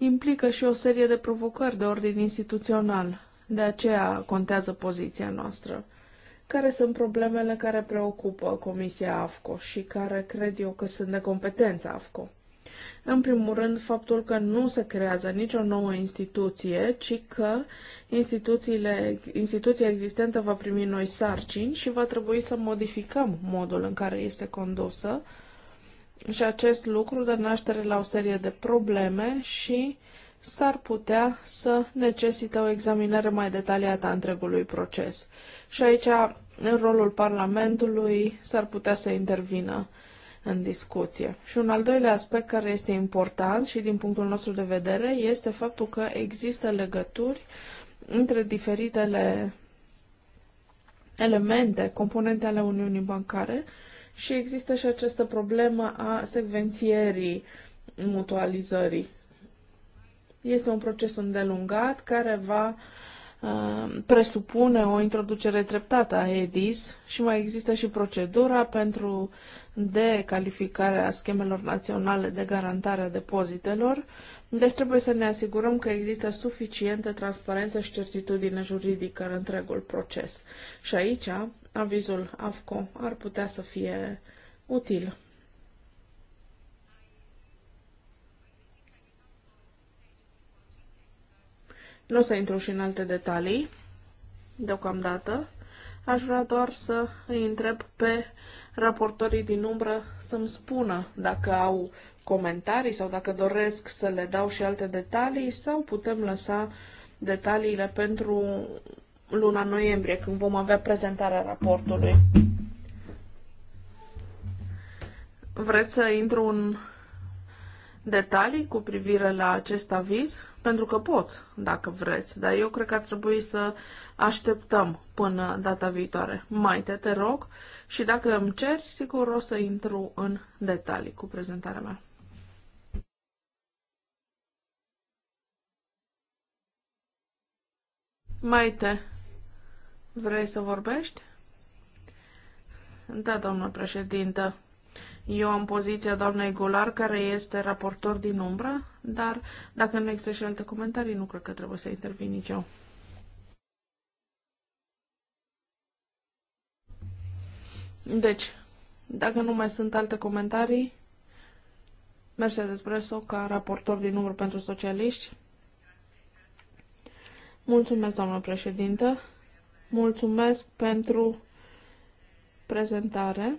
implică și o serie de provocări de ordin instituțional. De aceea contează poziția noastră. Care sunt problemele care preocupă Comisia AFCO și care cred eu că sunt de competență AFCO? În primul rând, faptul că nu se creează nicio nouă instituție, ci că instituțiile, instituția existentă va primi noi sarcini și va trebui să modificăm modul în care este condusă, și acest lucru dă naștere la o serie de probleme și s-ar putea să necesită o examinare mai detaliată a întregului proces. Și aici, în rolul Parlamentului, s-ar putea să intervină în discuție. Și un al doilea aspect care este important și din punctul nostru de vedere este faptul că există legături între diferitele elemente, componente ale Uniunii Bancare, și există și această problemă a secvențierii mutualizării. Este un proces îndelungat care va uh, presupune o introducere treptată a EDIS și mai există și procedura pentru decalificarea schemelor naționale de garantare a depozitelor, deci trebuie să ne asigurăm că există suficientă transparență și certitudine juridică în întregul proces. Și aici avizul AFCO ar putea să fie util. Nu o să intru și în alte detalii deocamdată. Aș vrea doar să îi întreb pe raportorii din umbră să-mi spună dacă au comentarii sau dacă doresc să le dau și alte detalii sau putem lăsa detaliile pentru luna noiembrie, când vom avea prezentarea raportului. Vreți să intru în detalii cu privire la acest aviz? Pentru că pot, dacă vreți, dar eu cred că ar trebui să așteptăm până data viitoare. Mai te, te rog, și dacă îmi ceri, sigur o să intru în detalii cu prezentarea mea. Maite, vrei să vorbești? Da, doamnă președintă. Eu am poziția doamnei Golar care este raportor din umbră, dar dacă nu există și alte comentarii, nu cred că trebuie să intervin nici eu. Deci, dacă nu mai sunt alte comentarii, Mercedes Bresso ca raportor din număr pentru socialiști. Mulțumesc, doamnă președintă. Mulțumesc pentru prezentare.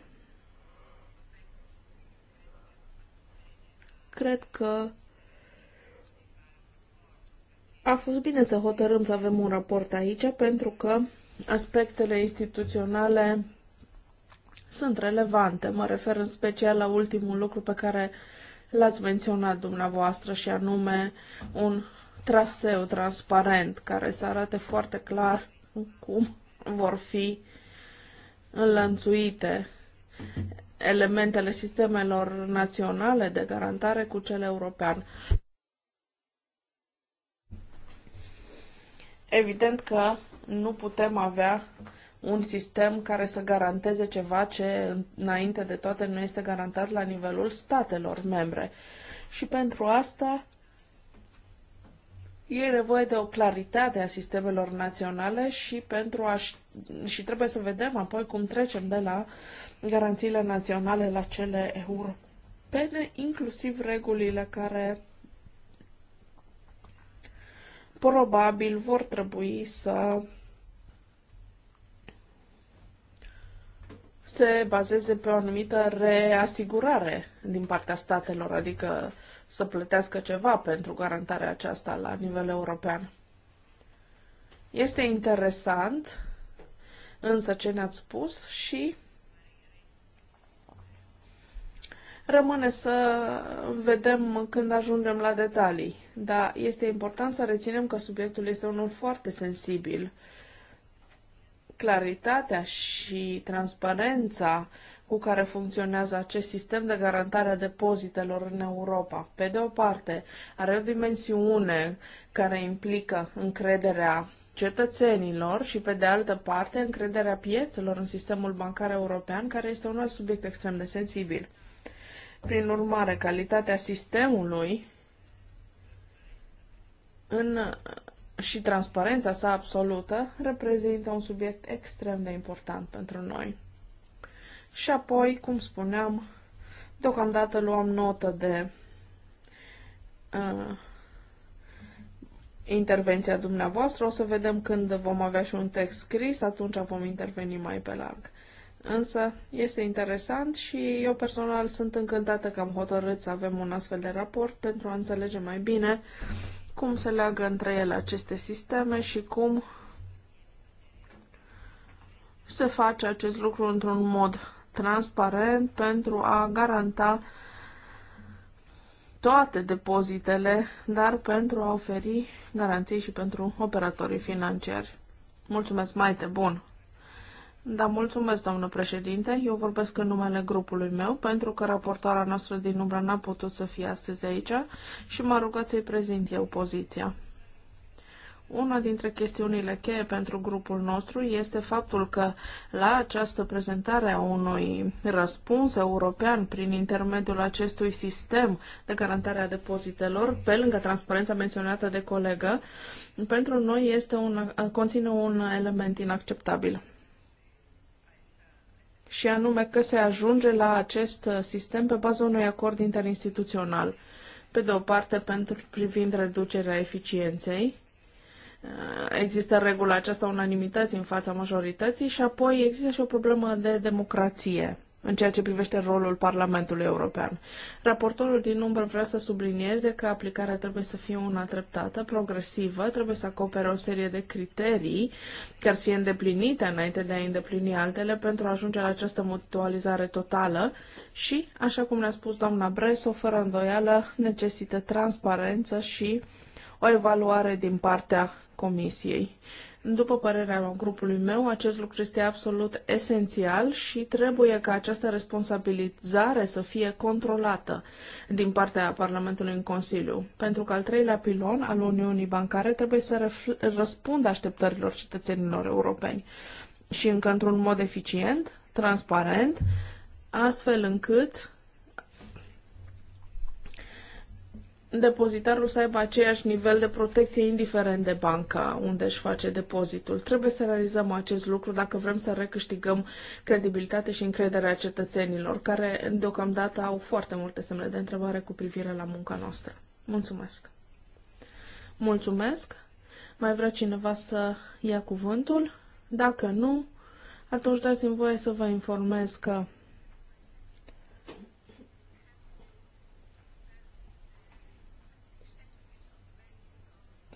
Cred că a fost bine să hotărâm să avem un raport aici, pentru că aspectele instituționale sunt relevante. Mă refer în special la ultimul lucru pe care l-ați menționat dumneavoastră și anume un traseu transparent care să arate foarte clar cum vor fi înlănțuite elementele sistemelor naționale de garantare cu cel european. Evident că nu putem avea un sistem care să garanteze ceva ce, înainte de toate, nu este garantat la nivelul statelor membre. Și pentru asta E nevoie de o claritate a sistemelor naționale și, pentru a, și trebuie să vedem apoi cum trecem de la garanțiile naționale la cele europene, inclusiv regulile care probabil vor trebui să se bazeze pe o anumită reasigurare din partea statelor, adică uh, să plătească ceva pentru garantarea aceasta la nivel european. Este interesant însă ce ne-ați spus și rămâne să vedem când ajungem la detalii. Dar este important să reținem că subiectul este unul foarte sensibil. Claritatea și transparența cu care funcționează acest sistem de garantare a depozitelor în Europa. Pe de o parte, are o dimensiune care implică încrederea cetățenilor și, pe de altă parte, încrederea piețelor în sistemul bancar european, care este un alt subiect extrem de sensibil. Prin urmare, calitatea sistemului în, și transparența sa absolută reprezintă un subiect extrem de important pentru noi. Și apoi, cum spuneam, deocamdată luăm notă de uh, intervenția dumneavoastră. O să vedem când vom avea și un text scris, atunci vom interveni mai pe larg. Însă este interesant și eu personal sunt încântată că am hotărât să avem un astfel de raport pentru a înțelege mai bine cum se leagă între ele aceste sisteme și cum se face acest lucru într-un mod transparent pentru a garanta toate depozitele, dar pentru a oferi garanții și pentru operatorii financiari. Mulțumesc, Maite, bun. Da, mulțumesc, doamnă președinte. Eu vorbesc în numele grupului meu, pentru că raportoarea noastră din Umbra n-a putut să fie astăzi aici și mă a rugat să-i prezint eu poziția. Una dintre chestiunile cheie pentru grupul nostru este faptul că la această prezentare a unui răspuns european prin intermediul acestui sistem de garantare a depozitelor, pe lângă transparența menționată de colegă, pentru noi este un, conține un element inacceptabil și anume că se ajunge la acest sistem pe baza unui acord interinstituțional. Pe de o parte, pentru privind reducerea eficienței, există regula aceasta unanimității în fața majorității și apoi există și o problemă de democrație în ceea ce privește rolul Parlamentului European. Raportorul din umbră vrea să sublinieze că aplicarea trebuie să fie una treptată, progresivă, trebuie să acopere o serie de criterii care să fie îndeplinite înainte de a îndeplini altele pentru a ajunge la această mutualizare totală și, așa cum ne-a spus doamna Bresu, fără îndoială necesită transparență și o evaluare din partea Comisiei. După părerea grupului meu, acest lucru este absolut esențial și trebuie ca această responsabilizare să fie controlată din partea Parlamentului în Consiliu, pentru că al treilea pilon al Uniunii Bancare trebuie să răspundă așteptărilor cetățenilor europeni și încă într-un mod eficient, transparent, astfel încât depozitarul să aibă aceeași nivel de protecție indiferent de banca unde își face depozitul. Trebuie să realizăm acest lucru dacă vrem să recâștigăm credibilitate și încrederea cetățenilor, care deocamdată au foarte multe semne de întrebare cu privire la munca noastră. Mulțumesc! Mulțumesc! Mai vrea cineva să ia cuvântul? Dacă nu, atunci dați-mi voie să vă informez că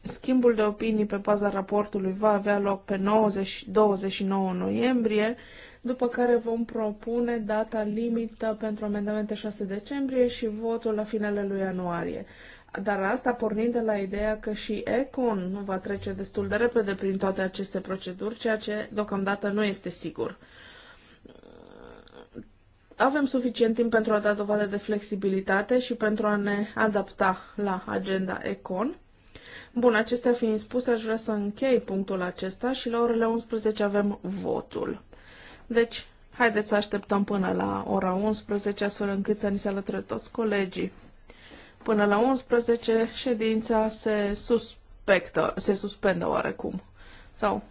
Schimbul de opinii pe baza raportului va avea loc pe 90, 29 noiembrie, după care vom propune data limită pentru amendamente 6 decembrie și votul la finele lui ianuarie. Dar asta pornind de la ideea că și Econ nu va trece destul de repede prin toate aceste proceduri, ceea ce deocamdată nu este sigur. Avem suficient timp pentru a da dovadă de flexibilitate și pentru a ne adapta la agenda Econ Bun, acestea fiind spuse, aș vrea să închei punctul acesta și la orele 11 avem votul. Deci, haideți să așteptăm până la ora 11, astfel încât să ni se alăture toți colegii. Până la 11, ședința se suspectă, se suspendă oarecum. Sau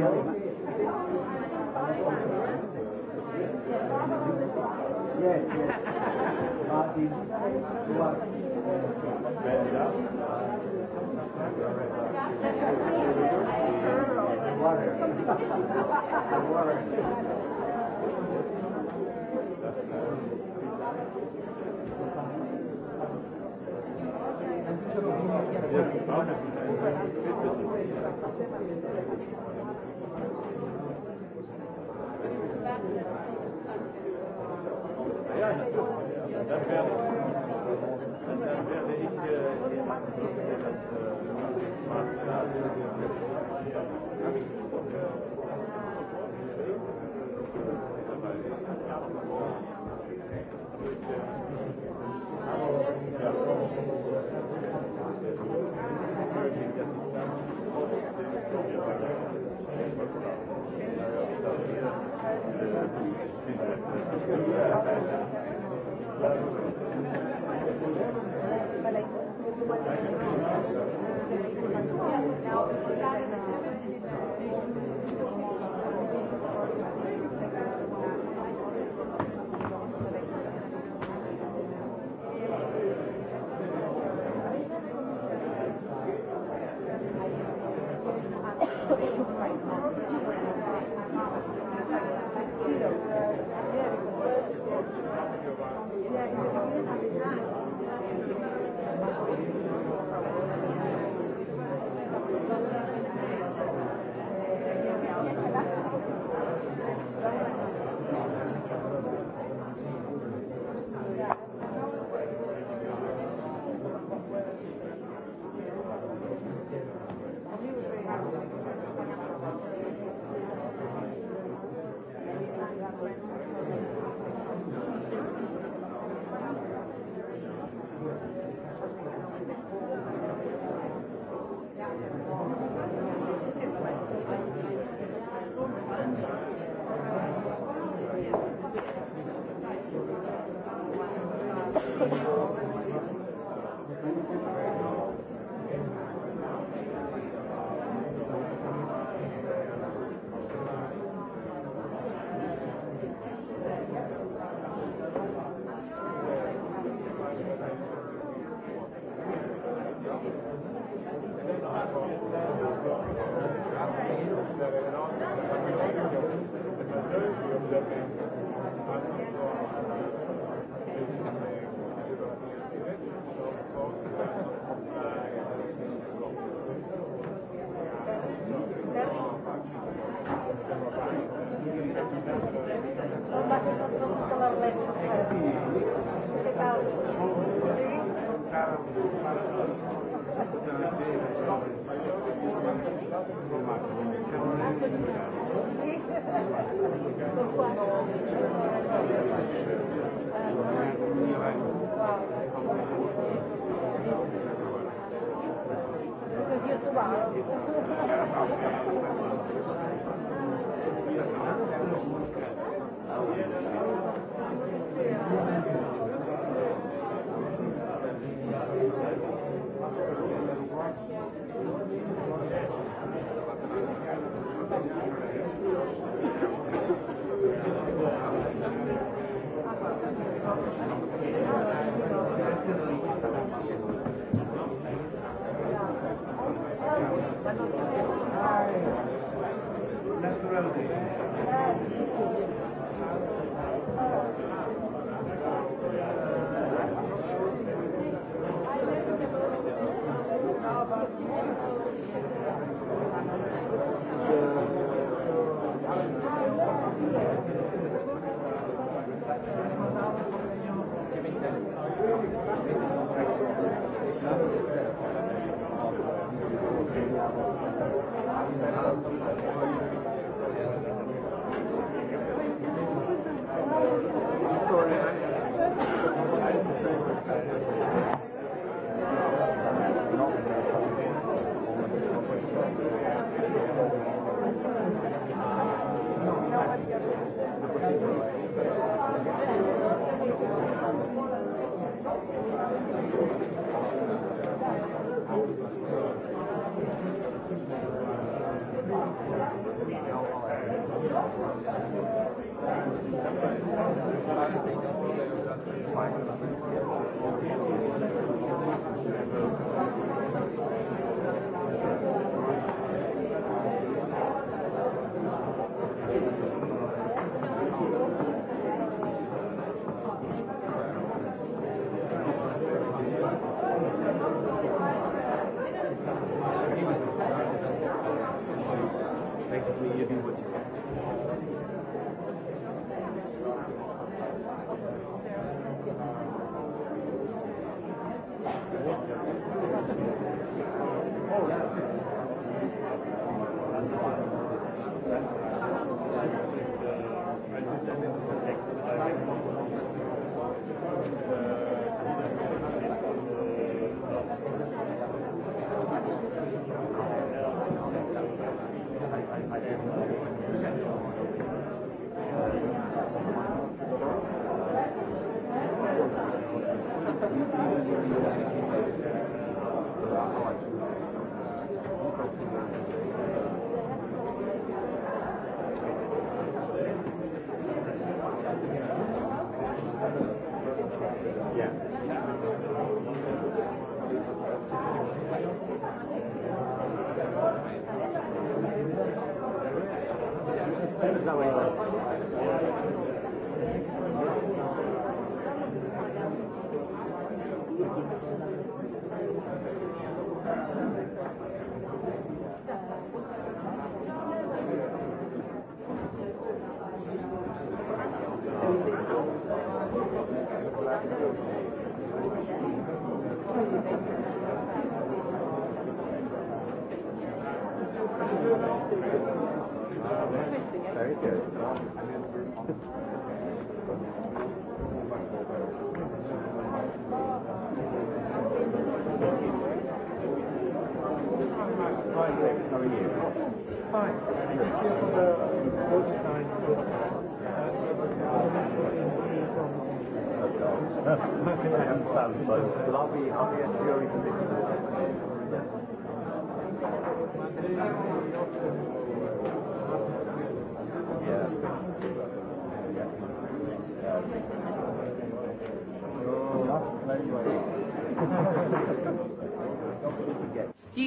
Yes, yes. Martin, what? Water. Water. Yes, Da werde ich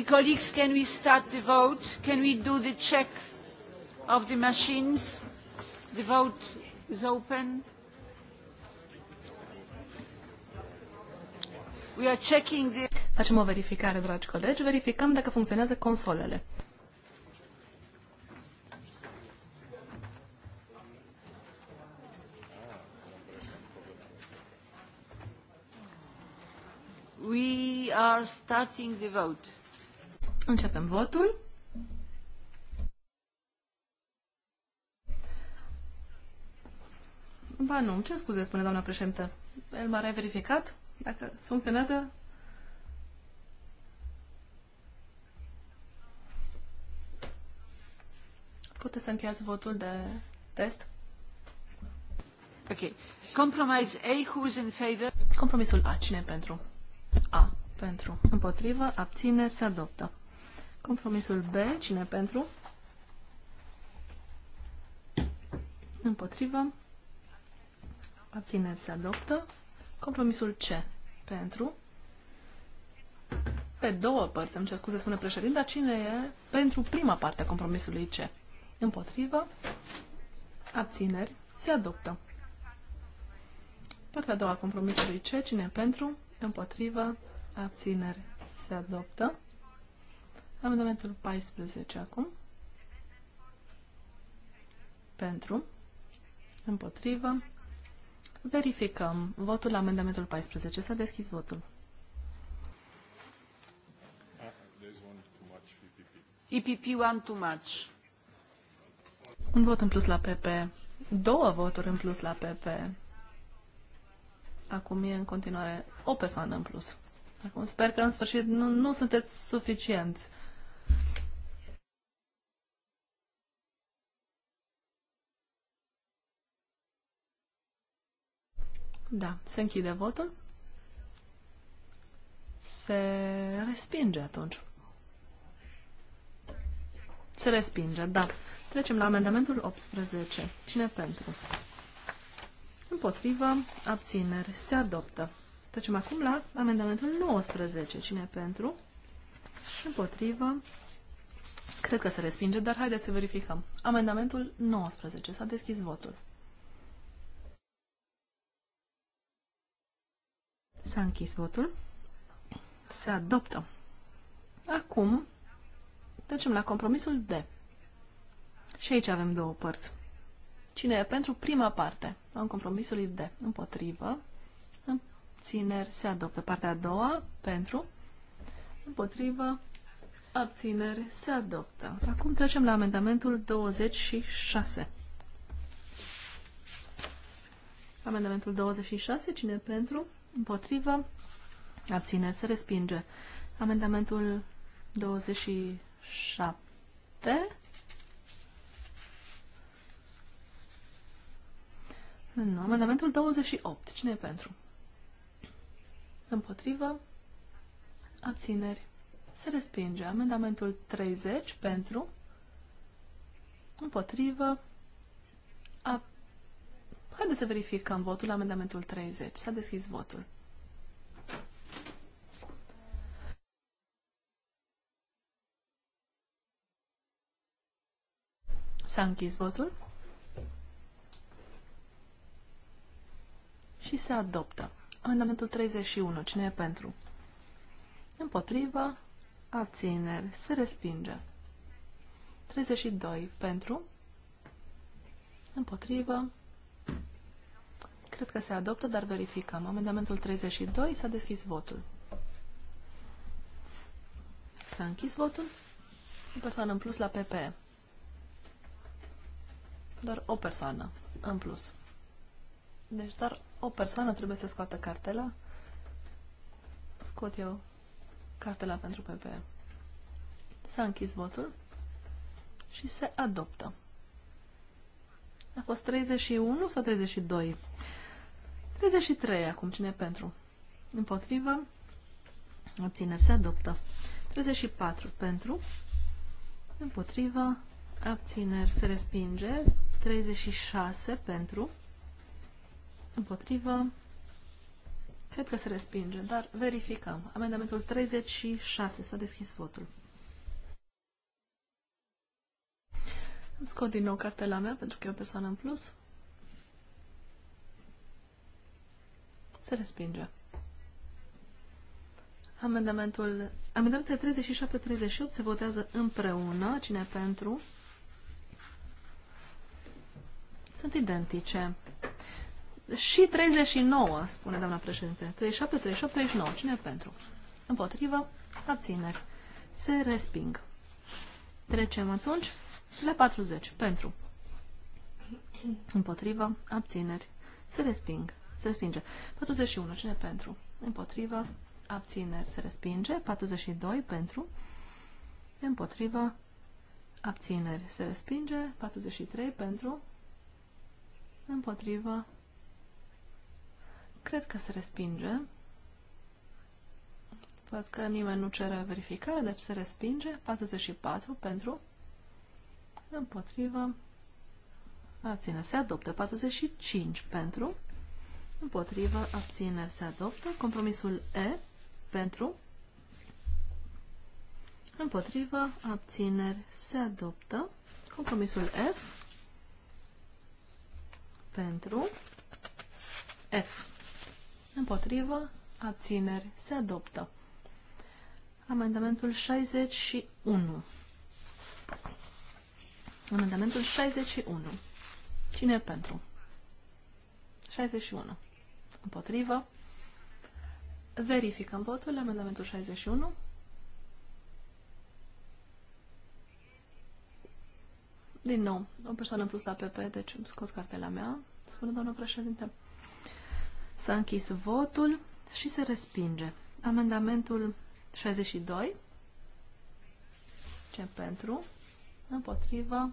colleagues, can we start the vote? Can we do the check of the machines? The vote is open. We are checking the... Facem o verificare, dragi colegi. Verificăm dacă funcționează consolele. We are starting the vote. Începem votul. Ba nu, ce scuze spune doamna președintă? m-a verificat dacă funcționează? Puteți să încheiați votul de test? Ok. Compromise A, who's in favor? Compromisul A, cine pentru? A, pentru. Împotrivă, abțineri, se adoptă. Compromisul B, cine pentru? Împotrivă. Abțineri se adoptă. Compromisul C, pentru. Pe două părți, îmi cer scuze, spune președinte, dar cine e pentru prima parte a compromisului C? Împotrivă. Abțineri se adoptă. Partea a doua a compromisului C, cine e pentru? Împotrivă. Abțineri se adoptă. Amendamentul 14 acum. Pentru. Împotrivă. Verificăm. Votul la amendamentul 14. S-a deschis votul. EPP one too much. Un vot în plus la PP. Două voturi în plus la PP. Acum e în continuare o persoană în plus. Acum sper că în sfârșit nu, nu sunteți suficienți. Da, se închide votul. Se respinge atunci. Se respinge, da. Trecem la amendamentul 18. Cine pentru? Împotrivă, abțineri, se adoptă. Trecem acum la amendamentul 19. Cine pentru? Împotrivă. Cred că se respinge, dar haideți să verificăm. Amendamentul 19. S-a deschis votul. S-a închis votul. Se adoptă. Acum trecem la compromisul D. Și aici avem două părți. Cine e pentru prima parte a compromisului D? Împotrivă. Abțineri se adoptă. Partea a doua, pentru. Împotrivă. Abțineri se adoptă. Acum trecem la amendamentul 26. Amendamentul 26, cine pentru? Împotrivă. Abțineri. Se respinge. Amendamentul 27. Nu. Amendamentul 28. Cine e pentru? Împotrivă. Abțineri. Se respinge. Amendamentul 30 pentru. Împotrivă. Haideți să verificăm votul la amendamentul 30. S-a deschis votul. S-a închis votul. Și se adoptă. Amendamentul 31. Cine e pentru? Împotrivă. Abțineri. Se respinge. 32. Pentru. Împotrivă. Cred că se adoptă, dar verificăm. Amendamentul 32 s-a deschis votul. S-a închis votul. O persoană în plus la PP. Doar o persoană în plus. Deci doar o persoană trebuie să scoată cartela. Scot eu cartela pentru PP. S-a închis votul și se adoptă. A fost 31 sau 32? 33 acum, cine pentru? Împotrivă. Obține, se adoptă. 34 pentru. Împotrivă. Abțineri se respinge. 36 pentru. Împotrivă. Cred că se respinge, dar verificăm. Amendamentul 36 s-a deschis votul. Îmi scot din nou cartela mea pentru că e o persoană în plus. Se respinge. Amendamentul, amendamentele 37-38 se votează împreună. Cine pentru? Sunt identice. Și 39, spune doamna președinte. 37, 38, 39. Cine pentru? Împotrivă. Abțineri. Se resping. Trecem atunci la 40. Pentru. Împotrivă. Abțineri. Se resping se respinge. 41. Cine pentru? Împotrivă. Abțineri se respinge. 42. Pentru. Împotrivă. Abțineri se respinge. 43. Pentru. Împotrivă. Cred că se respinge. Văd că nimeni nu cere verificare, deci se respinge. 44 pentru. Împotrivă. abțineri, Se adoptă. 45 pentru. Împotrivă, abțineri se adoptă. Compromisul E pentru. Împotrivă, abțineri se adoptă. Compromisul F pentru. F. Împotrivă, abțineri se adoptă. Amendamentul 61. Amendamentul 61. Cine pentru? 61. Împotrivă. Verificăm votul. Amendamentul 61. Din nou, o persoană în plus la PP, deci îmi scot cartela mea, spune doamna președinte. S-a închis votul și se respinge. Amendamentul 62. Ce pentru? Împotrivă.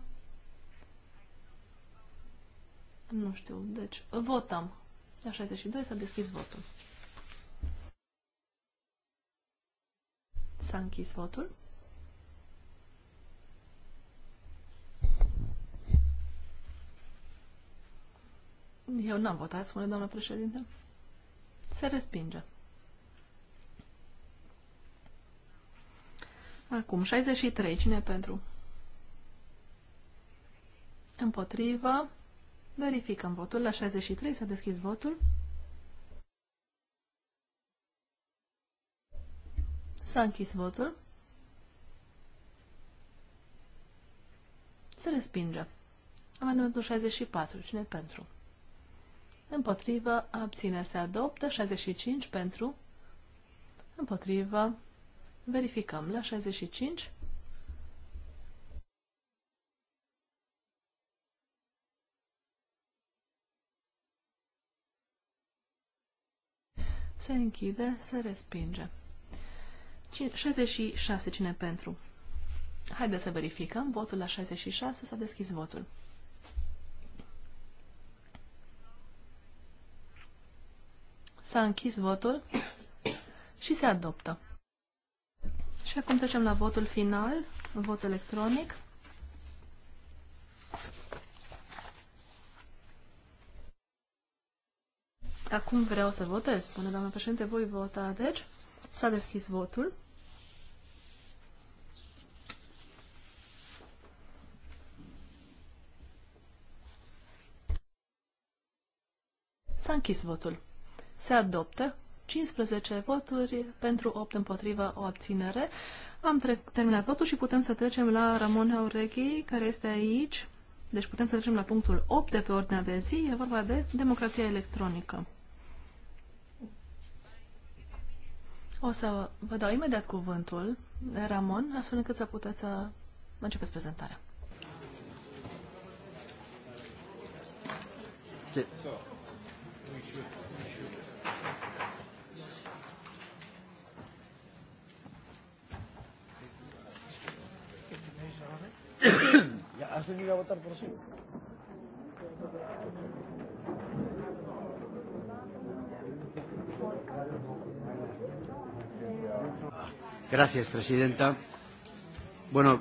Nu știu, deci votăm la 62 s-a deschis votul. S-a închis votul. Eu n-am votat, spune doamna președinte. Se respinge. Acum, 63. Cine pentru? Împotrivă. Verificăm votul. La 63 s-a deschis votul. S-a închis votul. Se respinge. Amendamentul 64. Cine pentru? Împotrivă. Abține. Se adoptă. 65 pentru. Împotrivă. Verificăm. La 65 se închide, se respinge. 66 cine pentru. Haideți să verificăm. Votul la 66 s-a deschis votul. S-a închis votul și se adoptă. Și acum trecem la votul final, vot electronic. Acum vreau să votez, spune doamna președinte, voi vota, deci s-a deschis votul. S-a închis votul. Se adoptă 15 voturi pentru 8 împotriva o abținere. Am terminat votul și putem să trecem la Ramon Aureghi, care este aici. Deci putem să trecem la punctul 8 de pe ordinea de zi. E vorba de democrația electronică. O să vă dau imediat cuvântul, Ramon, astfel încât să puteți să începeți prezentarea. Sí. [coughs] ¿Has venido a votar por sí? Gracias, presidenta. Bueno.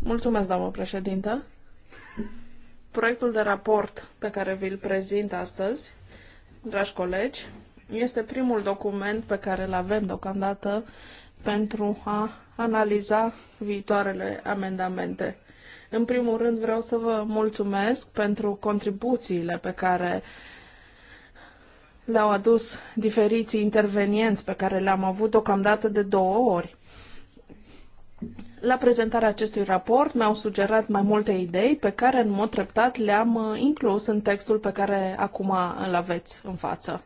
Mulțumesc, doamnă președintă. Proiectul de raport pe care vi-l prezint astăzi, dragi colegi, este primul document pe care îl avem deocamdată pentru a analiza viitoarele amendamente. În primul rând vreau să vă mulțumesc pentru contribuțiile pe care uh, le-au adus diferiții intervenienți pe care le-am avut deocamdată de două ori. La prezentarea acestui raport mi-au sugerat mai multe idei pe care în mod treptat le-am uh, inclus în textul pe care acum îl aveți în față.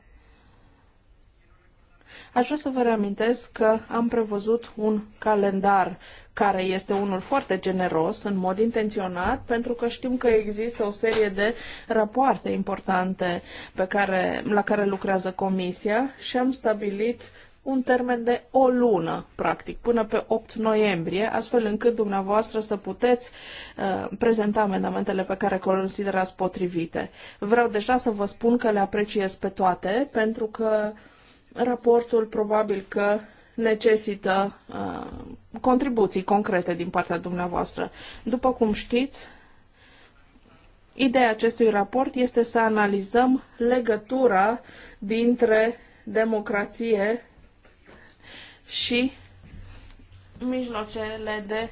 Aș vrea să vă reamintesc că am prevăzut un calendar care este unul foarte generos în mod intenționat, pentru că știm că există o serie de rapoarte importante pe care, la care lucrează Comisia și am stabilit un termen de o lună, practic, până pe 8 noiembrie, astfel încât dumneavoastră să puteți uh, prezenta amendamentele pe care considerați potrivite. Vreau deja să vă spun că le apreciez pe toate, pentru că raportul probabil că necesită uh, contribuții concrete din partea dumneavoastră. După cum știți, ideea acestui raport este să analizăm legătura dintre democrație și mijloacele de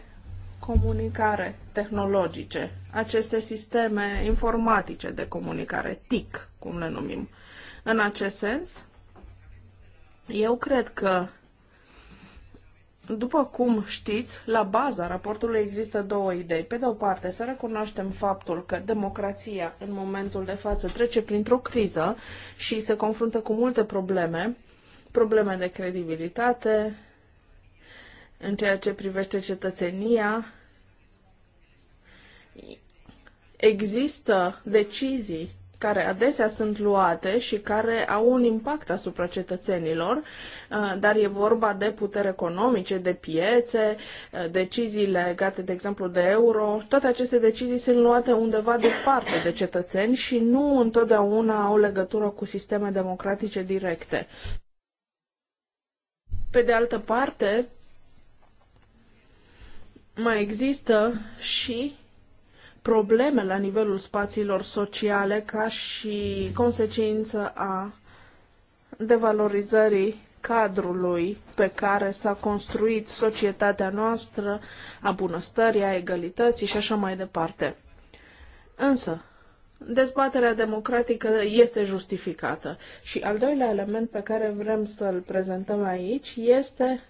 comunicare tehnologice, aceste sisteme informatice de comunicare, TIC, cum le numim. În acest sens, eu cred că după cum știți, la baza raportului există două idei. Pe de o parte, să recunoaștem faptul că democrația în momentul de față trece printr-o criză și se confruntă cu multe probleme, probleme de credibilitate în ceea ce privește cetățenia. Există decizii care adesea sunt luate și care au un impact asupra cetățenilor, uh, dar e vorba de putere economice, de piețe, uh, decizii legate, de exemplu, de euro. Toate aceste decizii sunt luate undeva departe de cetățeni și nu întotdeauna au legătură cu sisteme democratice directe. Pe de altă parte, mai există și probleme la nivelul spațiilor sociale ca și consecință a devalorizării cadrului pe care s-a construit societatea noastră, a bunăstării, a egalității și așa mai departe. Însă, dezbaterea democratică este justificată. Și al doilea element pe care vrem să-l prezentăm aici este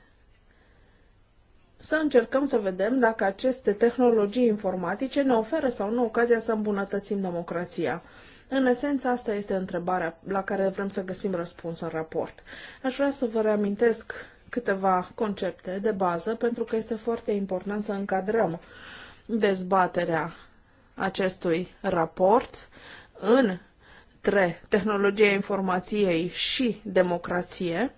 să încercăm să vedem dacă aceste tehnologii informatice ne oferă sau nu ocazia să îmbunătățim democrația. În esență, asta este întrebarea la care vrem să găsim răspuns în raport. Aș vrea să vă reamintesc câteva concepte de bază, pentru că este foarte important să încadrăm dezbaterea acestui raport în între tehnologia informației și democrație,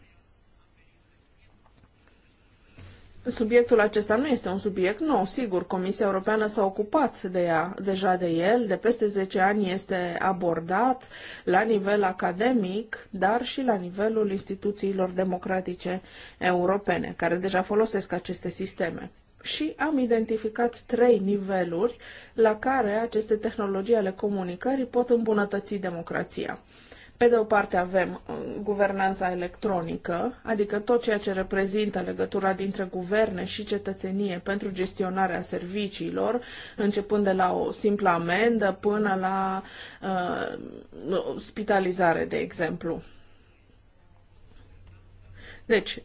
Subiectul acesta nu este un subiect nou, sigur, Comisia Europeană s-a ocupat de ea, deja de el, de peste 10 ani este abordat la nivel academic, dar și la nivelul instituțiilor democratice europene, care deja folosesc aceste sisteme. Și am identificat trei niveluri la care aceste tehnologii ale comunicării pot îmbunătăți democrația. Pe de o parte avem uh, guvernanța electronică, adică tot ceea ce reprezintă legătura dintre guverne și cetățenie pentru gestionarea serviciilor, începând de la o simplă amendă până la uh, spitalizare, de exemplu. Deci,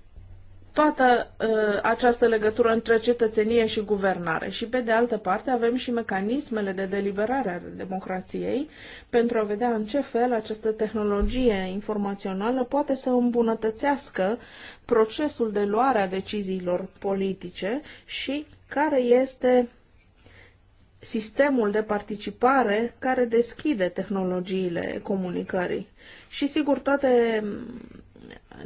toată uh, această legătură între cetățenie și guvernare. Și pe de altă parte avem și mecanismele de deliberare ale democrației pentru a vedea în ce fel această tehnologie informațională poate să îmbunătățească procesul de luare a deciziilor politice și care este sistemul de participare care deschide tehnologiile comunicării. Și sigur, toate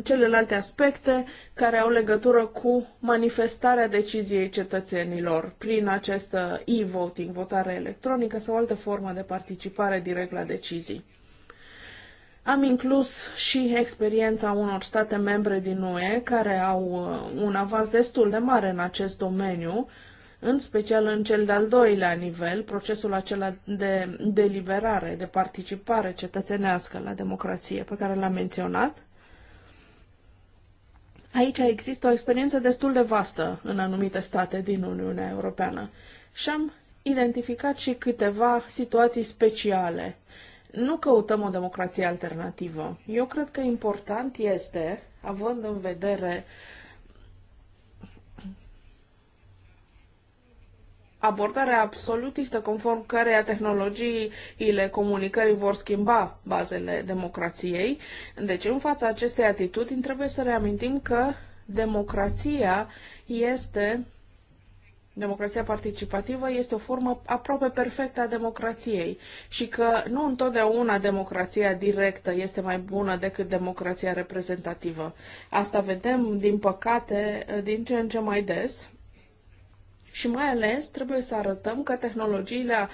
celelalte aspecte care au legătură cu manifestarea deciziei cetățenilor prin această uh, e-voting, votare electronică sau altă formă de participare direct la decizii. Am inclus și experiența unor state membre din UE care au uh, un avans destul de mare în acest domeniu, în special în cel de-al doilea nivel, procesul acela de deliberare, de participare cetățenească la democrație pe care l-am menționat. Aici există o experiență destul de vastă în anumite state din Uniunea Europeană și am identificat și câteva situații speciale. Nu căutăm o democrație alternativă. Eu cred că important este, având în vedere uh, abordarea absolutistă conform căreia tehnologiile comunicării vor schimba bazele democrației. Deci, în fața acestei atitudini, trebuie să reamintim că democrația este Democrația participativă este o formă aproape perfectă a democrației și că nu întotdeauna democrația directă este mai bună decât democrația reprezentativă. Asta vedem, din păcate, din ce în ce mai des și mai ales trebuie să arătăm că tehnologiile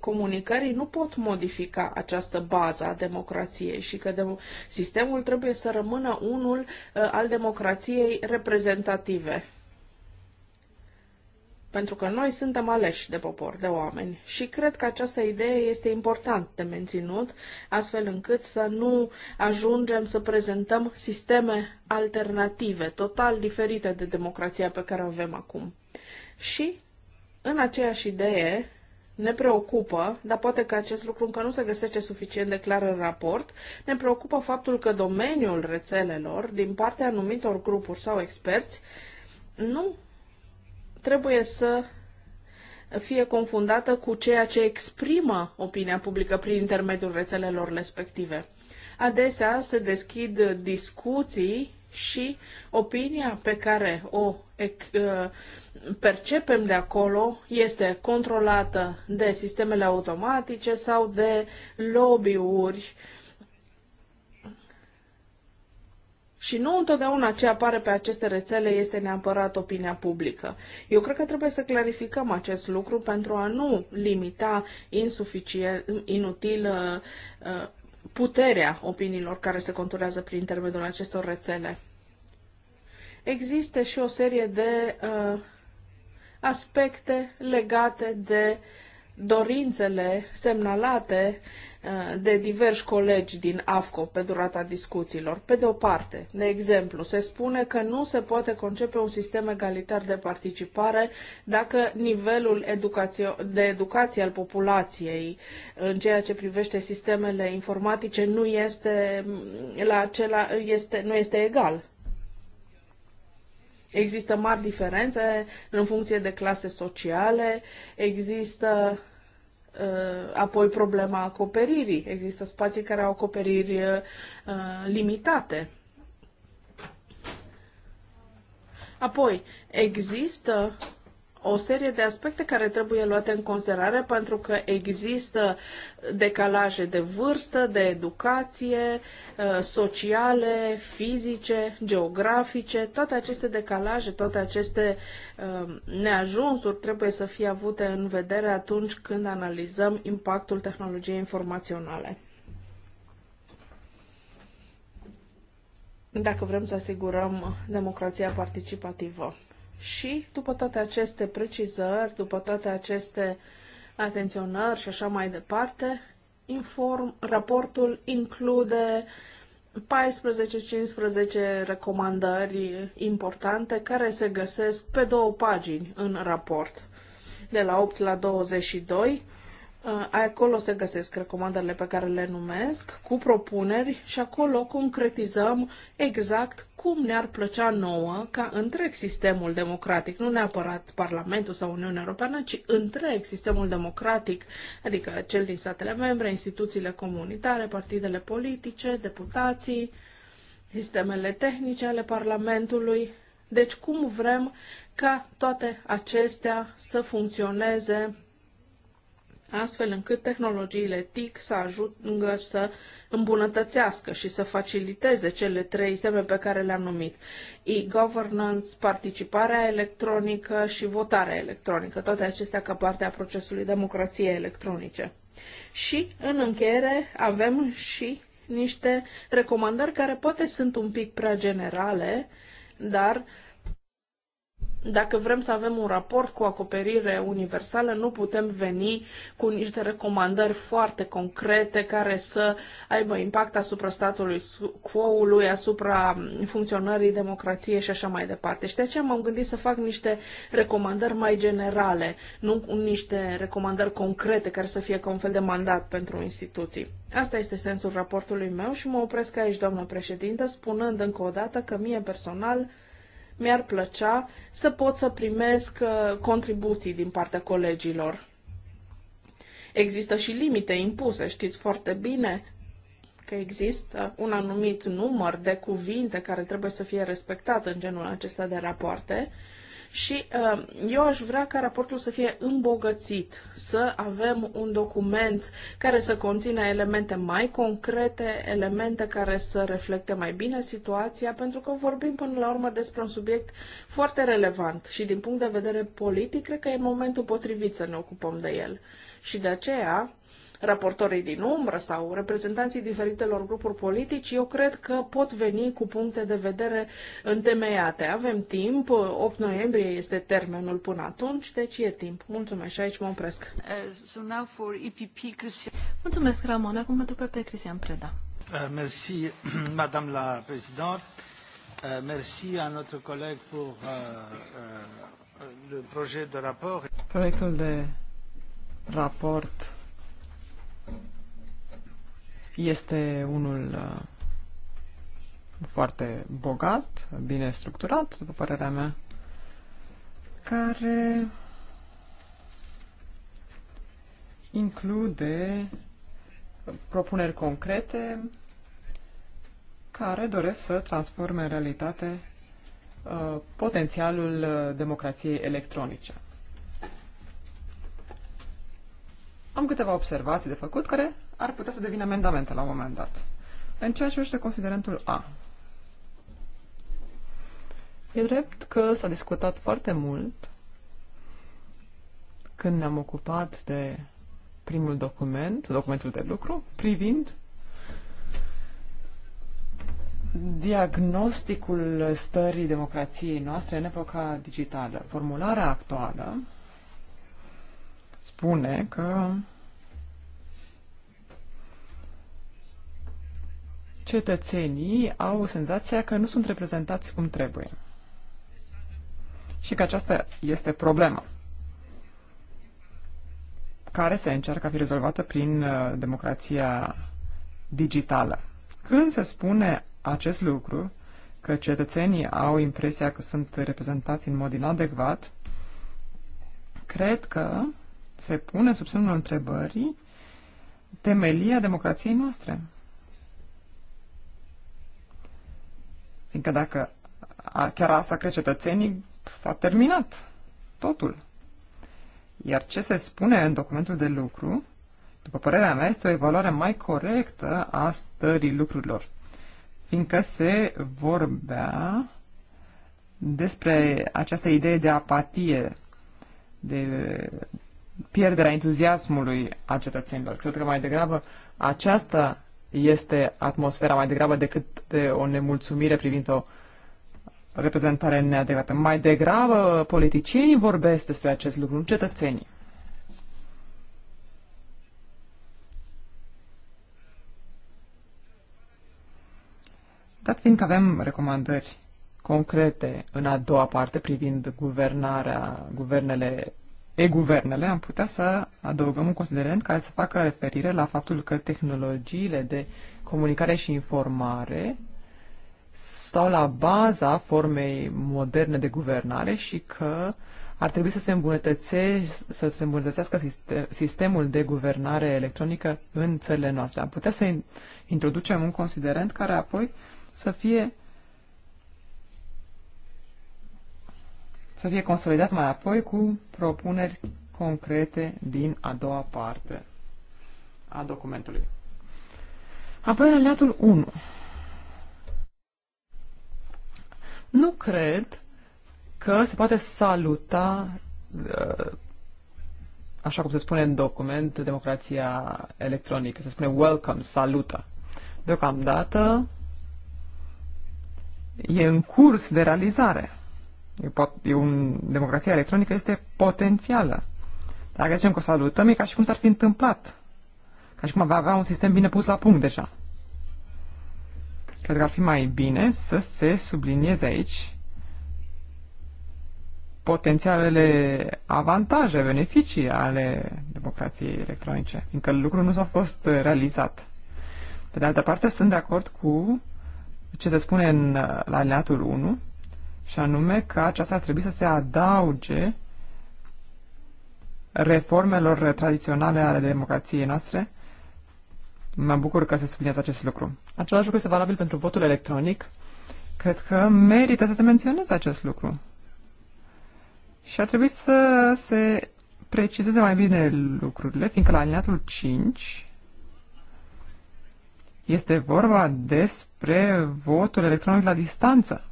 comunicării nu pot modifica această bază a democrației și că de- sistemul trebuie să rămână unul uh, al democrației reprezentative. Pentru că noi suntem aleși de popor, de oameni. Și cred că această idee este important de menținut, astfel încât să nu ajungem să prezentăm sisteme alternative, total diferite de democrația pe care o avem acum. Și, în aceeași idee, ne preocupă, dar poate că acest lucru încă nu se găsește suficient de clar în raport, ne preocupă faptul că domeniul rețelelor, din partea anumitor grupuri sau experți, nu trebuie să fie confundată cu ceea ce exprimă opinia publică prin intermediul rețelelor respective. Adesea se deschid discuții și opinia pe care o ă, percepem de acolo este controlată de sistemele automatice sau de lobby-uri Și nu întotdeauna ce apare pe aceste rețele este neapărat opinia publică. Eu cred că trebuie să clarificăm acest lucru pentru a nu limita insuficient, inutil uh, uh, puterea opiniilor care se conturează prin intermediul acestor rețele. Există și o serie de uh, aspecte legate de uh, dorințele semnalate uh, de diversi colegi din AFCO pe durata discuțiilor. Pe de o parte, de exemplu, se spune că nu se poate concepe un sistem egalitar de participare dacă nivelul de educație al populației în ceea ce privește sistemele informatice nu este, mm, la acela, este, nu este egal. Există mari diferențe în funcție de clase sociale, există uh, apoi problema acoperirii. Există spații care au acoperiri uh, limitate. Apoi, există o serie de aspecte care trebuie luate în considerare pentru că există decalaje de vârstă, de educație, uh, sociale, fizice, geografice, toate aceste decalaje, toate aceste uh, neajunsuri trebuie să fie avute în vedere atunci când analizăm impactul tehnologiei informaționale. Dacă vrem să asigurăm democrația participativă. Și după toate aceste precizări, după toate aceste atenționări și așa mai departe, inform, raportul include 14-15 recomandări importante care se găsesc pe două pagini în raport, de la 8 la 22, Acolo se găsesc recomandările pe care le numesc, cu propuneri și acolo concretizăm exact cum ne-ar plăcea nouă ca întreg sistemul democratic, nu neapărat Parlamentul sau Uniunea Europeană, ci întreg sistemul democratic, adică cel din statele membre, instituțiile comunitare, partidele politice, deputații, sistemele tehnice ale Parlamentului. Deci cum vrem ca toate acestea să funcționeze astfel încât tehnologiile TIC să ajungă să îmbunătățească și să faciliteze cele trei teme pe care le-am numit. E-governance, participarea electronică și votarea electronică, toate acestea ca parte a procesului democrației electronice. Și, în încheiere, avem și niște recomandări care poate sunt un pic prea generale, dar uh, dacă vrem să avem un raport cu acoperire universală, nu putem veni cu niște recomandări foarte concrete care să aibă impact asupra statului quo-ului, asupra funcționării democrației și așa mai departe. Și de aceea m-am gândit să fac niște recomandări mai generale, nu niște recomandări concrete care să fie ca un fel de mandat pentru instituții. Asta este sensul raportului meu și mă opresc aici, doamnă președintă, spunând încă o dată că mie personal mi-ar plăcea să pot să primesc uh, contribuții din partea colegilor. Există și limite impuse, știți foarte bine că există un anumit număr de cuvinte care trebuie să fie respectat în genul acesta de rapoarte și uh, eu aș vrea ca raportul să fie îmbogățit, să avem un document care să conțină elemente mai concrete, elemente care să reflecte mai bine situația, pentru că vorbim până la urmă despre un subiect foarte relevant și din punct de vedere politic, cred că e momentul potrivit să ne ocupăm de el. Și de aceea, raportorii din umbră sau reprezentanții diferitelor grupuri politici, eu cred că pot veni cu puncte de vedere întemeiate. Avem timp, 8 noiembrie este termenul până atunci, deci e timp. Mulțumesc și aici mă opresc. Uh, Mulțumesc, Ramon. Acum mă duc pe Cristian Preda. Uh, merci, [clears throat] madame la présidente. Uh, merci à notre collègue pour uh, uh, le projet de rapport. Proiectul de raport este unul uh, foarte bogat, bine structurat, după părerea mea, care include propuneri concrete care doresc să transforme în realitate uh, potențialul uh, democrației electronice. Am câteva observații de făcut care ar putea să devină amendamente la un moment dat. În ceea ce privește considerentul A. E drept că s-a discutat foarte mult când ne-am ocupat de primul document, documentul de lucru, privind diagnosticul stării democrației noastre în epoca digitală. Formularea actuală spune că cetățenii au senzația că nu sunt reprezentați cum trebuie. Și că aceasta este problema care se încearcă a fi rezolvată prin uh, democrația digitală. Când se spune acest lucru, că cetățenii au impresia că sunt reprezentați în mod inadecvat, cred că se pune sub semnul întrebării temelia democrației noastre. Fiindcă dacă a, chiar asta crește cetățenii, s-a terminat totul. Iar ce se spune în documentul de lucru, după părerea mea, este o evaluare mai corectă a stării lucrurilor. Fiindcă se vorbea despre această idee de apatie, de pierderea entuziasmului a cetățenilor. Cred că mai degrabă aceasta este atmosfera mai degrabă decât de o nemulțumire privind o reprezentare neadecvată. Mai degrabă politicienii vorbesc despre acest lucru, nu cetățenii. Dat fiind că avem recomandări concrete în a doua parte privind guvernarea, guvernele e-guvernele, am putea să adăugăm un considerent care să facă referire la faptul că tehnologiile de comunicare și informare stau la baza formei moderne de guvernare și că ar trebui să se, îmbunătățe, să se îmbunătățească sistemul de guvernare electronică în țările noastre. Am putea să introducem un considerent care apoi să fie să fie consolidat mai apoi cu propuneri concrete din a doua parte a documentului. Apoi aliatul 1. Nu cred că se poate saluta, uh, așa cum se spune în document, democrația electronică. Se spune welcome, salută. Deocamdată e în curs de realizare. E, pot, e un, democrația electronică este potențială. Dacă zicem că o salutăm, e ca și cum s-ar fi întâmplat. Ca și cum va avea un sistem bine pus la punct deja. Cred că ar fi mai bine să se sublinieze aici potențialele avantaje, beneficii ale democrației electronice, fiindcă lucrul nu s-a fost uh, realizat. Pe de altă parte, sunt de acord cu ce se spune în, uh, la alineatul 1, și anume că aceasta ar trebui să se adauge reformelor tradiționale ale democrației noastre. Mă bucur că se subliniază acest lucru. Același lucru este valabil pentru votul electronic. Cred că merită să se menționeze acest lucru. Și ar trebui să se precizeze mai bine lucrurile, fiindcă la alineatul 5 este vorba despre votul electronic la distanță.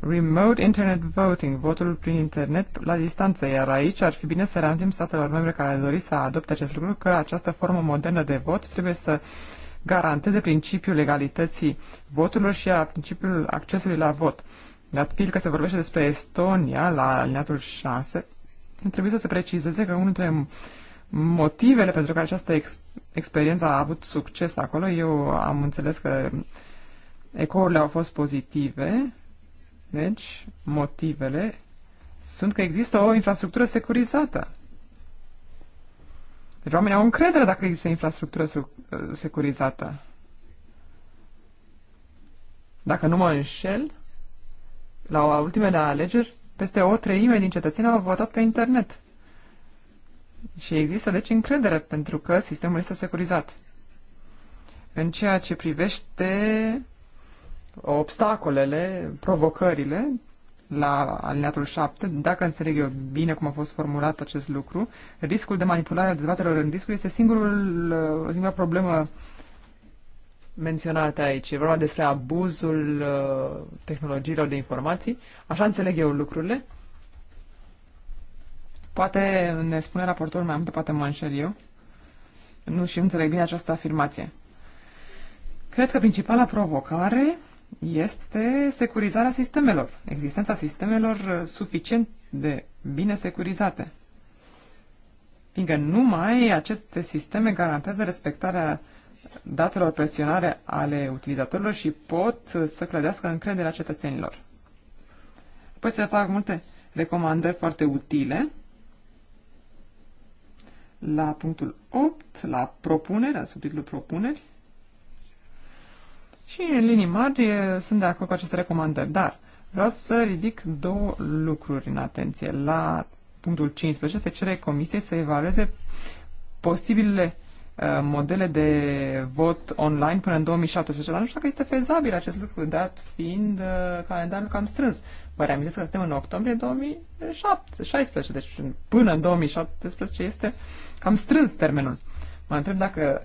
Remote Internet Voting, votul prin internet la distanță, iar aici ar fi bine să reamintim statelor membre care dori să adopte acest lucru că această formă modernă de vot trebuie să garanteze principiul legalității voturilor și a principiul accesului la vot. Dat fiind că se vorbește despre Estonia la alineatul 6, trebuie să se precizeze că unul dintre motivele pentru care această ex- experiență a avut succes acolo, eu am înțeles că ecourile au fost pozitive, deci, motivele sunt că există o infrastructură securizată. Deci oamenii au încredere dacă există infrastructură uh, securizată. Dacă nu mă înșel, la ultimele alegeri, peste o treime din cetățeni au votat pe internet. Și există deci încredere, pentru că sistemul este securizat. În ceea ce privește obstacolele, provocările la alineatul 7, dacă înțeleg eu bine cum a fost formulat acest lucru, riscul de manipulare a dezbaterilor în riscuri este singurul, uh, singura problemă menționată aici. E vorba despre abuzul uh, tehnologiilor de informații. Așa înțeleg eu lucrurile. Poate ne spune raportorul mai multe, poate mă înșel eu. Nu și nu înțeleg bine această afirmație. Cred că principala provocare este securizarea sistemelor, existența sistemelor uh, suficient de bine securizate. Fiindcă numai aceste sisteme garantează respectarea datelor presionare ale utilizatorilor și pot uh, să clădească încrederea cetățenilor. Apoi se fac multe recomandări foarte utile. La punctul 8, la propuneri, la subiectul propuneri, și în linii mari sunt de acord cu aceste recomandări, dar vreau să ridic două lucruri în atenție. La punctul 15 se cere comisiei să evalueze posibilele modele de vot online până în 2017, dar nu știu dacă este fezabil acest lucru, dat fiind uh, calendarul cam strâns. Vă reamintesc că suntem în octombrie 2016, deci până în 2017 este cam strâns termenul. Mă întreb dacă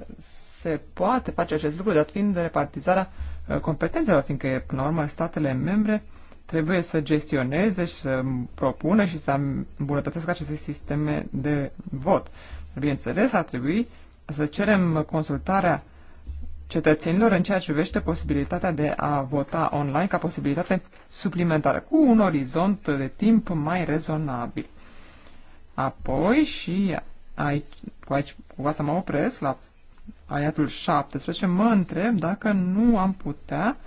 se poate face acest lucru, dat fiind repartizarea uh, competențelor, fiindcă, până la urmă, statele membre trebuie să gestioneze și să propună și să îmbunătățesc aceste sisteme de vot. Bineînțeles, ar trebui să cerem consultarea cetățenilor în ceea ce privește posibilitatea de a vota online ca posibilitate suplimentară, cu un orizont de timp mai rezonabil. Apoi și aici, cu, aici, cu asta mă opresc la aiatul 17, mă întreb dacă nu am putea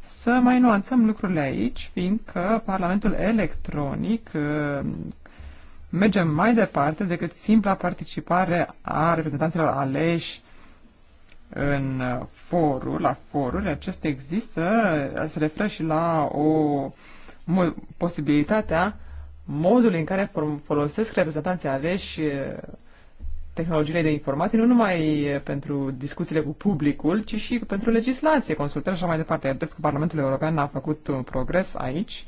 să mai nuanțăm lucrurile aici, fiindcă Parlamentul electronic uh, merge mai departe decât simpla participare a reprezentanților aleși în uh, forul, la foruri. Acestea există, uh, se referă și la o posibilitatea modului în care folosesc reprezentanții aleși tehnologiile de informații, nu numai pentru discuțiile cu publicul, ci și pentru legislație, consultări și așa mai departe. Iar drept că Parlamentul European a făcut un progres aici,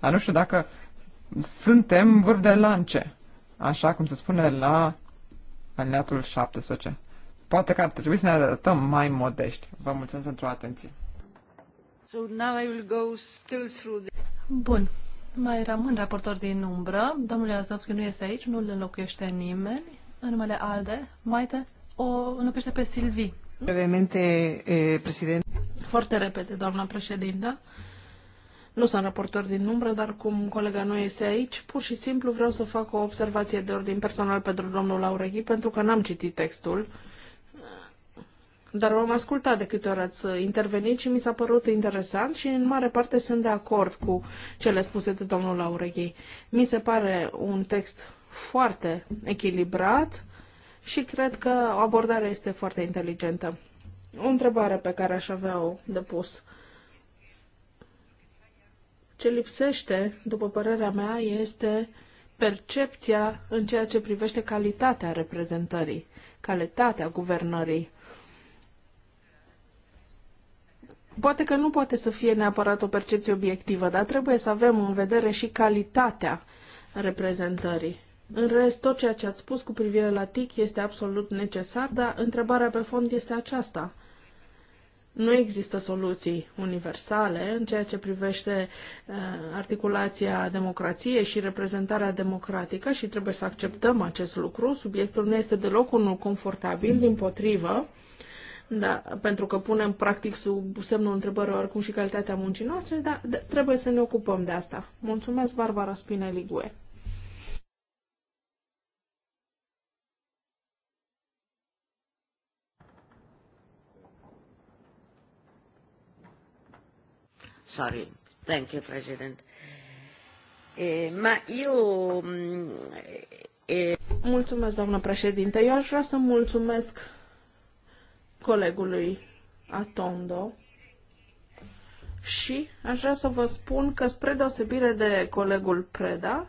dar nu știu dacă suntem vârf de lance, așa cum se spune la aliniatul 17. Poate că ar trebui să ne arătăm mai modești. Vă mulțumesc pentru atenție. So now I will go still through the... Bun. Mai rămân raportor din umbră. Domnul Azovski nu este aici, nu îl înlocuiește nimeni în numele ALDE, Maite, o numește pe Silvi. Brevemente, eh, președinte. Foarte repede, doamna președintă. Nu sunt raportor din umbră, dar cum colega nu este aici, pur și simplu vreau să fac o observație de ordin personal pentru domnul Laureghi, pentru că n-am citit textul, dar v-am ascultat de câte ori ați intervenit și mi s-a părut interesant și în mare parte sunt de acord cu cele spuse de domnul Laureghi. Mi se pare un text foarte echilibrat și cred că abordarea este foarte inteligentă. O întrebare pe care aș avea-o de pus. Ce lipsește, după părerea mea, este percepția în ceea ce privește calitatea reprezentării, calitatea guvernării. Poate că nu poate să fie neapărat o percepție obiectivă, dar trebuie să avem în vedere și calitatea reprezentării. În rest, tot ceea ce ați spus cu privire la TIC este absolut necesar, dar întrebarea pe fond este aceasta. Nu există soluții universale în ceea ce privește uh, articulația democrației și reprezentarea democratică și trebuie să acceptăm acest lucru. Subiectul nu este deloc unul confortabil, din potrivă, da, pentru că punem practic sub semnul întrebării oricum și calitatea muncii noastre, dar trebuie să ne ocupăm de asta. Mulțumesc, Barbara Spinelli-Gue. Sorry, thank you, President. E, eh, ma eu... Mm, e... Eh, eh, mulțumesc, doamnă președinte. Eu aș vrea să mulțumesc colegului Atondo și aș vrea să vă spun că, spre deosebire de colegul Preda,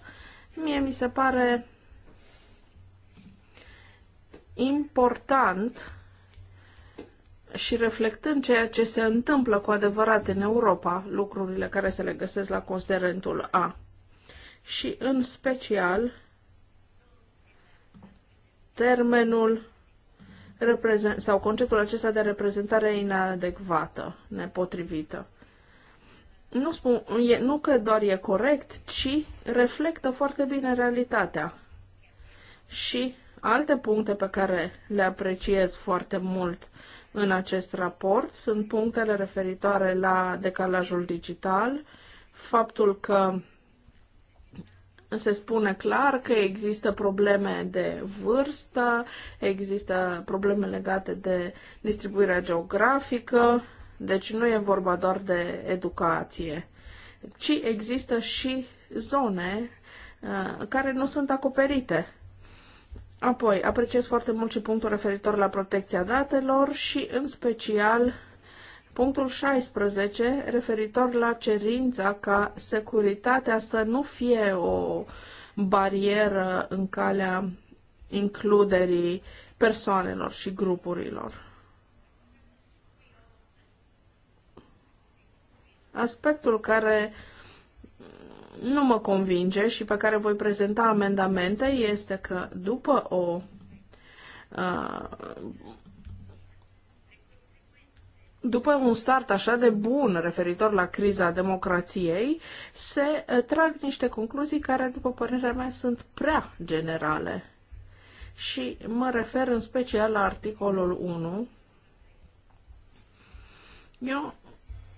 mie mi se pare important și reflectând ceea ce se întâmplă cu adevărat în Europa, lucrurile care se le găsesc la considerentul A. Și în special termenul sau conceptul acesta de reprezentare inadecvată, nepotrivită. Nu, spun, e, nu că doar e corect, ci reflectă foarte bine realitatea. Și alte puncte pe care le apreciez foarte mult în acest raport sunt punctele referitoare la decalajul digital, faptul că se spune clar că există probleme de vârstă, există probleme legate de distribuirea geografică, deci nu e vorba doar de educație, ci există și zone uh, care nu sunt acoperite Apoi, apreciez foarte mult și punctul referitor la protecția datelor și, în special, punctul 16 referitor la cerința ca securitatea să nu fie o barieră în calea includerii persoanelor și grupurilor. Aspectul care nu mă convinge și pe care voi prezenta amendamente este că după o uh, după un start așa de bun referitor la criza democrației, se uh, trag niște concluzii care, după părerea mea, sunt prea generale. Și mă refer în special la articolul 1. Eu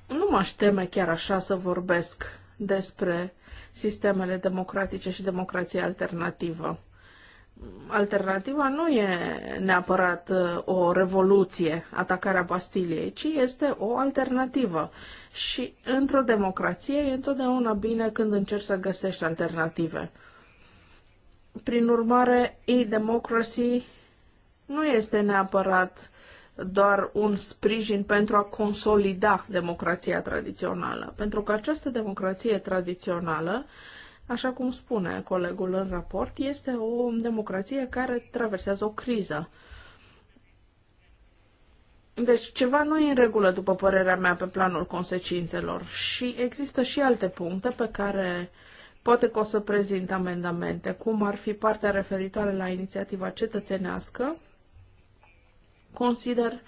nu m-aș teme chiar așa să vorbesc despre sistemele democratice și democrația alternativă. Alternativa nu e neapărat uh, o revoluție, atacarea Bastiliei, ci este o alternativă. Și într-o democrație e întotdeauna bine când încerci să găsești alternative. Prin urmare, e-democracy nu este neapărat doar un sprijin pentru a consolida democrația tradițională. Pentru că această democrație tradițională, așa cum spune colegul în raport, este o democrație care traversează o criză. Deci ceva nu e în regulă, după părerea mea, pe planul consecințelor. Și există și alte puncte pe care poate că o să prezint amendamente, cum ar fi partea referitoare la inițiativa cetățenească, Consider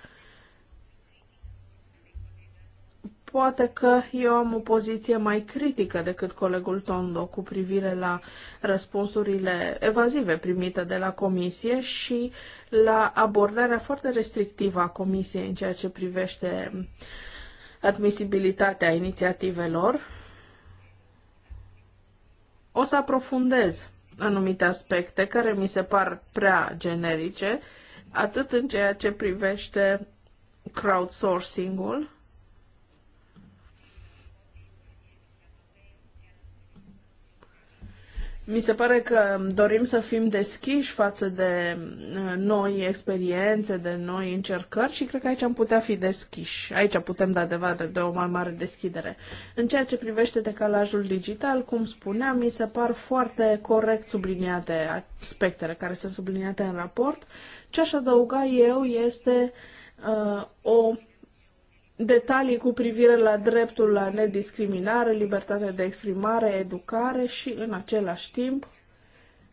poate că eu am o poziție mai critică decât colegul Tondo cu privire la răspunsurile evazive primite de la comisie și la abordarea foarte restrictivă a comisiei în ceea ce privește admisibilitatea inițiativelor. O să aprofundez anumite aspecte care mi se par prea generice atât în ceea ce privește crowdsourcing-ul, Mi se pare că dorim să fim deschiși față de uh, noi experiențe, de noi încercări și cred că aici am putea fi deschiși. Aici putem da dovadă de o mai mare deschidere. În ceea ce privește decalajul digital, cum spuneam, mi se par foarte corect subliniate aspectele care sunt subliniate în raport. Ce aș adăuga eu este uh, o detalii cu privire la dreptul la nediscriminare, libertatea de exprimare, educare și, în același timp,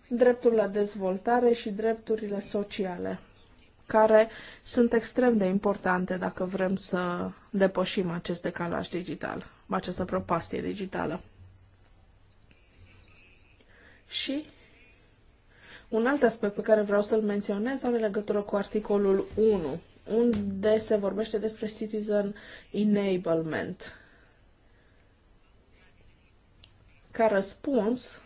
dreptul la dezvoltare și drepturile sociale, care sunt extrem de importante dacă vrem să depășim acest decalaj digital, această propastie digitală. Și un alt aspect pe care vreau să-l menționez are legătură cu articolul 1 unde se vorbește despre citizen enablement. Ca răspuns,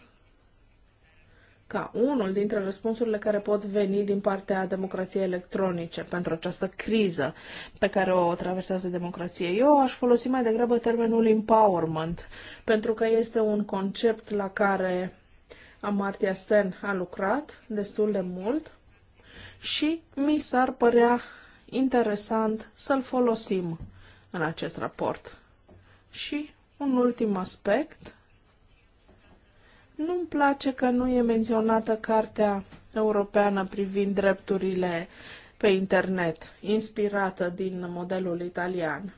ca unul dintre răspunsurile care pot veni din partea democrației electronice pentru această criză pe care o traversează democrație. Eu aș folosi mai degrabă termenul empowerment, pentru că este un concept la care Amartya Sen a lucrat destul de mult și mi s-ar părea interesant să-l folosim în acest raport. Și un ultim aspect. Nu-mi place că nu e menționată Cartea Europeană privind drepturile pe internet, inspirată din modelul italian.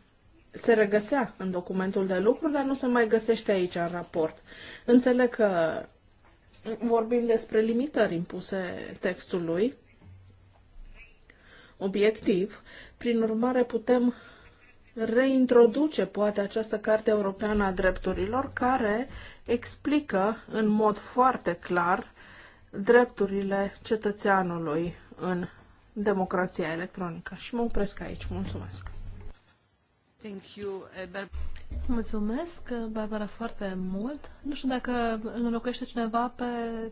Se regăsea în documentul de lucru, dar nu se mai găsește aici în raport. Înțeleg că vorbim despre limitări impuse textului, obiectiv. Prin urmare, putem reintroduce poate această carte europeană a drepturilor care explică în mod foarte clar drepturile cetățeanului în democrația electronică. Și mă opresc aici. Mulțumesc! Thank you, Mulțumesc, Barbara, foarte mult. Nu știu dacă înlocuiește cineva pe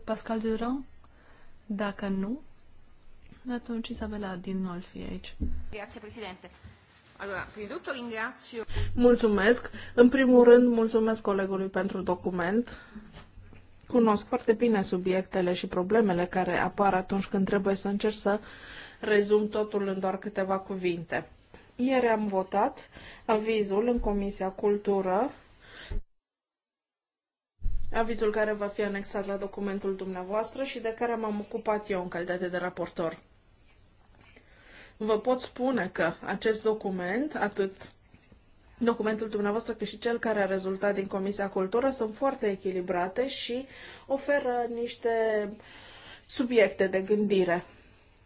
Pascal Durand. Dacă nu, atunci Isabela din aici. Grazie, Presidente. Mulțumesc. În primul rând, mulțumesc colegului pentru document. Cunosc foarte bine subiectele și problemele care apar atunci când trebuie să încerc să rezum totul în doar câteva cuvinte. Ieri am votat avizul în Comisia Cultură, avizul care va fi anexat la documentul dumneavoastră și de care m-am ocupat eu în calitate de raportor vă pot spune că acest document, atât documentul dumneavoastră cât și cel care a rezultat din Comisia Cultură, sunt foarte echilibrate și oferă niște subiecte de gândire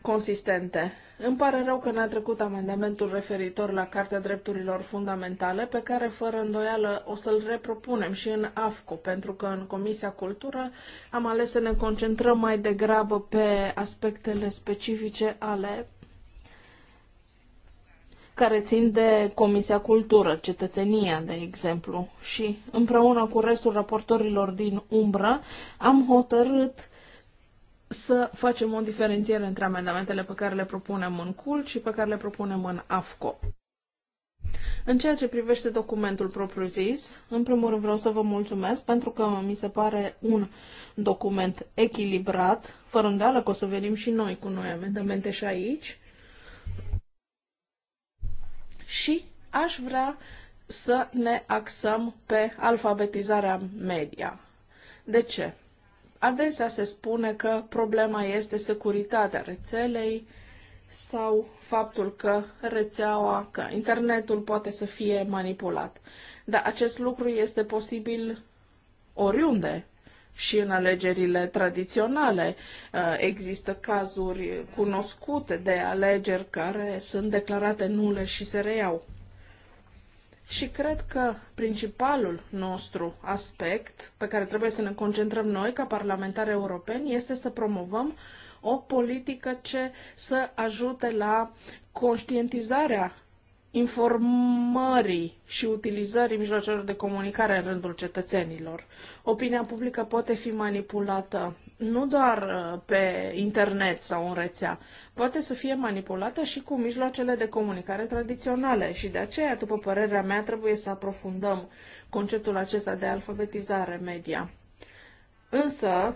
consistente. Îmi pare rău că n-a trecut amendamentul referitor la Cartea Drepturilor Fundamentale, pe care, fără îndoială, o să-l repropunem și în AFCO, pentru că în Comisia Cultură am ales să ne concentrăm mai degrabă pe aspectele specifice ale care țin de Comisia Cultură, Cetățenia, de exemplu. Și împreună cu restul raportorilor din umbră am hotărât să facem o diferențiere între amendamentele pe care le propunem în CULT și pe care le propunem în AFCO. În ceea ce privește documentul propriu-zis, în primul rând vreau să vă mulțumesc pentru că mi se pare un document echilibrat, fără îndoială că o să venim și noi cu noi amendamente și aici, și aș vrea să ne axăm pe alfabetizarea media. De ce? Adesea se spune că problema este securitatea rețelei sau faptul că rețeaua, că internetul poate să fie manipulat. Dar acest lucru este posibil oriunde și în alegerile tradiționale. Uh, există cazuri cunoscute de alegeri care sunt declarate nule și se reiau. Și cred că principalul nostru aspect pe care trebuie să ne concentrăm noi ca parlamentari europeni este să promovăm o politică ce să ajute la conștientizarea informării și utilizării mijloacelor de comunicare în rândul cetățenilor. Opinia publică poate fi manipulată nu doar uh, pe internet sau în rețea, poate să fie manipulată și cu mijloacele de comunicare tradiționale și de aceea, după părerea mea, trebuie să aprofundăm conceptul acesta de alfabetizare media. Însă,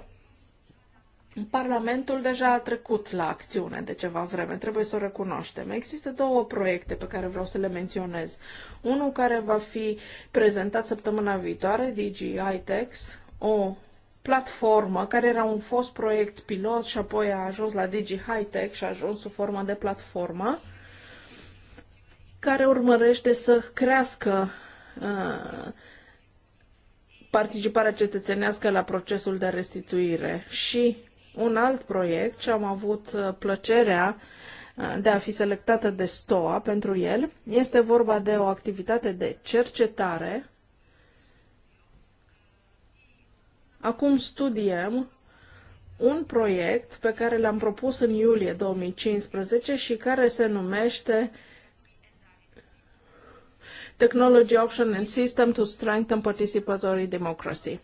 Parlamentul deja a trecut la acțiune de ceva vreme, trebuie să o recunoaștem. Există două proiecte pe care vreau să le menționez. Unul care va fi prezentat săptămâna viitoare, DGITEX, o platformă care era un fost proiect pilot și apoi a ajuns la Digi High Tech și a ajuns sub formă de platformă care urmărește să crească uh, participarea cetățenească la procesul de restituire și un alt proiect și am avut uh, plăcerea uh, de a fi selectată de STOA pentru el. Este vorba de o activitate de cercetare. Acum studiem un proiect pe care l-am propus în iulie 2015 și care se numește Technology Option and System to Strengthen Participatory Democracy.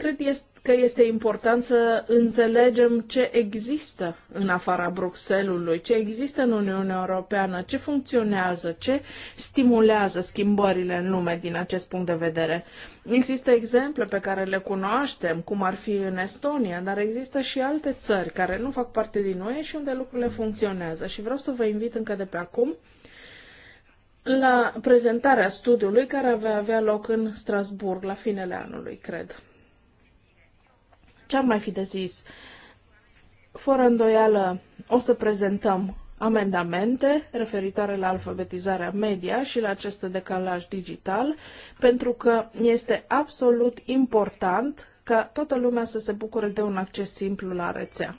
Cred că este important să înțelegem ce există în afara Bruxellesului, ce există în Uniunea Europeană, ce funcționează, ce stimulează schimbările în lume din acest punct de vedere. Există exemple pe care le cunoaștem, cum ar fi în Estonia, dar există și alte țări care nu fac parte din noi și unde lucrurile funcționează. Și vreau să vă invit încă de pe acum la prezentarea studiului care va avea loc în Strasburg la finele anului, cred. Ce ar mai fi de zis? Fără îndoială, o să prezentăm amendamente referitoare la alfabetizarea media și la acest decalaj digital, pentru că este absolut important ca toată lumea să se bucure de un acces simplu la rețea.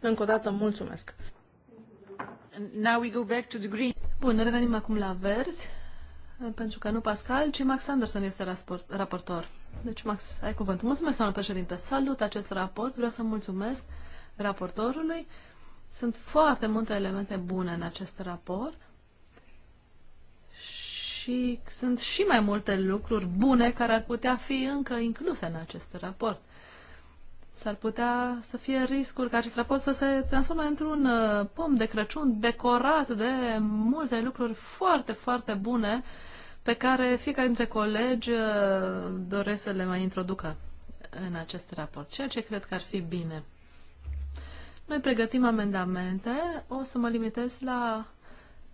Încă o dată, mulțumesc! Now we go back to the green. Bun, revenim acum la verzi, pentru că nu Pascal, ci Max Anderson este raportor. Deci, Max, ai cuvântul. Mulțumesc, doamnă președinte. Salut acest raport. Vreau să mulțumesc raportorului. Sunt foarte multe elemente bune în acest raport și sunt și mai multe lucruri bune care ar putea fi încă incluse în acest raport. S-ar putea să fie riscul ca acest raport să se transforme într-un uh, pom de Crăciun decorat de multe lucruri foarte, foarte bune uh, pe care fiecare dintre colegi uh, doresc să le mai introducă în acest raport, ceea ce cred că ar fi bine. Noi pregătim amendamente, o să mă limitez la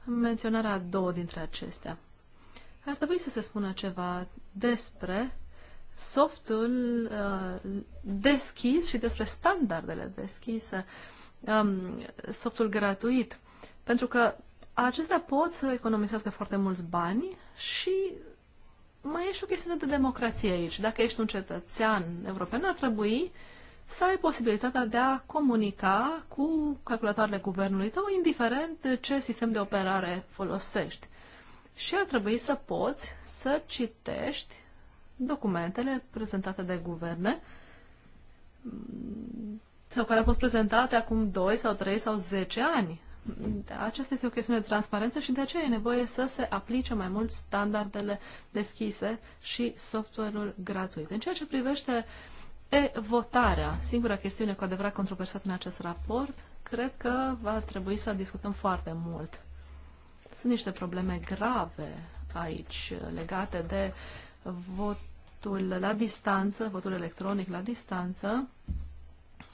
menționarea a două dintre acestea. Ar trebui să se spună ceva despre softul uh, deschis și despre standardele deschise, um, softul gratuit. Pentru că acestea pot să economisească foarte mulți bani și mai e și o chestiune de democrație aici. Dacă ești un cetățean european, ar trebui să ai posibilitatea de a comunica cu calculatoarele guvernului tău, indiferent ce sistem de operare folosești. Și ar trebui să poți să citești documentele prezentate de guverne sau care au fost prezentate acum 2 sau 3 sau 10 ani aceasta este o chestiune de transparență și de aceea e nevoie să se aplice mai mult standardele deschise și software-ul gratuit. În ceea ce privește e-votarea, singura chestiune cu adevărat controversată în acest raport, cred că va trebui să discutăm foarte mult. Sunt niște probleme grave aici legate de votul la distanță, votul electronic la distanță,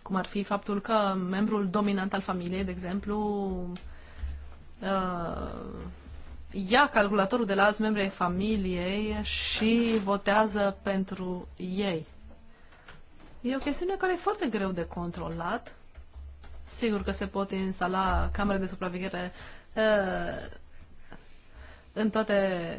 cum ar fi faptul că membrul dominant al familiei, de exemplu, uh, ia calculatorul de la alți membri ai familiei și votează pentru ei. E o chestiune care e foarte greu de controlat. Sigur că se pot instala camere de supraveghere uh, în toate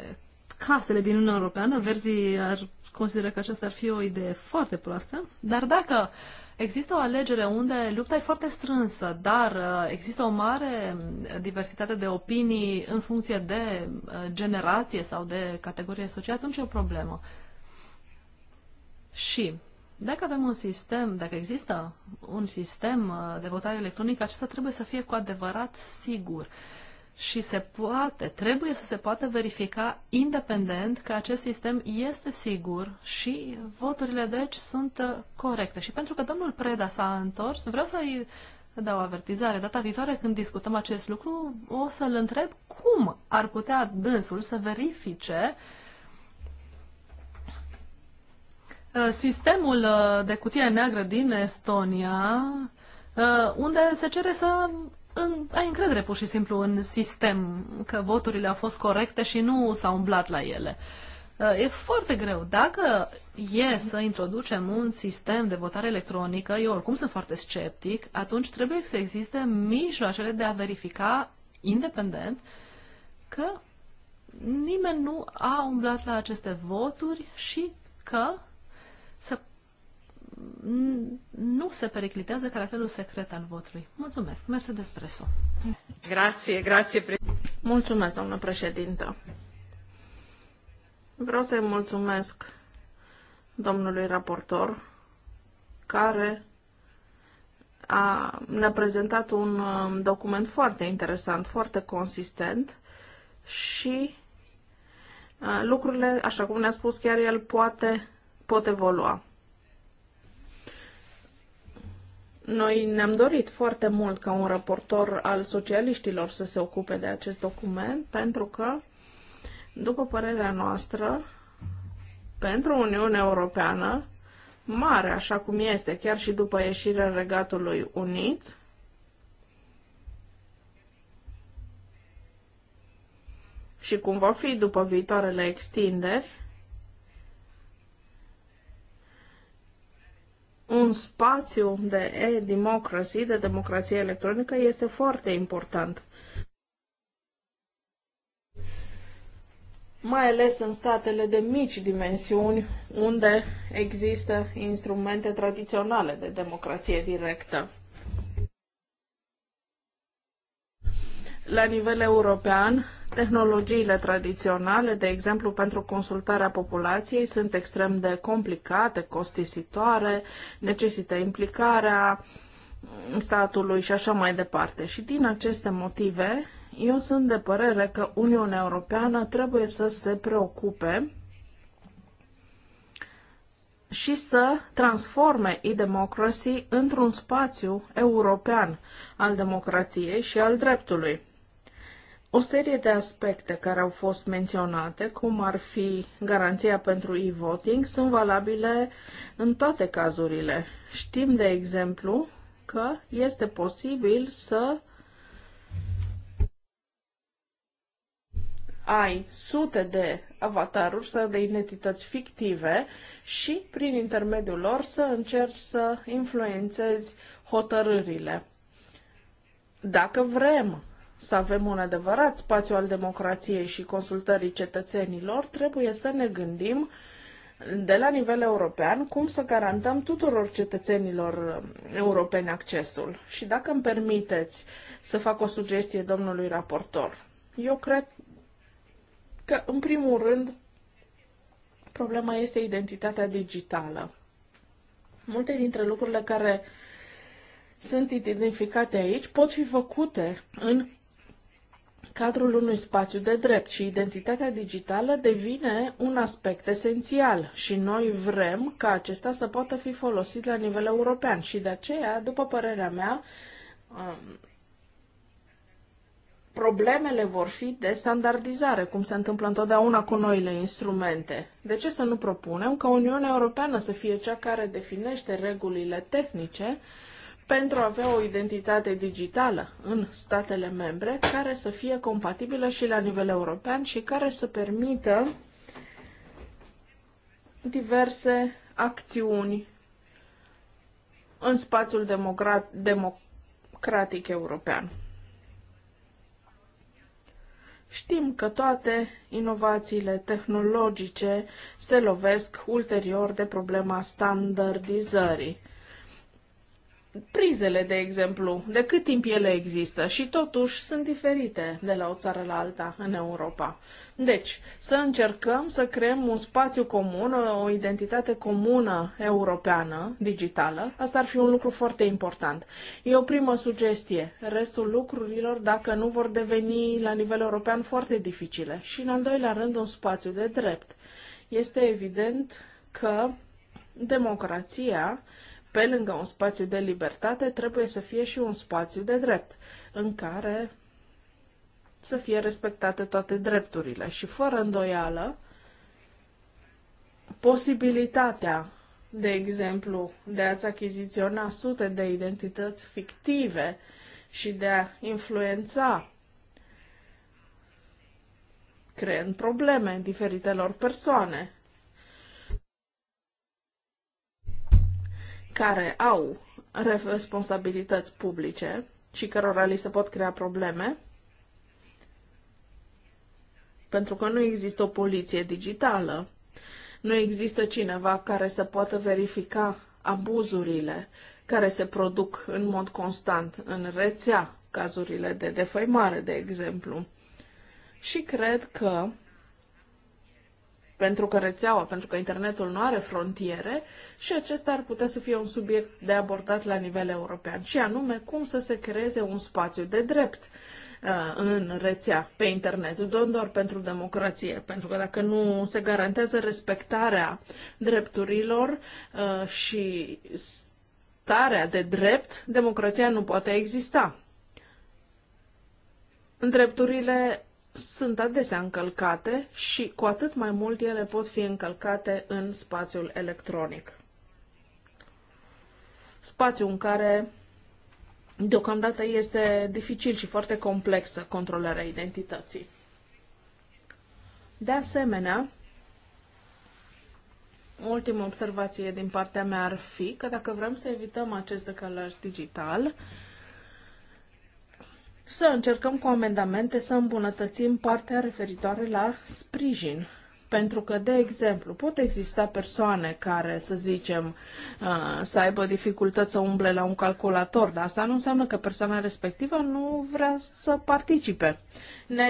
casele din Uniunea Europeană. Verzii ar considera că aceasta ar fi o idee foarte proastă, dar dacă uh, Există o alegere unde lupta e foarte strânsă, dar uh, există o mare diversitate de opinii în funcție de uh, generație sau de categorie socială, atunci e o problemă. Și dacă avem un sistem, dacă există un sistem uh, de votare electronică, acesta trebuie să fie cu adevărat sigur. Uh, și se poate, trebuie să se poată verifica independent că acest sistem este sigur și voturile deci sunt uh, corecte. Și pentru că domnul Preda s-a întors, vreau să-i dau avertizare. Data viitoare când discutăm acest lucru, o să-l întreb cum ar putea dânsul să verifice uh, sistemul uh, de cutie neagră din Estonia, unde se cere să în, ai încredere pur și simplu în sistem, că voturile au fost corecte și nu s-au umblat la ele. Uh, e foarte greu. Dacă e să introducem un sistem de votare electronică, eu oricum sunt foarte sceptic, atunci trebuie să existe mijloacele de a verifica independent că nimeni nu a umblat la aceste voturi și că să nu se periclitează caracterul secret al votului. Mulțumesc. de Preso. Grație, grație. Pre... Mulțumesc, doamnă președintă. Vreau să-i mulțumesc domnului raportor care a, ne-a prezentat un um, document foarte interesant, foarte consistent și uh, lucrurile, așa cum ne-a spus chiar el, poate, pot evolua. Noi ne-am dorit foarte mult ca un raportor al socialiștilor să se ocupe de acest document, pentru că, după părerea noastră, pentru Uniunea Europeană, mare așa cum este, chiar și după ieșirea Regatului Unit, și cum va fi după viitoarele extinderi, un spațiu de e-democracy, de democrație electronică, este foarte important. Mai ales în statele de mici dimensiuni, unde există instrumente tradiționale de democrație directă. la nivel european, tehnologiile tradiționale, de exemplu pentru consultarea populației, sunt extrem de complicate, costisitoare, necesită implicarea statului și așa mai departe. Și din aceste motive, eu sunt de părere că Uniunea Europeană trebuie să se preocupe și să transforme e-democracy într-un spațiu european al democrației și al dreptului o serie de aspecte care au fost menționate, cum ar fi garanția pentru e-voting, sunt valabile în toate cazurile. Știm, de exemplu, că este posibil să ai sute de avataruri sau de identități fictive și, prin intermediul lor, să încerci să influențezi hotărârile. Dacă vrem să avem un adevărat spațiu al democrației și consultării cetățenilor, trebuie să ne gândim de la nivel european cum să garantăm tuturor cetățenilor uh, europeni accesul. Și dacă îmi permiteți să fac o sugestie domnului raportor, eu cred că, în primul rând, problema este identitatea digitală. Multe dintre lucrurile care sunt identificate aici pot fi făcute în cadrul unui spațiu de drept și identitatea digitală devine un aspect esențial și noi vrem ca acesta să poată fi folosit la nivel european și de aceea, după părerea mea, um, problemele vor fi de standardizare, cum se întâmplă întotdeauna cu noile instrumente. De ce să nu propunem ca Uniunea Europeană să fie cea care definește regulile tehnice pentru a avea o identitate digitală în statele membre care să fie compatibilă și la nivel european și care să permită diverse acțiuni în spațiul democratic european. Știm că toate inovațiile tehnologice se lovesc ulterior de problema standardizării prizele, de exemplu, de cât timp ele există și totuși sunt diferite de la o țară la alta în Europa. Deci, să încercăm să creăm un spațiu comun, o identitate comună europeană, digitală. Asta ar fi un lucru foarte important. E o primă sugestie. Restul lucrurilor, dacă nu vor deveni la nivel european foarte dificile. Și în al doilea rând, un spațiu de drept. Este evident că democrația pe lângă un spațiu de libertate, trebuie să fie și un spațiu de drept, în care să fie respectate toate drepturile. Și fără îndoială, posibilitatea, de exemplu, de a-ți achiziționa sute de identități fictive și de a influența creând probleme diferitelor persoane care au responsabilități publice și cărora li se pot crea probleme, pentru că nu există o poliție digitală, nu există cineva care să poată verifica abuzurile care se produc în mod constant în rețea, cazurile de defăimare, de exemplu. Și cred că pentru că rețeaua, pentru că internetul nu are frontiere și acesta ar putea să fie un subiect de abordat la nivel european, și anume cum să se creeze un spațiu de drept uh, în rețea, pe internet, nu doar pentru democrație, pentru că dacă nu se garantează respectarea drepturilor uh, și starea de drept, democrația nu poate exista. Drepturile sunt adesea încălcate și cu atât mai mult ele pot fi încălcate în spațiul electronic. Spațiu în care deocamdată este dificil și foarte complexă controlarea identității. De asemenea, ultima ultimă observație din partea mea ar fi că dacă vrem să evităm acest decalaj digital, uh, să încercăm cu amendamente să îmbunătățim partea referitoare la sprijin. Pentru că, de exemplu, pot exista persoane care, să zicem, uh, să aibă dificultăți să umble la un calculator, dar asta nu înseamnă că persoana respectivă nu vrea să participe. Ne,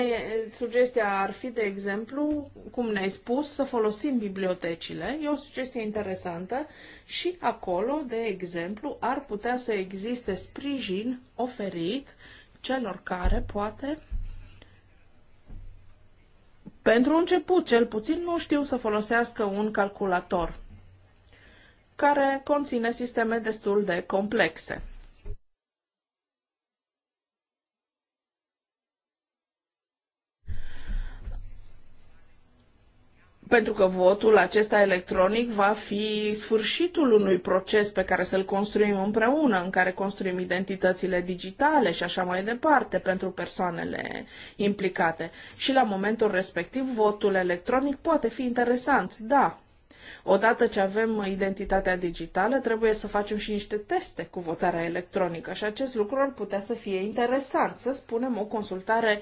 sugestia ar fi, de exemplu, cum ne-ai spus, să folosim bibliotecile. E o sugestie interesantă și acolo, de exemplu, ar putea să existe sprijin oferit celor care, poate, pentru început, cel puțin, nu știu să folosească un calculator care conține sisteme destul de complexe. pentru că votul acesta electronic va fi sfârșitul unui proces pe care să-l construim împreună, în care construim identitățile digitale și așa mai departe pentru persoanele implicate. Și la momentul respectiv, votul electronic poate fi interesant, da, Odată ce avem identitatea digitală, trebuie să facem și niște teste cu votarea electronică și acest lucru ar putea să fie interesant. Să spunem o consultare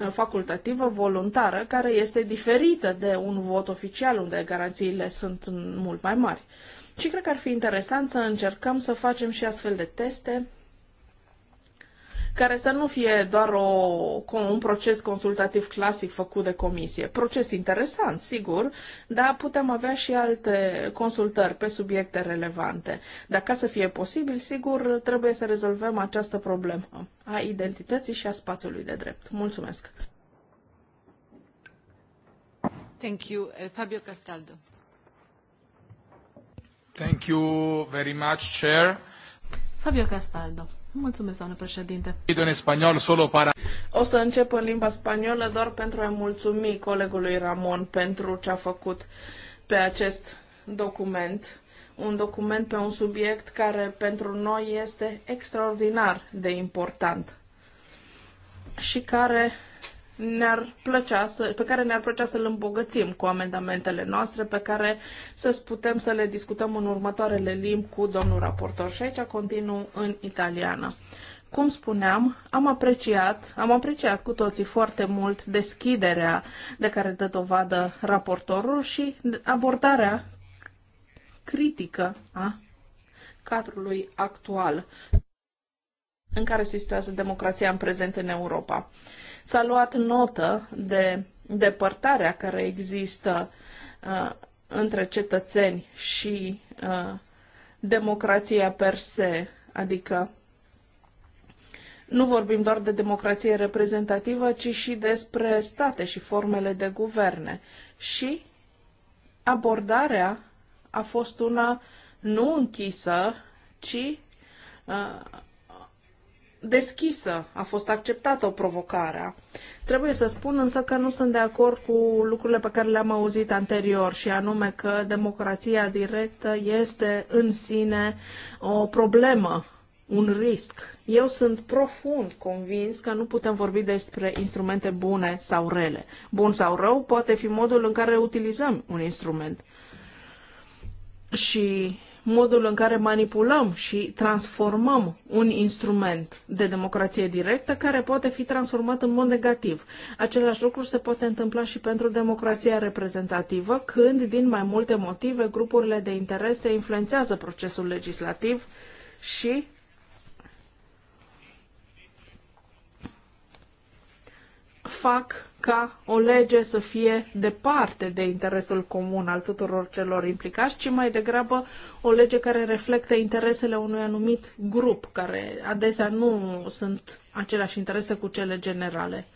uh, facultativă voluntară care este diferită de un vot oficial unde garanțiile sunt mult mai mari. Și cred că ar fi interesant să încercăm să facem și astfel de teste care să nu fie doar o, un proces consultativ clasic făcut de comisie. Proces interesant, sigur, dar putem avea și alte consultări pe subiecte relevante. Dar ca să fie posibil, sigur, trebuie să rezolvăm această problemă a identității și a spațiului de drept. Mulțumesc! Thank you. Eh, Fabio Castaldo. Thank you very much, Chair. Fabio Castaldo. Mulțumesc, doamnă președinte. În spaniol, solo para... O să încep în limba spaniolă doar pentru a mulțumi colegului Ramon pentru ce a făcut pe acest document. Un document pe un subiect care pentru noi este extraordinar de important și care ne-ar plăcea să, pe care ne-ar plăcea să-l îmbogățim cu amendamentele noastre, pe care să putem să le discutăm în următoarele limbi cu domnul raportor. Și aici continuu în italiană. Cum spuneam, am apreciat, am apreciat cu toții foarte mult deschiderea de care dă dovadă raportorul și abordarea critică a cadrului actual în care se situează democrația în prezent în Europa. S-a luat notă de depărtarea care există uh, între cetățeni și uh, democrația per se, adică nu vorbim doar de democrație reprezentativă, ci și despre state și formele de guverne. Și abordarea a fost una nu închisă, ci uh, deschisă, a fost acceptată o provocare. Trebuie să spun însă că nu sunt de acord cu lucrurile pe care le-am auzit anterior și anume că democrația directă este în sine o problemă, un risc. Eu sunt profund convins că nu putem vorbi despre instrumente bune sau rele. Bun sau rău poate fi modul în care utilizăm un instrument. Și modul în care manipulăm și transformăm un instrument de democrație directă care poate fi transformat în mod negativ. Același lucru se poate întâmpla și pentru democrația reprezentativă, când, din mai multe motive, grupurile de interese influențează procesul legislativ și fac ca o lege să fie departe de interesul comun al tuturor celor implicați, ci mai degrabă o lege care reflectă interesele unui anumit grup, care adesea nu sunt aceleași interese cu cele generale.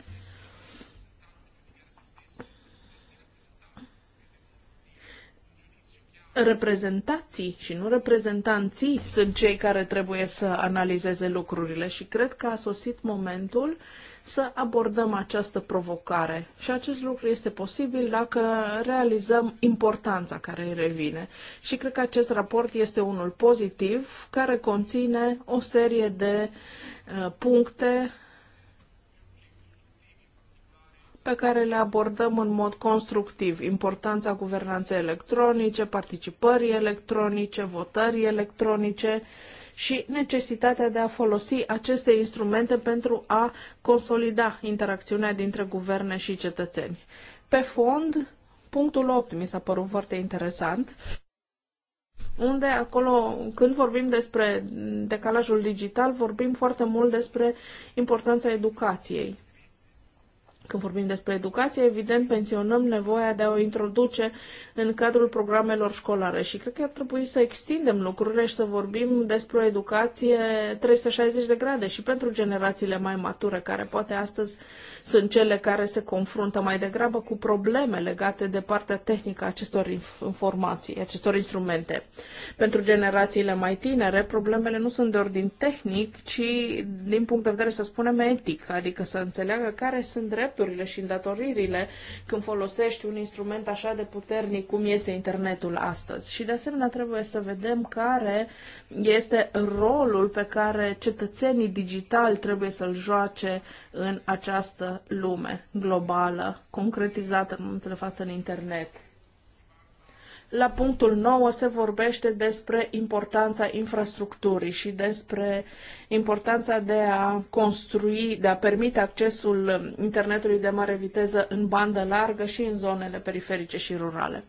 reprezentații și nu reprezentanții sunt cei care trebuie să analizeze lucrurile și cred că a sosit momentul uh, să abordăm această provocare. Și acest lucru este posibil dacă realizăm importanța care îi revine. Și cred că acest raport este unul pozitiv care conține o serie de uh, puncte pe care le abordăm în mod constructiv. Importanța guvernanței electronice, participării electronice, votării electronice, și necesitatea de a folosi aceste instrumente pentru a consolida interacțiunea dintre guverne și cetățeni. Pe fond, punctul 8 mi s-a părut foarte interesant unde acolo, când vorbim despre decalajul digital, vorbim foarte mult despre importanța educației. Când vorbim despre educație, evident, pensionăm nevoia de a o introduce în cadrul programelor școlare și cred că ar trebui să extindem lucrurile și să vorbim despre o educație 360 de grade și pentru generațiile mai mature, care poate astăzi sunt cele care se confruntă mai degrabă cu probleme legate de partea tehnică a acestor informații, acestor instrumente. Pentru generațiile mai tinere, problemele nu sunt de ordin tehnic, ci din punct de vedere, să spunem, etic, adică să înțeleagă care sunt drept drepturile și îndatoririle când folosești un instrument așa de puternic cum este internetul astăzi. Și de asemenea trebuie să vedem care este rolul pe care cetățenii digitali trebuie să-l joace în această lume globală, concretizată în momentul de față în internet. La punctul 9 se vorbește despre importanța infrastructurii și despre importanța de a construi, de a permite accesul internetului de mare viteză în bandă largă și în zonele periferice și rurale.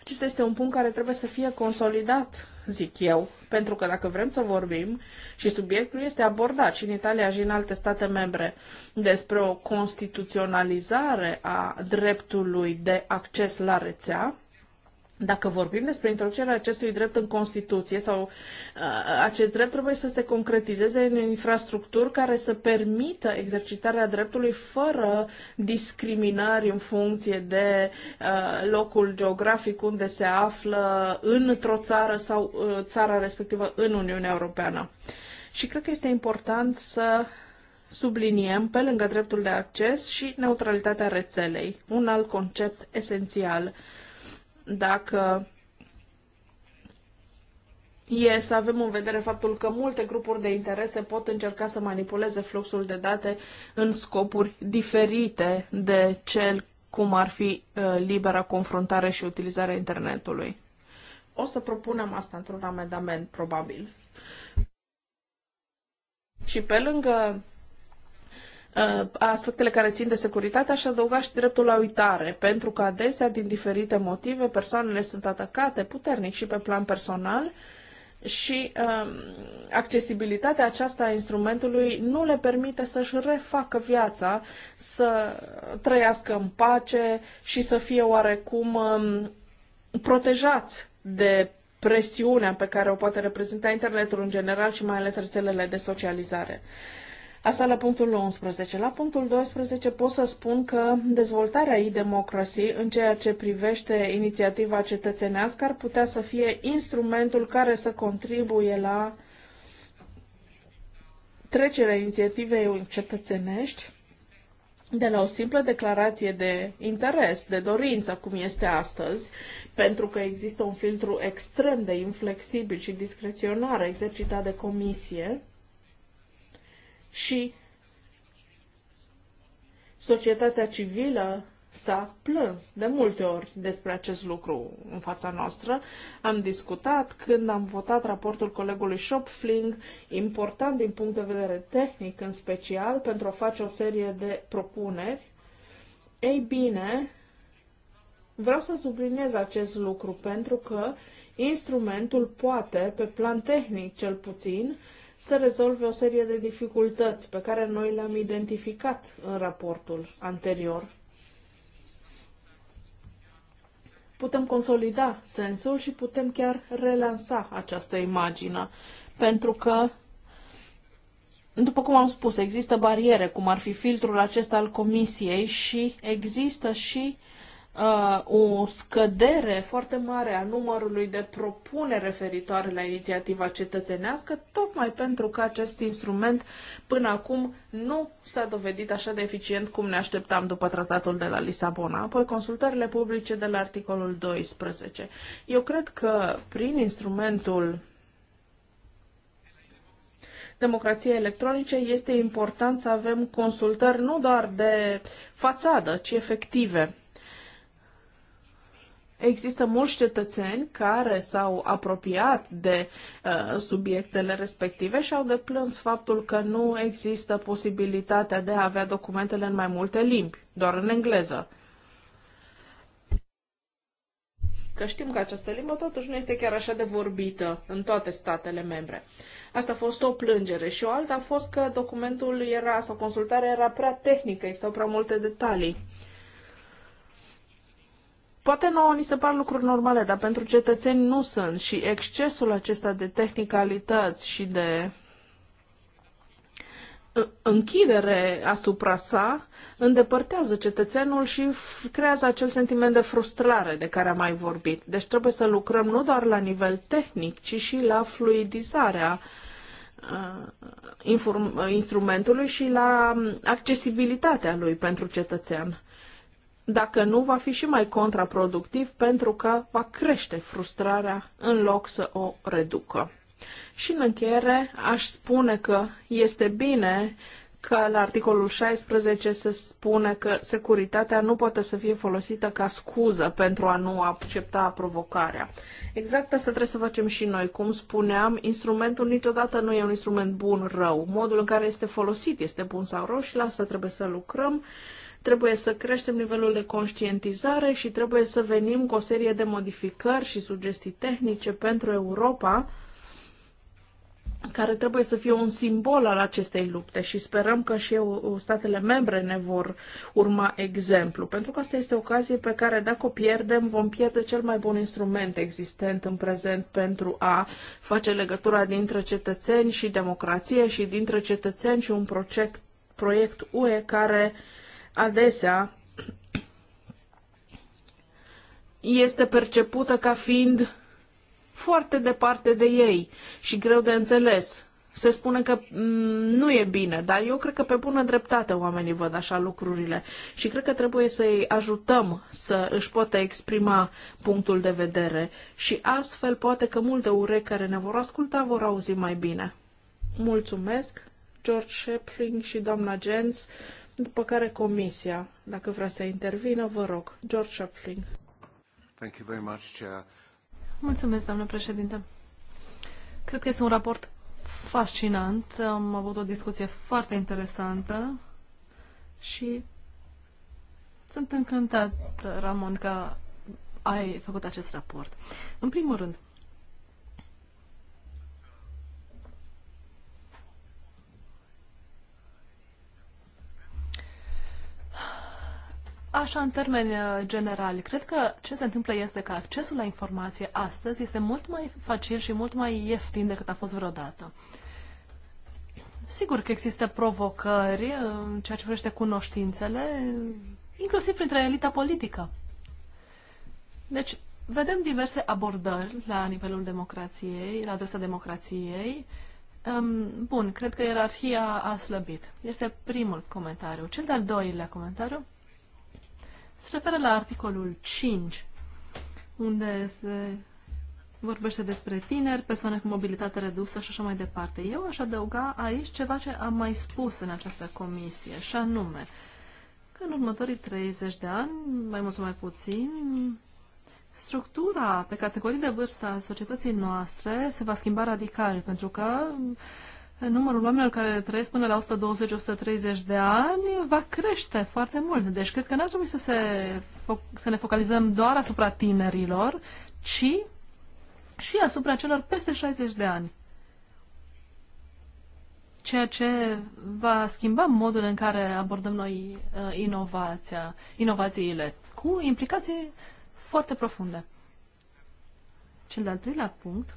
Acesta este un punct care trebuie să fie consolidat, zic eu, pentru că dacă vrem să vorbim, și subiectul este abordat și în Italia și în alte state membre, despre o constituționalizare a dreptului de acces la rețea, dacă vorbim despre introducerea acestui drept în Constituție sau uh, acest drept trebuie să se concretizeze în infrastructuri care să permită exercitarea dreptului fără discriminări în funcție de uh, locul geografic unde se află într-o țară sau uh, țara respectivă în Uniunea Europeană. Și cred că este important să subliniem, pe lângă dreptul de acces, și neutralitatea rețelei, un alt concept esențial dacă e să avem în vedere faptul că multe grupuri de interese pot încerca să manipuleze fluxul de date în scopuri diferite de cel cum ar fi uh, libera confruntare și utilizarea internetului. O să propunem asta într-un amendament, probabil. Și pe lângă Uh, aspectele care țin de securitate, aș adăuga și dreptul la uitare, pentru că adesea, din diferite motive, persoanele sunt atacate puternic și pe plan personal și um, accesibilitatea aceasta a instrumentului nu le permite să-și refacă viața, să trăiască în pace și să fie oarecum um, protejați de presiunea pe care o poate reprezenta internetul în general și mai ales rețelele de socializare. Uh, Asta la punctul 11. La punctul 12 pot să spun că dezvoltarea e democrației în ceea ce privește inițiativa cetățenească ar putea să fie instrumentul care să contribuie la trecerea inițiativei cetățenești de la o simplă declarație de interes, de dorință, cum este astăzi, pentru că există un filtru extrem de inflexibil și discreționar exercitat de comisie, și societatea civilă s-a plâns de multe ori despre acest lucru în fața noastră. Am discutat când am votat raportul colegului Shopfling, important din punct de vedere tehnic în special, pentru a face o serie de propuneri. Ei bine, vreau să subliniez acest lucru pentru că instrumentul poate, pe plan tehnic cel puțin, să rezolve o serie de dificultăți pe care noi le-am identificat în raportul anterior. Putem consolida sensul și putem chiar relansa această imagine, pentru că după cum am spus, există bariere, cum ar fi filtrul acesta al comisiei și există și Uh, o scădere foarte mare a numărului de propuneri referitoare la inițiativa cetățenească, tocmai pentru că acest instrument până acum nu s-a dovedit așa de eficient cum ne așteptam după tratatul de la Lisabona. Apoi consultările publice de la articolul 12. Eu cred că prin instrumentul democrației electronice este important să avem consultări nu doar de fațadă, ci efective Există mulți cetățeni care s-au apropiat de uh, subiectele respective și au deplâns faptul că nu există posibilitatea de a avea documentele în mai multe limbi, doar în engleză. Că știm că această limbă totuși nu este chiar așa de vorbită în toate statele membre. Asta a fost o plângere și o alta a fost că documentul era, sau consultarea era prea tehnică, existau prea multe detalii. Poate nouă ni se par lucruri normale, dar pentru cetățeni nu sunt și excesul acesta de tehnicalități și de uh, închidere asupra sa îndepărtează cetățenul și creează acel sentiment de frustrare de care am mai vorbit. Deci trebuie să lucrăm nu doar la nivel tehnic, ci și la fluidizarea uh, uh, instrumentului și la um, accesibilitatea lui pentru cetățean. Dacă nu, va fi și mai contraproductiv pentru că va crește frustrarea în loc să o reducă. Și în încheiere, aș spune că este bine că la articolul 16 se spune că securitatea nu poate să fie folosită ca scuză pentru a nu accepta provocarea. Exact asta trebuie să facem și noi. Cum spuneam, instrumentul niciodată nu e un instrument bun, rău. Modul în care este folosit este bun sau rău și la asta trebuie să lucrăm Trebuie să creștem nivelul de conștientizare și trebuie să venim cu o serie de modificări și sugestii tehnice pentru Europa, care trebuie să fie un simbol al acestei lupte și sperăm că și eu, statele membre ne vor urma exemplu, pentru că asta este o ocazie pe care dacă o pierdem, vom pierde cel mai bun instrument existent în prezent pentru a face legătura dintre cetățeni și democrație și dintre cetățeni și un proiect, proiect UE care uh, adesea este percepută ca fiind foarte departe de ei și greu de înțeles. Se spune că mm, nu e bine, dar eu cred că pe bună dreptate oamenii văd așa lucrurile și cred că trebuie să-i ajutăm să își poată exprima punctul de vedere și astfel poate că multe urechi care ne vor asculta vor auzi mai bine. Mulțumesc, George Shepling și doamna Jens după care Comisia, dacă vrea să intervină, vă rog. George Shopling. Thank you very much, Chair. Mulțumesc, doamnă președinte. Cred că este un raport fascinant. Am avut o discuție foarte interesantă și sunt încântat, Ramon, că ai făcut acest raport. În primul rând, Așa, în termeni uh, generali, cred că ce se întâmplă este că accesul la informație astăzi este mult mai facil și mult mai ieftin decât a fost vreodată. Sigur că există provocări uh, în ceea ce privește cunoștințele, inclusiv printre elita politică. Deci, vedem diverse abordări la nivelul democrației, la adresa democrației. Um, bun, cred că ierarhia a slăbit. Este primul comentariu. Cel de-al doilea comentariu se referă la articolul 5, unde se vorbește despre tineri, persoane cu mobilitate redusă și așa mai departe. Eu aș adăuga aici ceva ce am mai spus în această comisie, și anume că în următorii 30 de ani, mai mult sau mai puțin, structura pe categorii de vârstă a societății noastre se va schimba radical, pentru că numărul oamenilor care trăiesc până la 120-130 de ani va crește foarte mult. Deci cred că nu ar trebui să, se, să ne focalizăm doar asupra tinerilor, ci și asupra celor peste 60 de ani. Ceea ce va schimba modul în care abordăm noi uh, inovația, inovațiile, cu implicații foarte profunde. Cel de-al treilea punct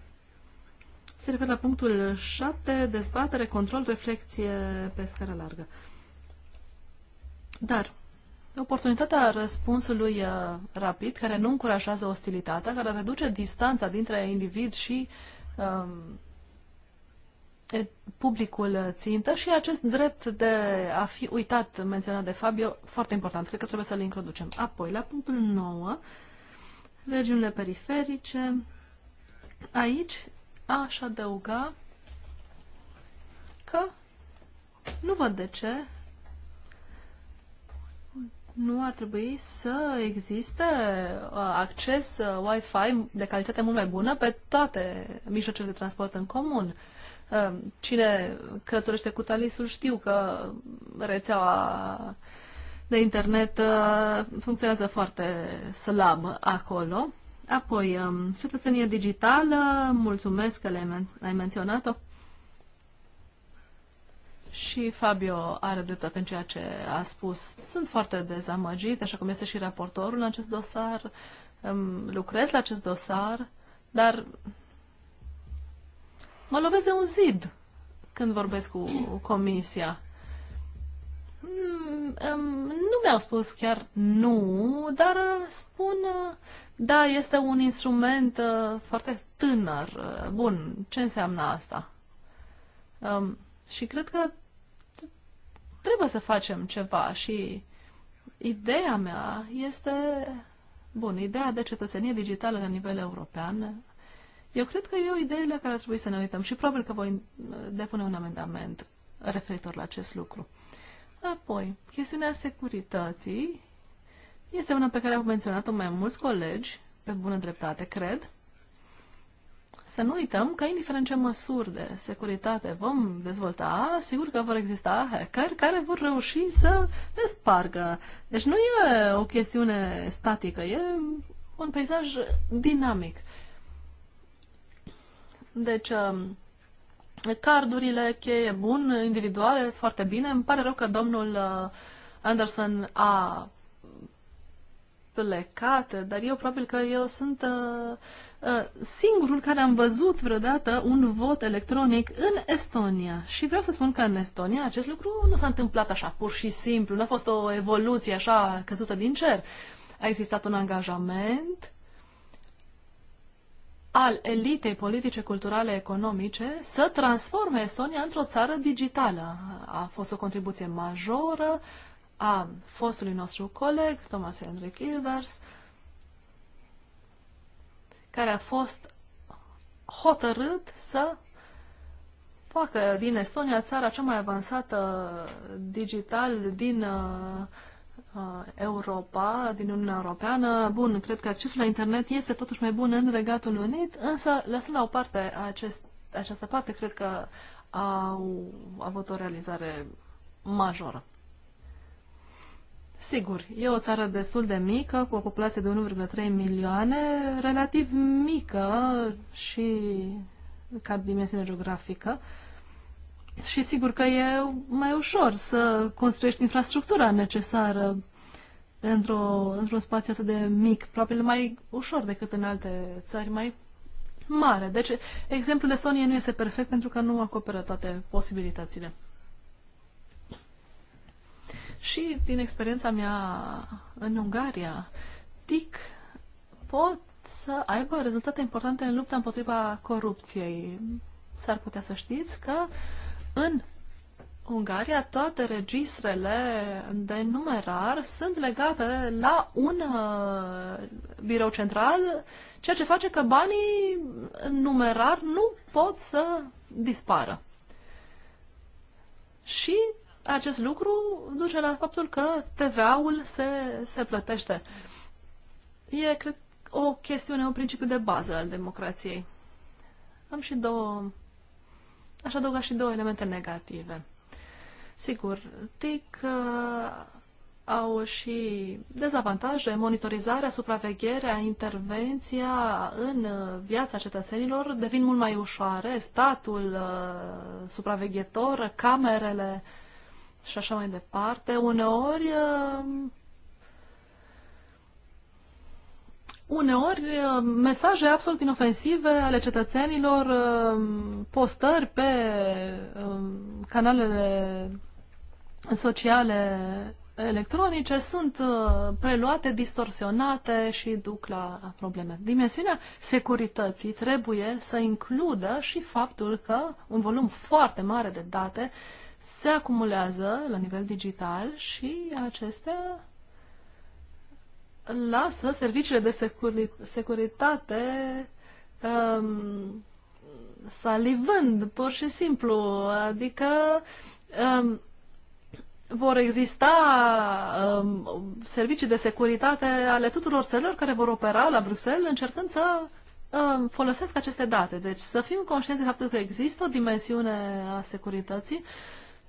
se referă la punctul 7, dezbatere, control, reflexie pe scară largă. Dar oportunitatea răspunsului uh, rapid, care nu încurajează ostilitatea, care reduce distanța dintre individ și um, publicul țintă și acest drept de a fi uitat menționat de Fabio, foarte important, cred că trebuie să-l introducem. Apoi, la punctul 9, regiunile periferice, aici aș adăuga că nu văd de ce nu ar trebui să existe uh, acces uh, Wi-Fi de calitate mult mai bună pe toate mijlocele de transport în comun. Uh, cine călătorește cu Talisul știu că rețeaua de internet funcționează foarte slab acolo Apoi, um, cetățenie digitală, mulțumesc că l ai menționat-o. Și Fabio are dreptate în ceea ce a spus. Sunt foarte dezamăgit, așa cum este și raportorul în acest dosar. Um, lucrez la acest dosar, dar mă lovesc de un zid când vorbesc cu comisia. Mm, um, nu mi-au spus chiar nu, dar spun uh, da, este un instrument uh, foarte tânăr. Uh, bun, ce înseamnă asta? Um, și cred că trebuie să facem ceva și ideea mea este, bun, ideea de cetățenie digitală la nivel european, eu cred că e o idee la care ar trebui să ne uităm și probabil că voi uh, depune un amendament referitor la acest lucru. Apoi, chestiunea securității este una pe care au menționat-o mai mulți colegi, pe bună dreptate, cred. Să nu uităm că, indiferent ce măsuri de securitate vom dezvolta, sigur că vor exista hackeri care vor reuși să le spargă. Deci nu e o chestiune statică, e un peisaj dinamic. Deci, um, cardurile, cheie bun, individuale, foarte bine. Îmi pare rău că domnul uh, Anderson a plecată, dar eu probabil că eu sunt uh, uh, singurul care am văzut vreodată un vot electronic în Estonia. Și vreau să spun că în Estonia acest lucru nu s-a întâmplat așa pur și simplu, nu a fost o evoluție așa căzută din cer. A existat un angajament al elitei politice, culturale, economice să transforme Estonia într-o țară digitală. A fost o contribuție majoră uh, a fostului nostru coleg, Thomas Henrik Ilvers, care a fost hotărât să facă din Estonia țara cea mai avansată digital din uh, uh, Europa, din Uniunea Europeană. Bun, cred că accesul la internet este totuși mai bun în Regatul Unit, însă lăsând la o parte acest, această parte, cred că au avut o realizare majoră. Sigur, e o țară destul de mică, cu o populație de 1,3 milioane, relativ mică și ca dimensiune geografică. Și sigur că e mai ușor să construiești infrastructura necesară într-o, într-un spațiu atât de mic, probabil mai ușor decât în alte țări mai mare. Deci, exemplul Estoniei nu este perfect pentru că nu acoperă toate posibilitățile. Și din experiența mea în Ungaria, TIC pot să aibă rezultate importante în lupta împotriva corupției. S-ar putea să știți că în Ungaria toate registrele de numerar sunt legate la un uh, birou central, ceea ce face că banii în numerar nu pot să dispară. Și acest lucru duce la faptul că TVA-ul se, se plătește. E, cred, o chestiune, un principiu de bază al democrației. Am și două... Aș adăuga și două elemente negative. Sigur, TIC uh, au și dezavantaje, monitorizarea, supravegherea, intervenția în uh, viața cetățenilor devin mult mai ușoare. Statul, uh, supraveghetor, camerele și așa mai departe. Uneori uh, uneori uh, mesaje absolut inofensive ale cetățenilor, uh, postări pe canalele sociale electronice sunt preluate, distorsionate și duc la probleme. Dimensiunea securității trebuie să includă și faptul că un volum foarte mare de date se acumulează la nivel digital și acestea lasă serviciile de securi securitate um, salivând, pur și simplu. Adică um, vor exista um, servicii de securitate ale tuturor țărilor care vor opera la Bruxelles încercând să um, folosesc aceste date. Deci să fim conștienți de faptul că există o dimensiune a securității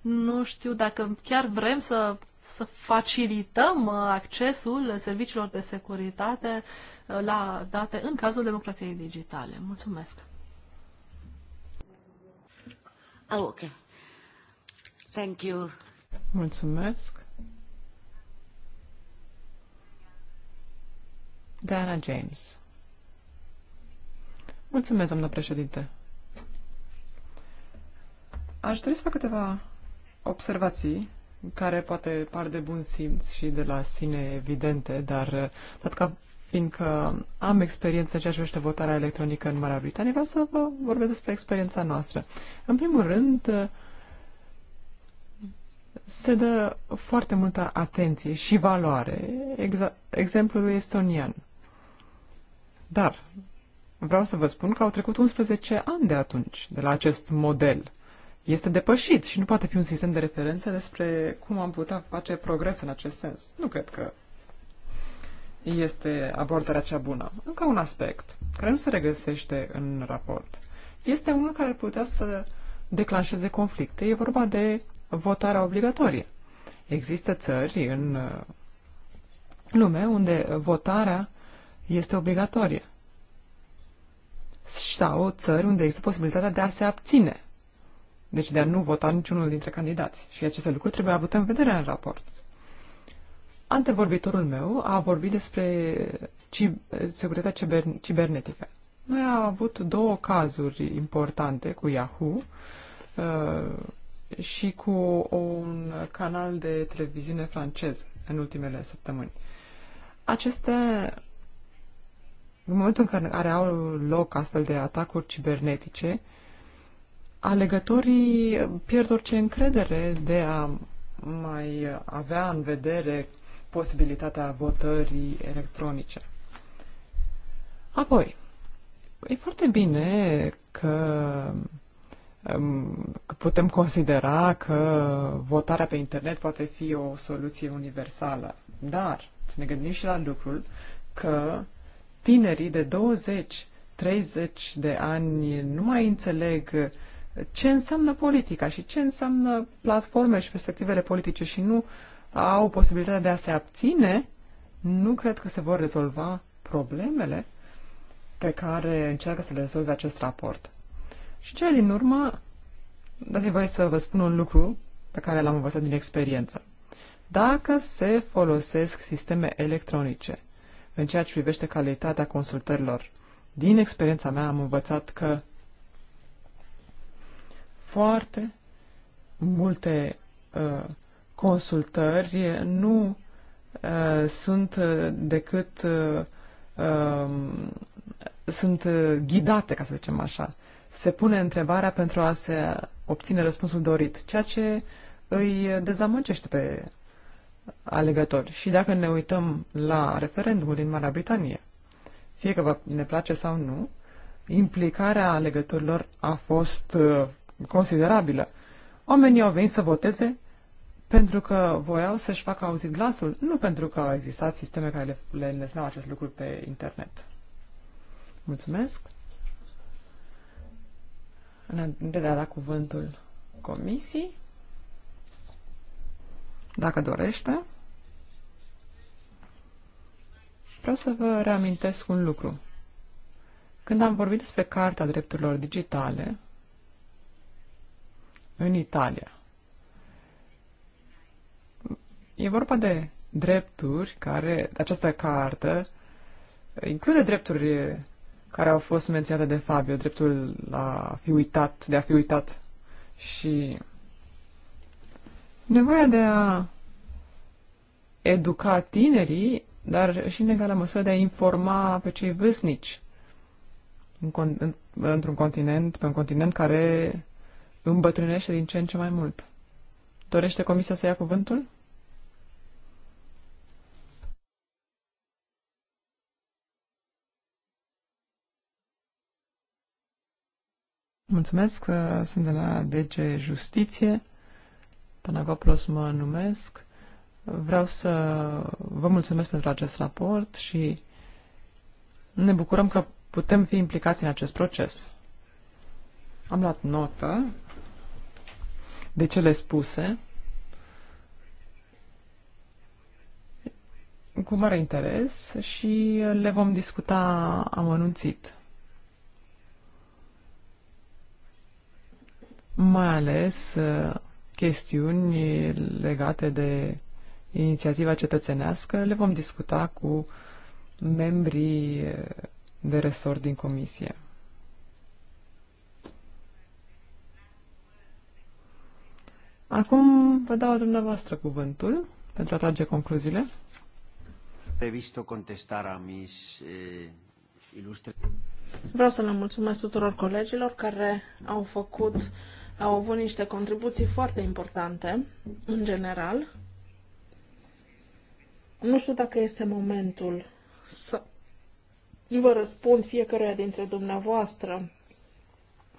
nu știu dacă chiar vrem să, să facilităm uh, accesul serviciilor de securitate uh, la date în cazul democrației digitale. Mulțumesc. Oh, ok. Thank you. Mulțumesc. Diana James. Mulțumesc, doamnă președinte. Aș dori să fac câteva observații care poate par de bun simț și de la sine evidente, dar uh, dat ca fiindcă am experiență în ceea ce privește votarea electronică în Marea Britanie, vreau să vă vorbesc despre experiența noastră. În primul rând, uh, se dă foarte multă atenție și valoare exa- exemplul estonian. Dar vreau să vă spun că au trecut 11 ani de atunci, de la acest model este depășit și nu poate fi un sistem de referență despre cum am putea face progres în acest sens. Nu cred că este abordarea cea bună. Încă un aspect care nu se regăsește în raport este unul care ar putea să declanșeze conflicte. E vorba de votarea obligatorie. Există țări în uh, lume unde votarea este obligatorie sau țări unde există posibilitatea de a se abține deci de a nu vota niciunul dintre candidați. Și aceste lucruri trebuie avute în vedere în raport. Antevorbitorul meu a vorbit despre ci, securitatea ciber, cibernetică. Noi am avut două cazuri importante cu Yahoo uh, și cu un canal de televiziune francez în ultimele săptămâni. Aceste, în momentul în care au loc astfel de atacuri cibernetice, alegătorii pierd orice încredere de a mai avea în vedere posibilitatea votării electronice. Apoi, e foarte bine că, um, că putem considera că votarea pe internet poate fi o soluție universală, dar ne gândim și la lucrul că tinerii de 20-30 de ani nu mai înțeleg ce înseamnă politica și ce înseamnă platforme și perspectivele politice și nu au posibilitatea de a se abține, nu cred că se vor rezolva problemele pe care încearcă să le rezolve acest raport. Și cele din urmă, dați-mi voi să vă spun un lucru pe care l-am învățat din experiență. Dacă se folosesc sisteme electronice în ceea ce privește calitatea consultărilor, din experiența mea am învățat că foarte multe uh, consultări nu uh, sunt uh, decât uh, um, uh, sunt ghidate, ca să zicem așa. Se pune întrebarea pentru a se obține răspunsul dorit, ceea ce îi dezamăgește pe alegători. Și dacă ne uităm la referendumul din Marea Britanie, fie că ne place sau nu, implicarea alegătorilor a fost uh, considerabilă. Oamenii au venit să voteze pentru că voiau să-și facă auzit glasul, nu pentru că au existat sisteme care le, le înlesneau acest lucru pe internet. Mulțumesc. Înainte de a da cuvântul comisii, dacă dorește, vreau să vă reamintesc un lucru. Când am vorbit despre Carta Drepturilor Digitale, în Italia. E vorba de drepturi care, această carte include drepturi care au fost menționate de Fabio, dreptul la fi uitat, de a fi uitat și nevoia de a educa tinerii, dar și în egală măsură de a informa pe cei vâsnici într-un continent, pe un continent care îmbătrânește din ce în ce mai mult. Dorește Comisia să ia cuvântul? Mulțumesc, uh, sunt de la DG Justiție. Panagopoulos mă numesc. Vreau să vă mulțumesc pentru acest raport și ne bucurăm că putem fi implicați în acest proces. Am luat notă de cele spuse. cu mare interes și le vom discuta amănunțit. Mai ales uh, chestiuni legate de inițiativa cetățenească le vom discuta cu membrii uh, de resort din comisie. Acum vă dau dumneavoastră cuvântul pentru a trage concluziile. Previsto contestarea mis eh, ilustre. Vreau să le mulțumesc tuturor colegilor care au făcut, au avut niște contribuții foarte importante, în general. Nu știu dacă este momentul să vă răspund fiecăruia dintre dumneavoastră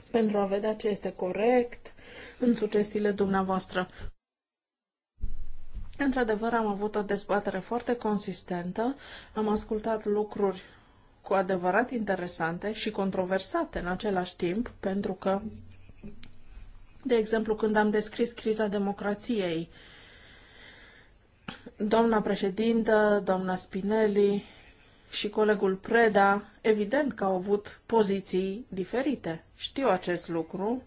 pentru a vedea ce este corect, în sugestiile dumneavoastră. Într-adevăr, am avut o dezbatere foarte consistentă, am ascultat lucruri cu adevărat interesante și controversate în același timp, pentru că, de exemplu, când am descris criza democrației, doamna președintă, doamna Spinelli și colegul Preda, evident că au avut poziții diferite. Știu acest lucru,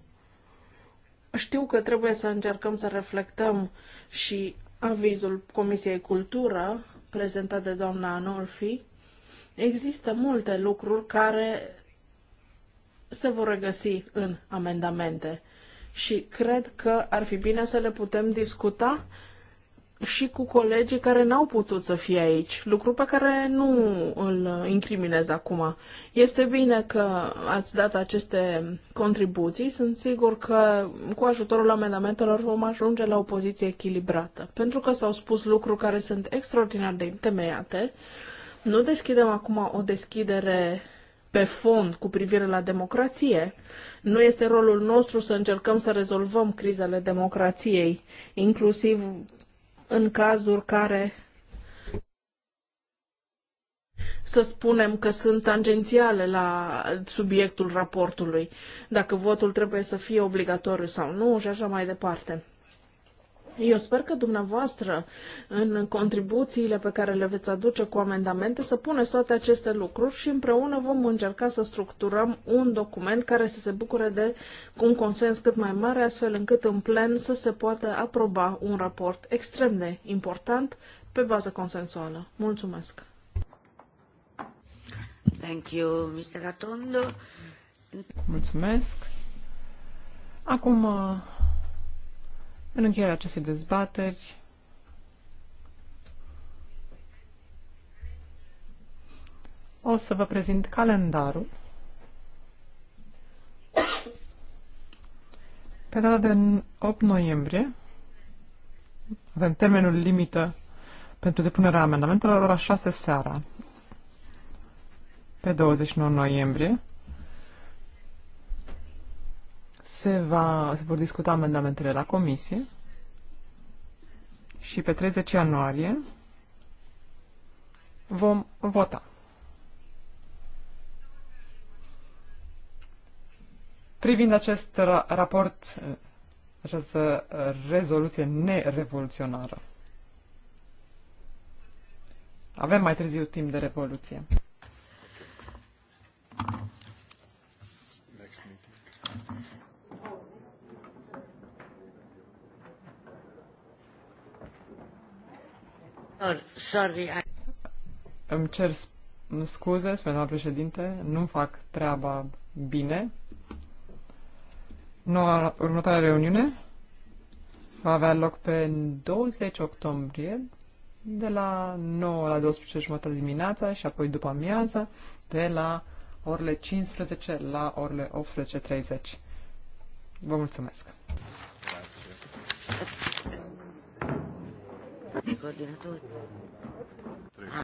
știu că trebuie să încercăm să reflectăm și avizul Comisiei Cultură, prezentat de doamna Anolfi. Există multe lucruri care se vor regăsi în amendamente și cred că ar fi bine să le putem discuta și cu colegii care n-au putut să fie aici, lucru pe care nu îl incriminez acum. Este bine că ați dat aceste contribuții, sunt sigur că cu ajutorul amendamentelor vom ajunge la o poziție echilibrată, pentru că s-au spus lucruri care sunt extraordinar de întemeiate. Nu deschidem acum o deschidere pe fond cu privire la democrație. Nu este rolul nostru să încercăm să rezolvăm crizele democrației, inclusiv în cazuri care să spunem că sunt tangențiale la subiectul raportului, dacă votul trebuie să fie obligatoriu sau nu și așa mai departe. Eu sper că dumneavoastră, în contribuțiile pe care le veți aduce cu amendamente, să puneți toate aceste lucruri și împreună vom încerca să structurăm un document care să se bucure de un consens cât mai mare, astfel încât în plen să se poată aproba un raport extrem de important pe bază consensuală. Mulțumesc! Thank you, Mr. Atondo. Mulțumesc! Acum în încheierea acestei dezbateri, o să vă prezint calendarul. Pe data de 8 noiembrie avem termenul limită pentru depunerea amendamentelor ora 6 seara. Pe 29 noiembrie se, va, se vor discuta amendamentele la comisie și pe 30 ianuarie vom vota. Privind acest ra raport, această rezoluție nerevoluționară. Avem mai târziu timp de revoluție. Îmi cer scuze, spune președinte, nu fac treaba bine. Noua următoare reuniune va avea loc pe 20 octombrie de la 9 la 12 jumătate dimineața și apoi după amiaza de la orele 15 la orele 18.30. Vă mulțumesc! Grazie. Coordinatori.